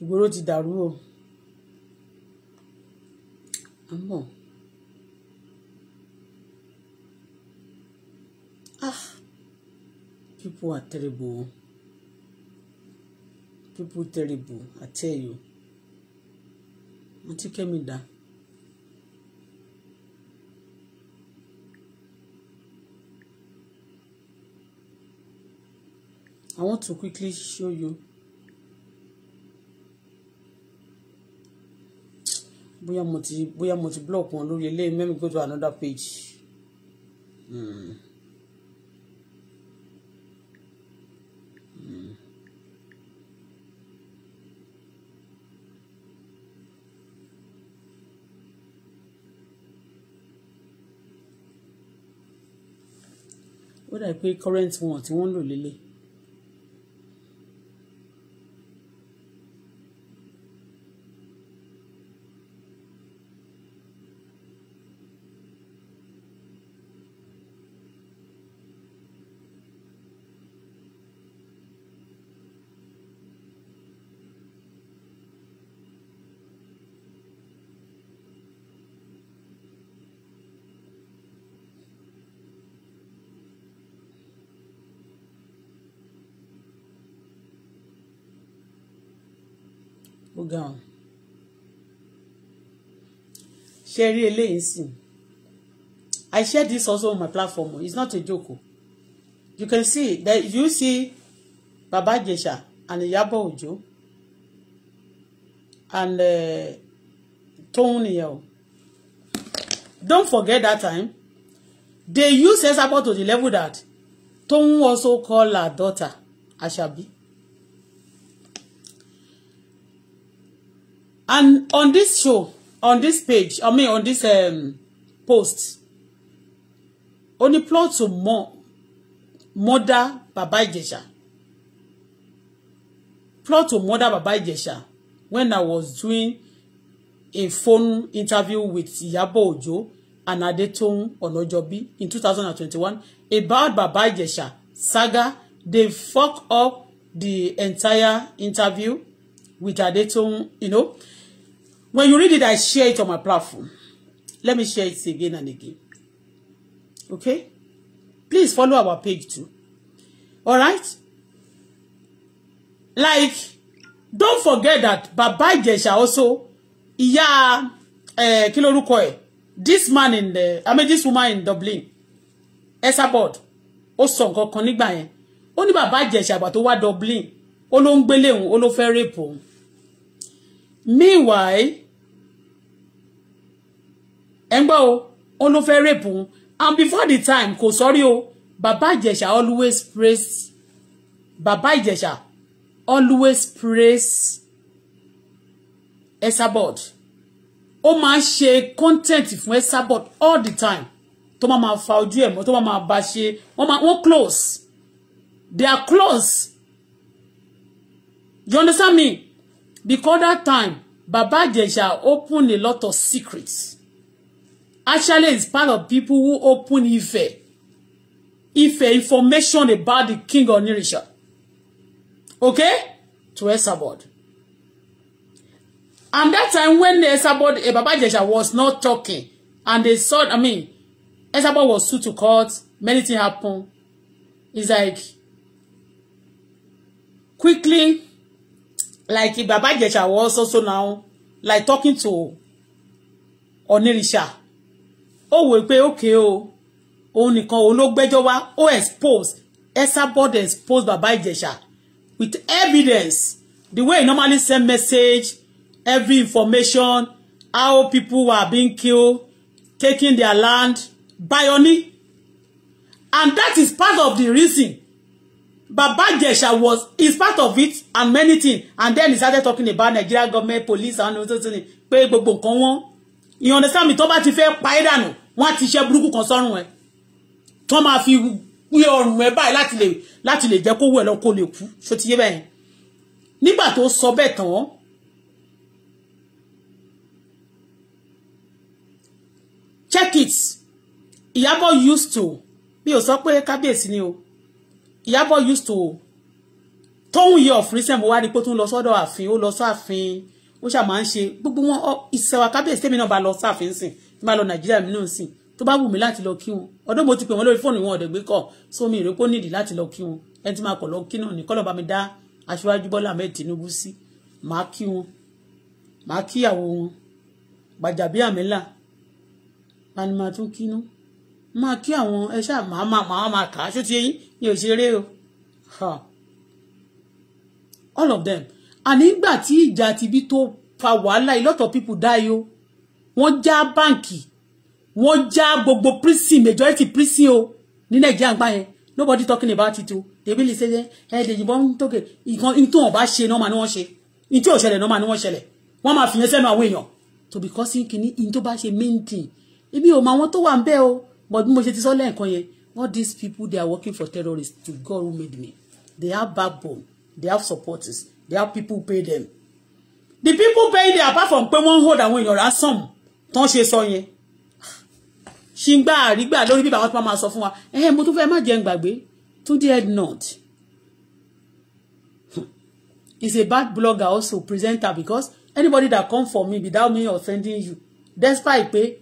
ìgboro ti dàrú o àmọ́ ah people are terrible people terrible I tell you mo ti kẹ́mi dáa. I want to quickly show you bóyá mo ti bóyá mo ti block wọn lórí eléyìí let me go to another page. Mm. Mm. ó dàbí pé current one tí wọ́n lò lélẹ̀. down ṣe rí eléyìí sìn I share this also on my platform it's not a joke you can see that you see Baba Jesha and Iyabo Ojo and uh, eh, Toun don't forget that time they use Esabod to the level that Toun also call her daughter Asabi. and on this show on this page i mean on this um, post only plot to mo, murder Baba Ijesha plot to murder Baba Ijesha when i was doing a phone interview with Iyabo Ojo and Adetoun Onajobi in 2021 about Baba Ijesha saga they fuck up the entire interview with Adetun. you know When you read it, I share it on my platform. Let me share it again and again. Okay? Please follow our page too. All right? Like, don't forget that Baba Ijesha also, yeah, eh, kí this man in the, I mean this woman in Dublin, Esabod, ó sọ nǹkan kan nígbà Baba Ijesha àgbà tó Dublin, ó ló ń gbélé òun, meanwhile ẹ ń gbọ́ o ó ló fẹ́ rape and before the time kò sọ́rí o bàbá ìjẹ̀ṣà always praise Baba ìjẹ̀ṣà always praise esabod ó máa ń ṣe content fún esabod all the time tó máa máa fa ojú ẹ̀ mọ́ tó máa máa bá ṣe wọ́n máa wọ́n close they are close you understand me because that time Baba Ijesha opened a lot of secrets. Actually, it's part of people who open Ife. Ife information about the king of Nirisha. Okay? To Esabod. And that time when Esabod, eh, Baba Ijesha was not talking, and they saw, I mean, Esabod was sued to court, many things happened. It's like, quickly, like Baba Ijesha was also now like talking to Onirisha Oh we pay okay oh òun nìkan òun ló gbẹ́jọ́ wá ó expose Esabod Baba Ijesha with evidence the way he normally send message every information how people were being killed taking their land by bayoni and that is part of the reason Baba Jesha was is part of it and many things and then he started talking about Nigeria government police and all those things you understand me tó bá ti fẹ́ pa é dànù wọ́n á ti ṣe burúkú kan sọ́rùn ẹ̀ tó máa fi wí ọrùn ẹ̀ báyìí láti lè láti lè jẹ́ kó wù ẹ̀ lọ kó lè kú ṣó ti yé bẹ́ẹ̀ nígbà tó sọ bẹ́ẹ̀ check it Ìyábọ̀ used to mi ò sọ pé kábíyèsí ni o. Ìyábọ̀ used to tóun yẹ ọ̀fìn sẹ́mu wá ní pé tó ń lọ sọ́dọ̀ ààfin ó lọ sáàfin ó ṣà máa ń ṣe gbogbo wọn ìṣẹ̀wà kábíyèsí tèmi náà bá lọ sáàfin sìn tí bá lọ nàìjíríà mi náà sìn tó bá wù mí láti lọ kí wọn ọdún mo ti pè wọn lórí fóònù wọn ọ̀dẹ̀gbé kọ̀ sómi ìrẹ́pọ̀ nídìí láti lọ kí wọn ẹni tí máa kọ̀ lọ kí náà ní kọ́lọ̀ bá mi dá aṣíwájú bọ́lá ahmed tinubu sí màá kí wọn màá kíyàwó wọn gbàjàbí àmìlà ni màá tún kínú máa kí àwọn ẹ ṣáà máa máa máa máa kà á ṣó ti yín ní òṣèré o all of them àní ìgbà tí ìjà tibí tó fa wàhálà a lot of people die o wọ́n já báǹkì wọ́n já gbogbo prison majority prison o ní nàìjíríà gbá yẹn nobody talking about it o tèmi lè ṣe yẹ ẹ lè yìnbọn tókè nǹkan ní tí wọn bá ṣe nọ́ọ̀mà ni wọ́n ṣe ní tí ò ṣẹlẹ̀ nọ́ọ̀mà ni wọ́n ṣẹlẹ̀ wọ́n máa fìyẹn sẹ́nu àwọn èèyàn tòbí kọ́sí kìíní ní tó bá ṣe main thing èmi ò mọ àwọn tó wà ń bẹ́ẹ̀ o but bí mo ṣe ti sọ lẹ́ẹ̀kan yẹn all these people they are working for terrorists to God who made me they have backbone they have supporters they have people pay them the people pay them apart from pé wọ́n ń hold àwọn èèyàn ransom tán ṣe sọ yẹn ṣì ń gbà àrígbà lórí bíbá wọn tó máa sọ fún wa ẹ mo tún fẹ́ má jẹun gbàgbé Tunde Ednut is a bad blogger also presenter because anybody that come for me without me offending you despite pé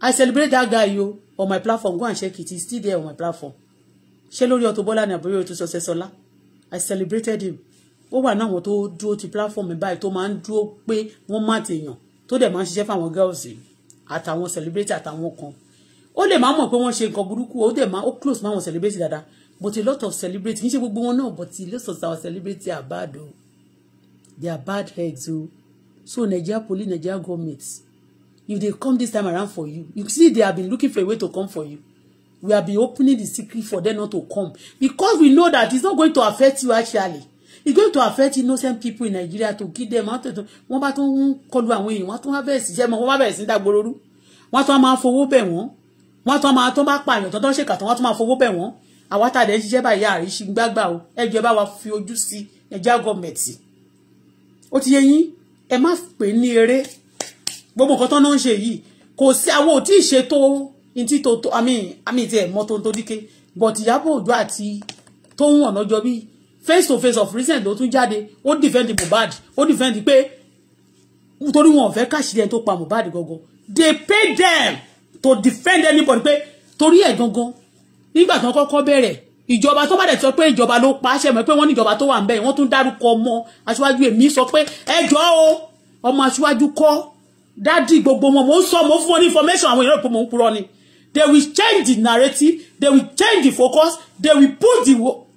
I celebrate that guy yo on my platform go and check it it's still there on my platform ṣé lórí Auto Bola ni àbúrò ètò Success Ola i celebrated him ó wà náà wọn tó dúró ti platform mi báyìí tó máa ń dúró pé wọ́n má ti yàn tó dẹ̀ máa ń ṣiṣẹ́ fáwọn girls àtàwọn celebrate àtàwọn kan ó lè máa mọ̀ pé wọ́n ṣe nǹkan burúkú ó dẹ̀ máa ó close máa wọn celebrate dáadáa but a lot of celebrate kì í ṣe gbogbo wọn náà but a lot of our celebrate are bad o they are bad heads o so Nigeria police Nigeria government if they come this time around for you you see they have been looking for a way to come for you we have been opening the secret for them not to come because we know that it's not going to affect you actually it's going to affect innocent people in Nigeria to give them out to wọn bá tún ń kọlu àwọn èèyàn wọn tún wá bẹ̀rẹ̀ sí jẹ́ wọn bá bẹ̀rẹ̀ sí dàgbòrò rú wọn tún máa fowó bẹ̀ wọ́n wọn tún máa tún bá pààyàn tó tán ṣèkà tán wọn tún máa fowó bẹ̀ wọ́n àwa tá a dẹ̀ ń ṣiṣẹ́ báyìí àríṣi gbágbà o ẹjọ́ bá wa fi ojú sí ẹjọ́ gọ́ọ̀mẹ̀tì ó ti yẹ yín ẹ má pè ní eré gbogbo nǹkan tó náà ń ṣe yìí kò sí àwọn ò tí ì ṣètò ntí tó tó àmì àmì tí ẹ̀ mọ́ tó ń tó díke but Ìyábọ̀ Òjó àti Tóun Ọ̀nàjọ bíi face to face of recent ló tún jáde ó defend Mohbad ó defend pé torí wọn ò fẹ́ káṣírí ẹni tó pa Mohbad gangan they pay them to defend anybody pé torí ẹ̀ gangan nígbà tó kọ́kọ́ bẹ̀rẹ̀ ìjọba tó bá dẹ̀ sọ pé ìjọba ló pa àṣẹ mọ́ pé wọ́n ní ìjọba tó wà ń bẹ̀ wọ́n tún dárúkọ ọmọ aṣíwájú èmi sọ pé ẹjọ́ o ọmọ aṣíwájú kọ́ dádì gbogbo wọn mo ń sọ mo fún information àwọn èèyàn pé mo ń ni they will change the narrative they will change the focus they will put the,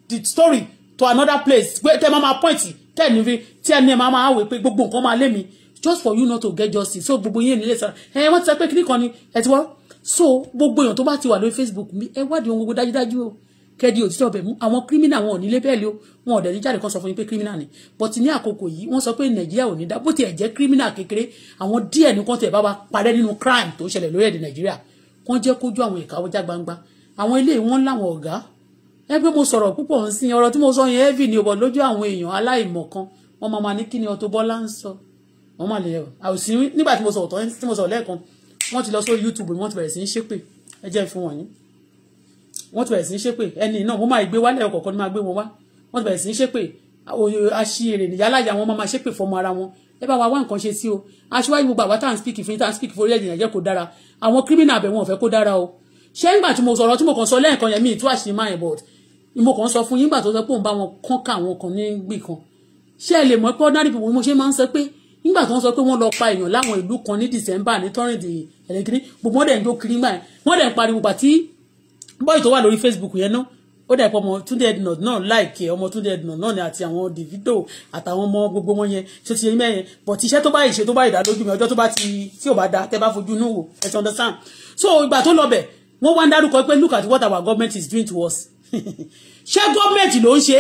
the story to another place pé tẹ máa ma point tẹ ní fi tí ẹni ẹ máa máa wò pé gbogbo nǹkan máa lé mi just for you not to get justice so gbogbo yín nílé sọ ẹ wọ́n ti sọ pé kíní kan ni ẹ ti wọ́n so gbogbo èèyàn tó bá ti wà lórí Facebook mi ẹ wádìí ohun gbogbo dájúdájú o kẹ́ẹ̀dì òtítọ́ ọbẹ̀ mú àwọn kírímínà wọn ò ní lébẹ́ẹ̀lì o wọn ò dẹ̀ni jáde kan sọ fún yín pé kírímínà ni but ní àkókò yìí wọ́n sọ pé nàìjíríà ò ní dá bó tiẹ̀ jẹ́ kírímínà kékeré àwọn díẹ̀ ní kọ́ńtẹ̀ bá wa parẹ́ nínú crime tó ṣẹlẹ̀ lórí èdè nàìjíríà wọ́n jẹ́ kójú àwọn ìka ọjà gbangba àwọn ilé wọn láwọn ọ̀gá ẹ pé mo sọ̀rọ̀ púpọ̀ ń sin ọ̀rọ̀ tí mo sọ yẹn heavy ni ọ̀bọ̀ lójú àwọn èèyàn aláìmọ̀kan wọ́n máa ma ní kí ni Auto Bola ń sọ wọ́n máa lè yẹ àwòsí nígbà tí mo sọ̀rọ̀ lẹ́ẹ̀kan wọ́n ti lọ sórí YouTube wọ́n ti bẹ̀rẹ̀ sí í ṣépè ẹ jẹ́ ìfún wọ̀nyí wọ́n ti bẹ̀rẹ̀ sí í ṣépè ẹni náà wọ́n máa gbé wálẹ̀ ọ̀kọ̀ọ̀kan ni máa gbé wọn wá wọ́n ti bẹ̀rẹ̀ sí í ṣépè aṣèrè nìyálàyà wọn máa ṣépè fọmọ ara wọn ẹ bá wa wá nǹkan ṣe sí o aṣíwájú gbogbo àwa tá à ń speak fún yín tá à ń speak fún orílẹ̀-èdè nàìjíríà kò dára àwọn kírímìnà àbẹ̀ wọn ò fẹ́ dára o ṣé nígbà tí mo sọ̀rọ̀ tí mo kàn sọ lẹ́ẹ̀kan yẹn mi ìtú àṣìṣe máa yẹn but mo kàn sọ fún yín nígbà tó sọ pé òun bá wọn kán ká àwọn kan nígbì kan ṣé ẹ lè mọ̀ pé ordinary people mo ṣe máa ń sọ pé nígbà tó ń sọ pé wọ́n lọ pa èèyàn láwọn ìlú kan ní December ní tọ́rìndì ẹ̀lẹ́kiri gbogbo wọn dẹ̀ ń jó kiri nígbà yẹn wọ́n ń pariwo gbà tí bọ́ọ̀ì tó wà lórí Facebook yẹn náà ó dà pọ̀ ọmọ Túndé Ẹ̀dùnà náà láìkè ọmọ Túndé Ẹ̀dùnà náà ni àti àwọn Davido àtàwọn ọmọ gbogbo wọn yẹn ṣe ti ṣe mẹ́yẹn but iṣẹ́ tó bá ìṣe tó bá ìdádójú mi ọjọ́ tó bá ti tí ò bá da tẹ́ bá fojú inú wò ẹ ti understand so ìgbà tó lọ bẹ̀ wọ́n wá ń dárúkọ pé look at what our government is doing to us ṣé gọ́ọ̀mẹ̀ntì ló ń ṣe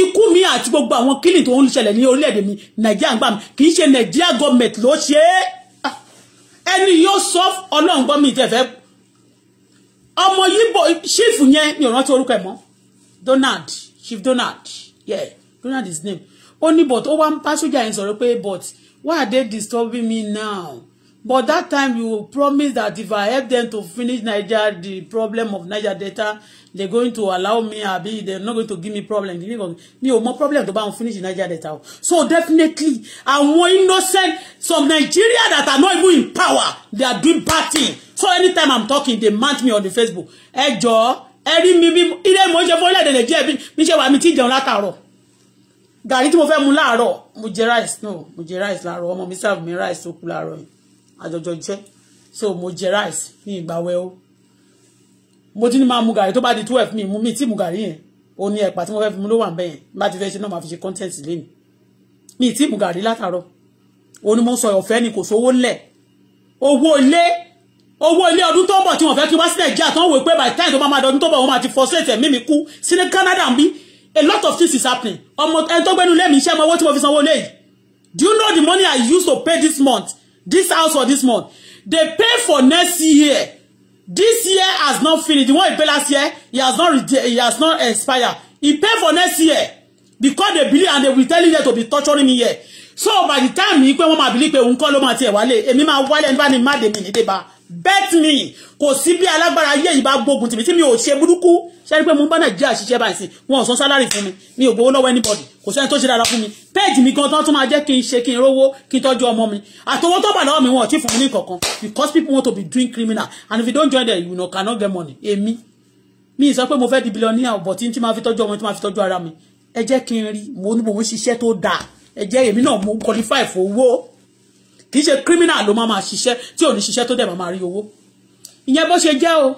ikú mi àti gbogbo àwọn kílì tó ń ṣẹlẹ̀ ní orílẹ̀-èdè mi Nàìjíríà ń gbà mí kì í ṣe Nàìjíríà gọ́ọ̀mẹ̀ntì ló ṣe é ah, ẹni yóò sọ Ọlọ́run gbọ́ mi tẹ̀ fẹ́ ọmọ yíbo chief yẹn mi ò rántí orúkọ ẹ̀ mọ́ Donald chief Donald yeah Donald is name ó ní but ó wá ń bá sójà yẹn sọ̀rọ̀ pé but why are they disturbing me now but that time you promise that if I help them to finish Naija the problem of Niger Delta they going to allow me abi they not going to give me problem mi ò mọ problem tó bá wọn finish Niger Delta o so definitely àwọn innocent some Nigeria that are not even in power they are doing bad thing so anytime I'm talking they match me on the Facebook ẹ jọ̀ọ́ ẹ rí mi bí ilé mo ṣe fún ilé-èdè Nàìjíríà bí mi ṣe wà mí tí jẹun látàárọ̀ gàrí tí mo fẹ́ mu láàárọ̀ mo jẹ rice no mo jẹ rice láàárọ̀ ọmọ mi serve mi rice tó kù láàárọ̀ yìí so mo jẹ rice ní ìgbà o mo ti ní máa mu gàrí tó bá di twelve mi mú mi tí mu gàrí yẹn ó ní ẹ̀pà tí mo fẹ́ fi mu ló wà bẹ́ẹ̀ yẹn bá ti fẹ́ ṣe náà máa fi ṣe content lẹ́nu mi tí mu gàrí látàárọ̀ ó ní mo sọ ọ̀fẹ́ ni kò sówó ńlẹ̀ owó ilé owó ilé ọdún tó ń bọ̀ tí wọ́n fẹ́ kí wá sí nàìjíríà tó ń wò pé by time tó bá do dọdún tó bọ̀ wọ́n máa ti frustrate ẹ̀mí mi kú sí ní Canada ń bí a lot of things is happening ọmọ ẹni tó gbẹ́nu lẹ́mìí iṣẹ́ ọmọ owó tí mo fi sanwó lé yìí do you know the money I used to pay this month this house for this month they pay for next year this year has not finished the one he paid last year he has not he has not expired he pay for next year because they believe and they will tell you that to be torturing me here so by the time yìí pé wọ́n máa believe pé òun kọ́ ló máa tiẹ̀ wálé èmi máa wálé ẹni bá ní má dèmi nídébà bet me kò sí bí alágbára ayé yìí bá gbógun tìmí tí mi ò ṣe burúkú ṣe rí pé mo bá nàìjíríà ṣiṣẹ́ báyìí sí wọn ò san sálárì fún mi mi ò gbowó lọ́wọ́ anybody kò sẹ́ni tó ṣe dára fún mi péèjì mi gan tán tún máa jẹ́ kí n ṣe kí n rówó kí n tọ́jú ọmọ mi àtọwọ́ tó bà lọ́wọ́ mi wọn ò tí fún mi ní kankan because people want to be doing criminal and if you don't join them you know, cannot get money èmi mi sọ pé mo fẹ́ di billionaire but tí máa fi tọ́jú ọmọ tí máa fi tọ́jú ara mi ẹ jẹ́ kí n rí mo ní mo ń ṣiṣẹ́ tó dáa ẹ jẹ́ èmi náà mo qualify for owó kì í ṣe criminal ló máa máa ṣiṣẹ́ tí ò ní ṣiṣẹ́ tó dẹ̀ máa máa rí owó ìyẹn bó ṣe jẹ́ o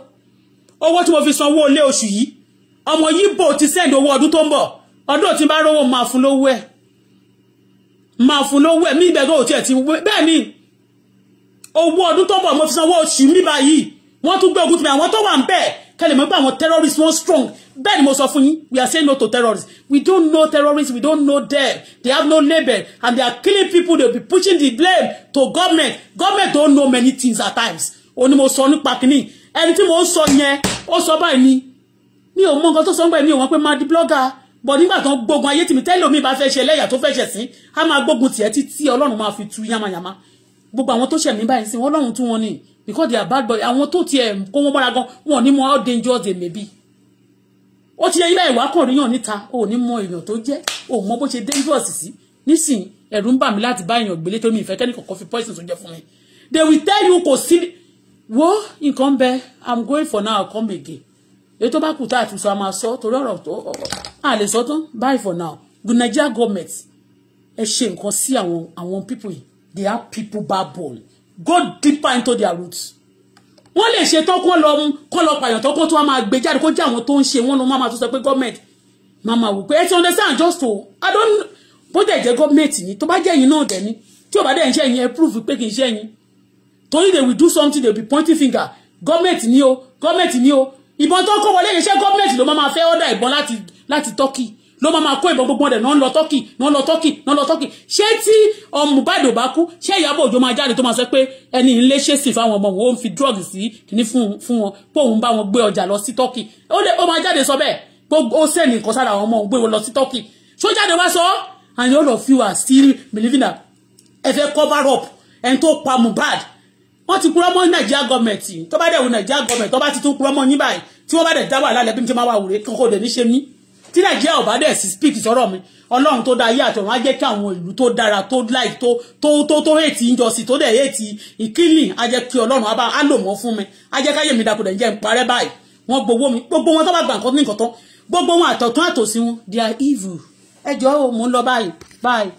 owó tí mo fi sanwó ilé oṣù yìí ọmọ yíbò ti send owó ọdún tó ń bọ̀ ọdún tí bá rówó máa fún lówó ẹ̀ máa fún lówó ẹ̀ mí ìbẹ̀gọ́ òtí ẹ̀ ti bẹ́ẹ̀ ni owó ọdún tó ń bọ̀ mo fi sanwó oṣù mi báyìí wọ́n tún gbé ogun tì mí àwọn tó wà ń bẹ̀ kẹlẹ̀ mọ́ pé àwọn terrorists wọ́n strong bẹ́ẹ̀ ni mo sọ fún yín we are saying no to terrorists we don't know terrorists we don't know them they have no label and they are killing people they be pushing the blame to government government don't know many things at times òní mo sọ nípa kínní ẹni tí mo ń sọ yẹn ó sọ báyìí ni mi ò mọ nǹkan tó sọ ń gbà mí ò wọ́n pé máa di blogger bọ̀ nígbà tó ń gbógun ayé tìmí tẹ́lẹ̀ omi bá fẹ́ ṣe lẹ́yà tó fẹ́ ṣẹ̀ sí a máa gbógun tiẹ̀ títí ọlọ́run máa fi tu yamayama gbogbo àwọn tó ṣẹ̀ mí báyìí sí wọn ọlọ́run tún wọn ni because they are bad boy àwọn tó tiẹ̀ kó wọn bára gan wọn ò ní mọ how dangerous they may be ó ti yẹ yín báyìí wá kàn ríyàn níta ò ní mọ èèyàn tó jẹ́ ò mọ bó ṣe dangerous sí nísìnyí ẹ̀rù ń bà mí láti bá èèyàn gbélé tó mi ìfẹ́ kẹ́nìkan kan fi poison tó jẹ́ fún mi they will tell you kò sí wo nǹkan bẹ i'm going for now come again èyí tó bá kù tá àtúnṣe a máa sọ torí ọ̀rọ̀ tó à lè sọ tán bye for now the Nigeria government ẹ ṣe nǹkan sí àwọn àwọn people yìí they are people bad boy go deeper into their roots wọ́n lè ṣe tán kó lọ kó lọ pààyàn tán kó tó wá máa gbé jáde kó jẹ́ àwọn tó ń ṣe wọ́n nu máa máa tó sọ pé gọ́ọ̀mẹ̀ntì máa máa wò pé ẹ ti understand just to I don't bó dẹ̀ jẹ́ gọ́ọ̀mẹ̀ntì ni tó bá jẹ́ ẹ̀yin náà dẹ̀ ni tí ò bá dẹ̀ ń ṣe ẹ̀yin ẹ proof pé kì í ṣe ẹ̀yin torí they will do something they will be pointing finger gọ́ọ̀mẹ̀ntì ni o gọ́ọ̀mẹ̀ntì ni o ìbọn tó kó wọlé iṣẹ́ gọ́ọ̀mẹ̀ntì ló máa máa fẹ́ ọ́dà ìbọn láti láti Turkey ló máa máa kó ìbọn gbogbo No náà ń lọ tọ́kì náà ń lọ tọ́kì náà ń lọ tọ́kì ṣé tí um, Mohbad ò bá kú ṣé Ìyábọ̀ Òjó máa jáde tó máa sọ pé ẹni ilé ṣe sì fáwọn ọmọ òun fi drug sí kìíní fún wọn pé òun bá wọn gbé si toki. sí tọ́kì ó máa jáde sọ bẹ́ẹ̀ gbogbo ó sẹ́ni nǹkan sára àwọn ọmọ òun gbé wọn lọ sí tọ́kì ṣó jáde and all of you are still believing that ẹ fẹ́ cover up ẹni tó pa Mohbad wọ́n ti kúrọ́ mọ́ nàìjíríà gọ́ọ̀mẹ̀ntì tó de dẹ̀ wọ government. gọ́ọ̀mẹ̀ntì tó bá ti tún kúrọ́ mọ́ yín báyìí tí wọ́n bá dẹ̀ dá wà lálẹ́ bí ti máa wà wúre kankan ò dẹ̀ ní tí nàìjíríà ò bá sí speak sọ̀rọ̀ mi ọlọ́run tó dá ayé àtọ̀run á jẹ́ kí àwọn ìlú tó dára tó láì tó tó tó tó ètì ìjọsìn tó dẹ̀ ètì ìkílì á jẹ́ kí ọlọ́run á bá á lò mọ́ fún mi á jẹ́ káyé mi dapò dẹ̀ jẹ́ parẹ́ báyìí wọ́n gbowó mi gbogbo wọn tó bá gbà nǹkan ní nǹkan tán gbogbo wọn àtọ̀tún àtòsí wọn they are evil ẹjọ́ mo ń lọ báyìí báyìí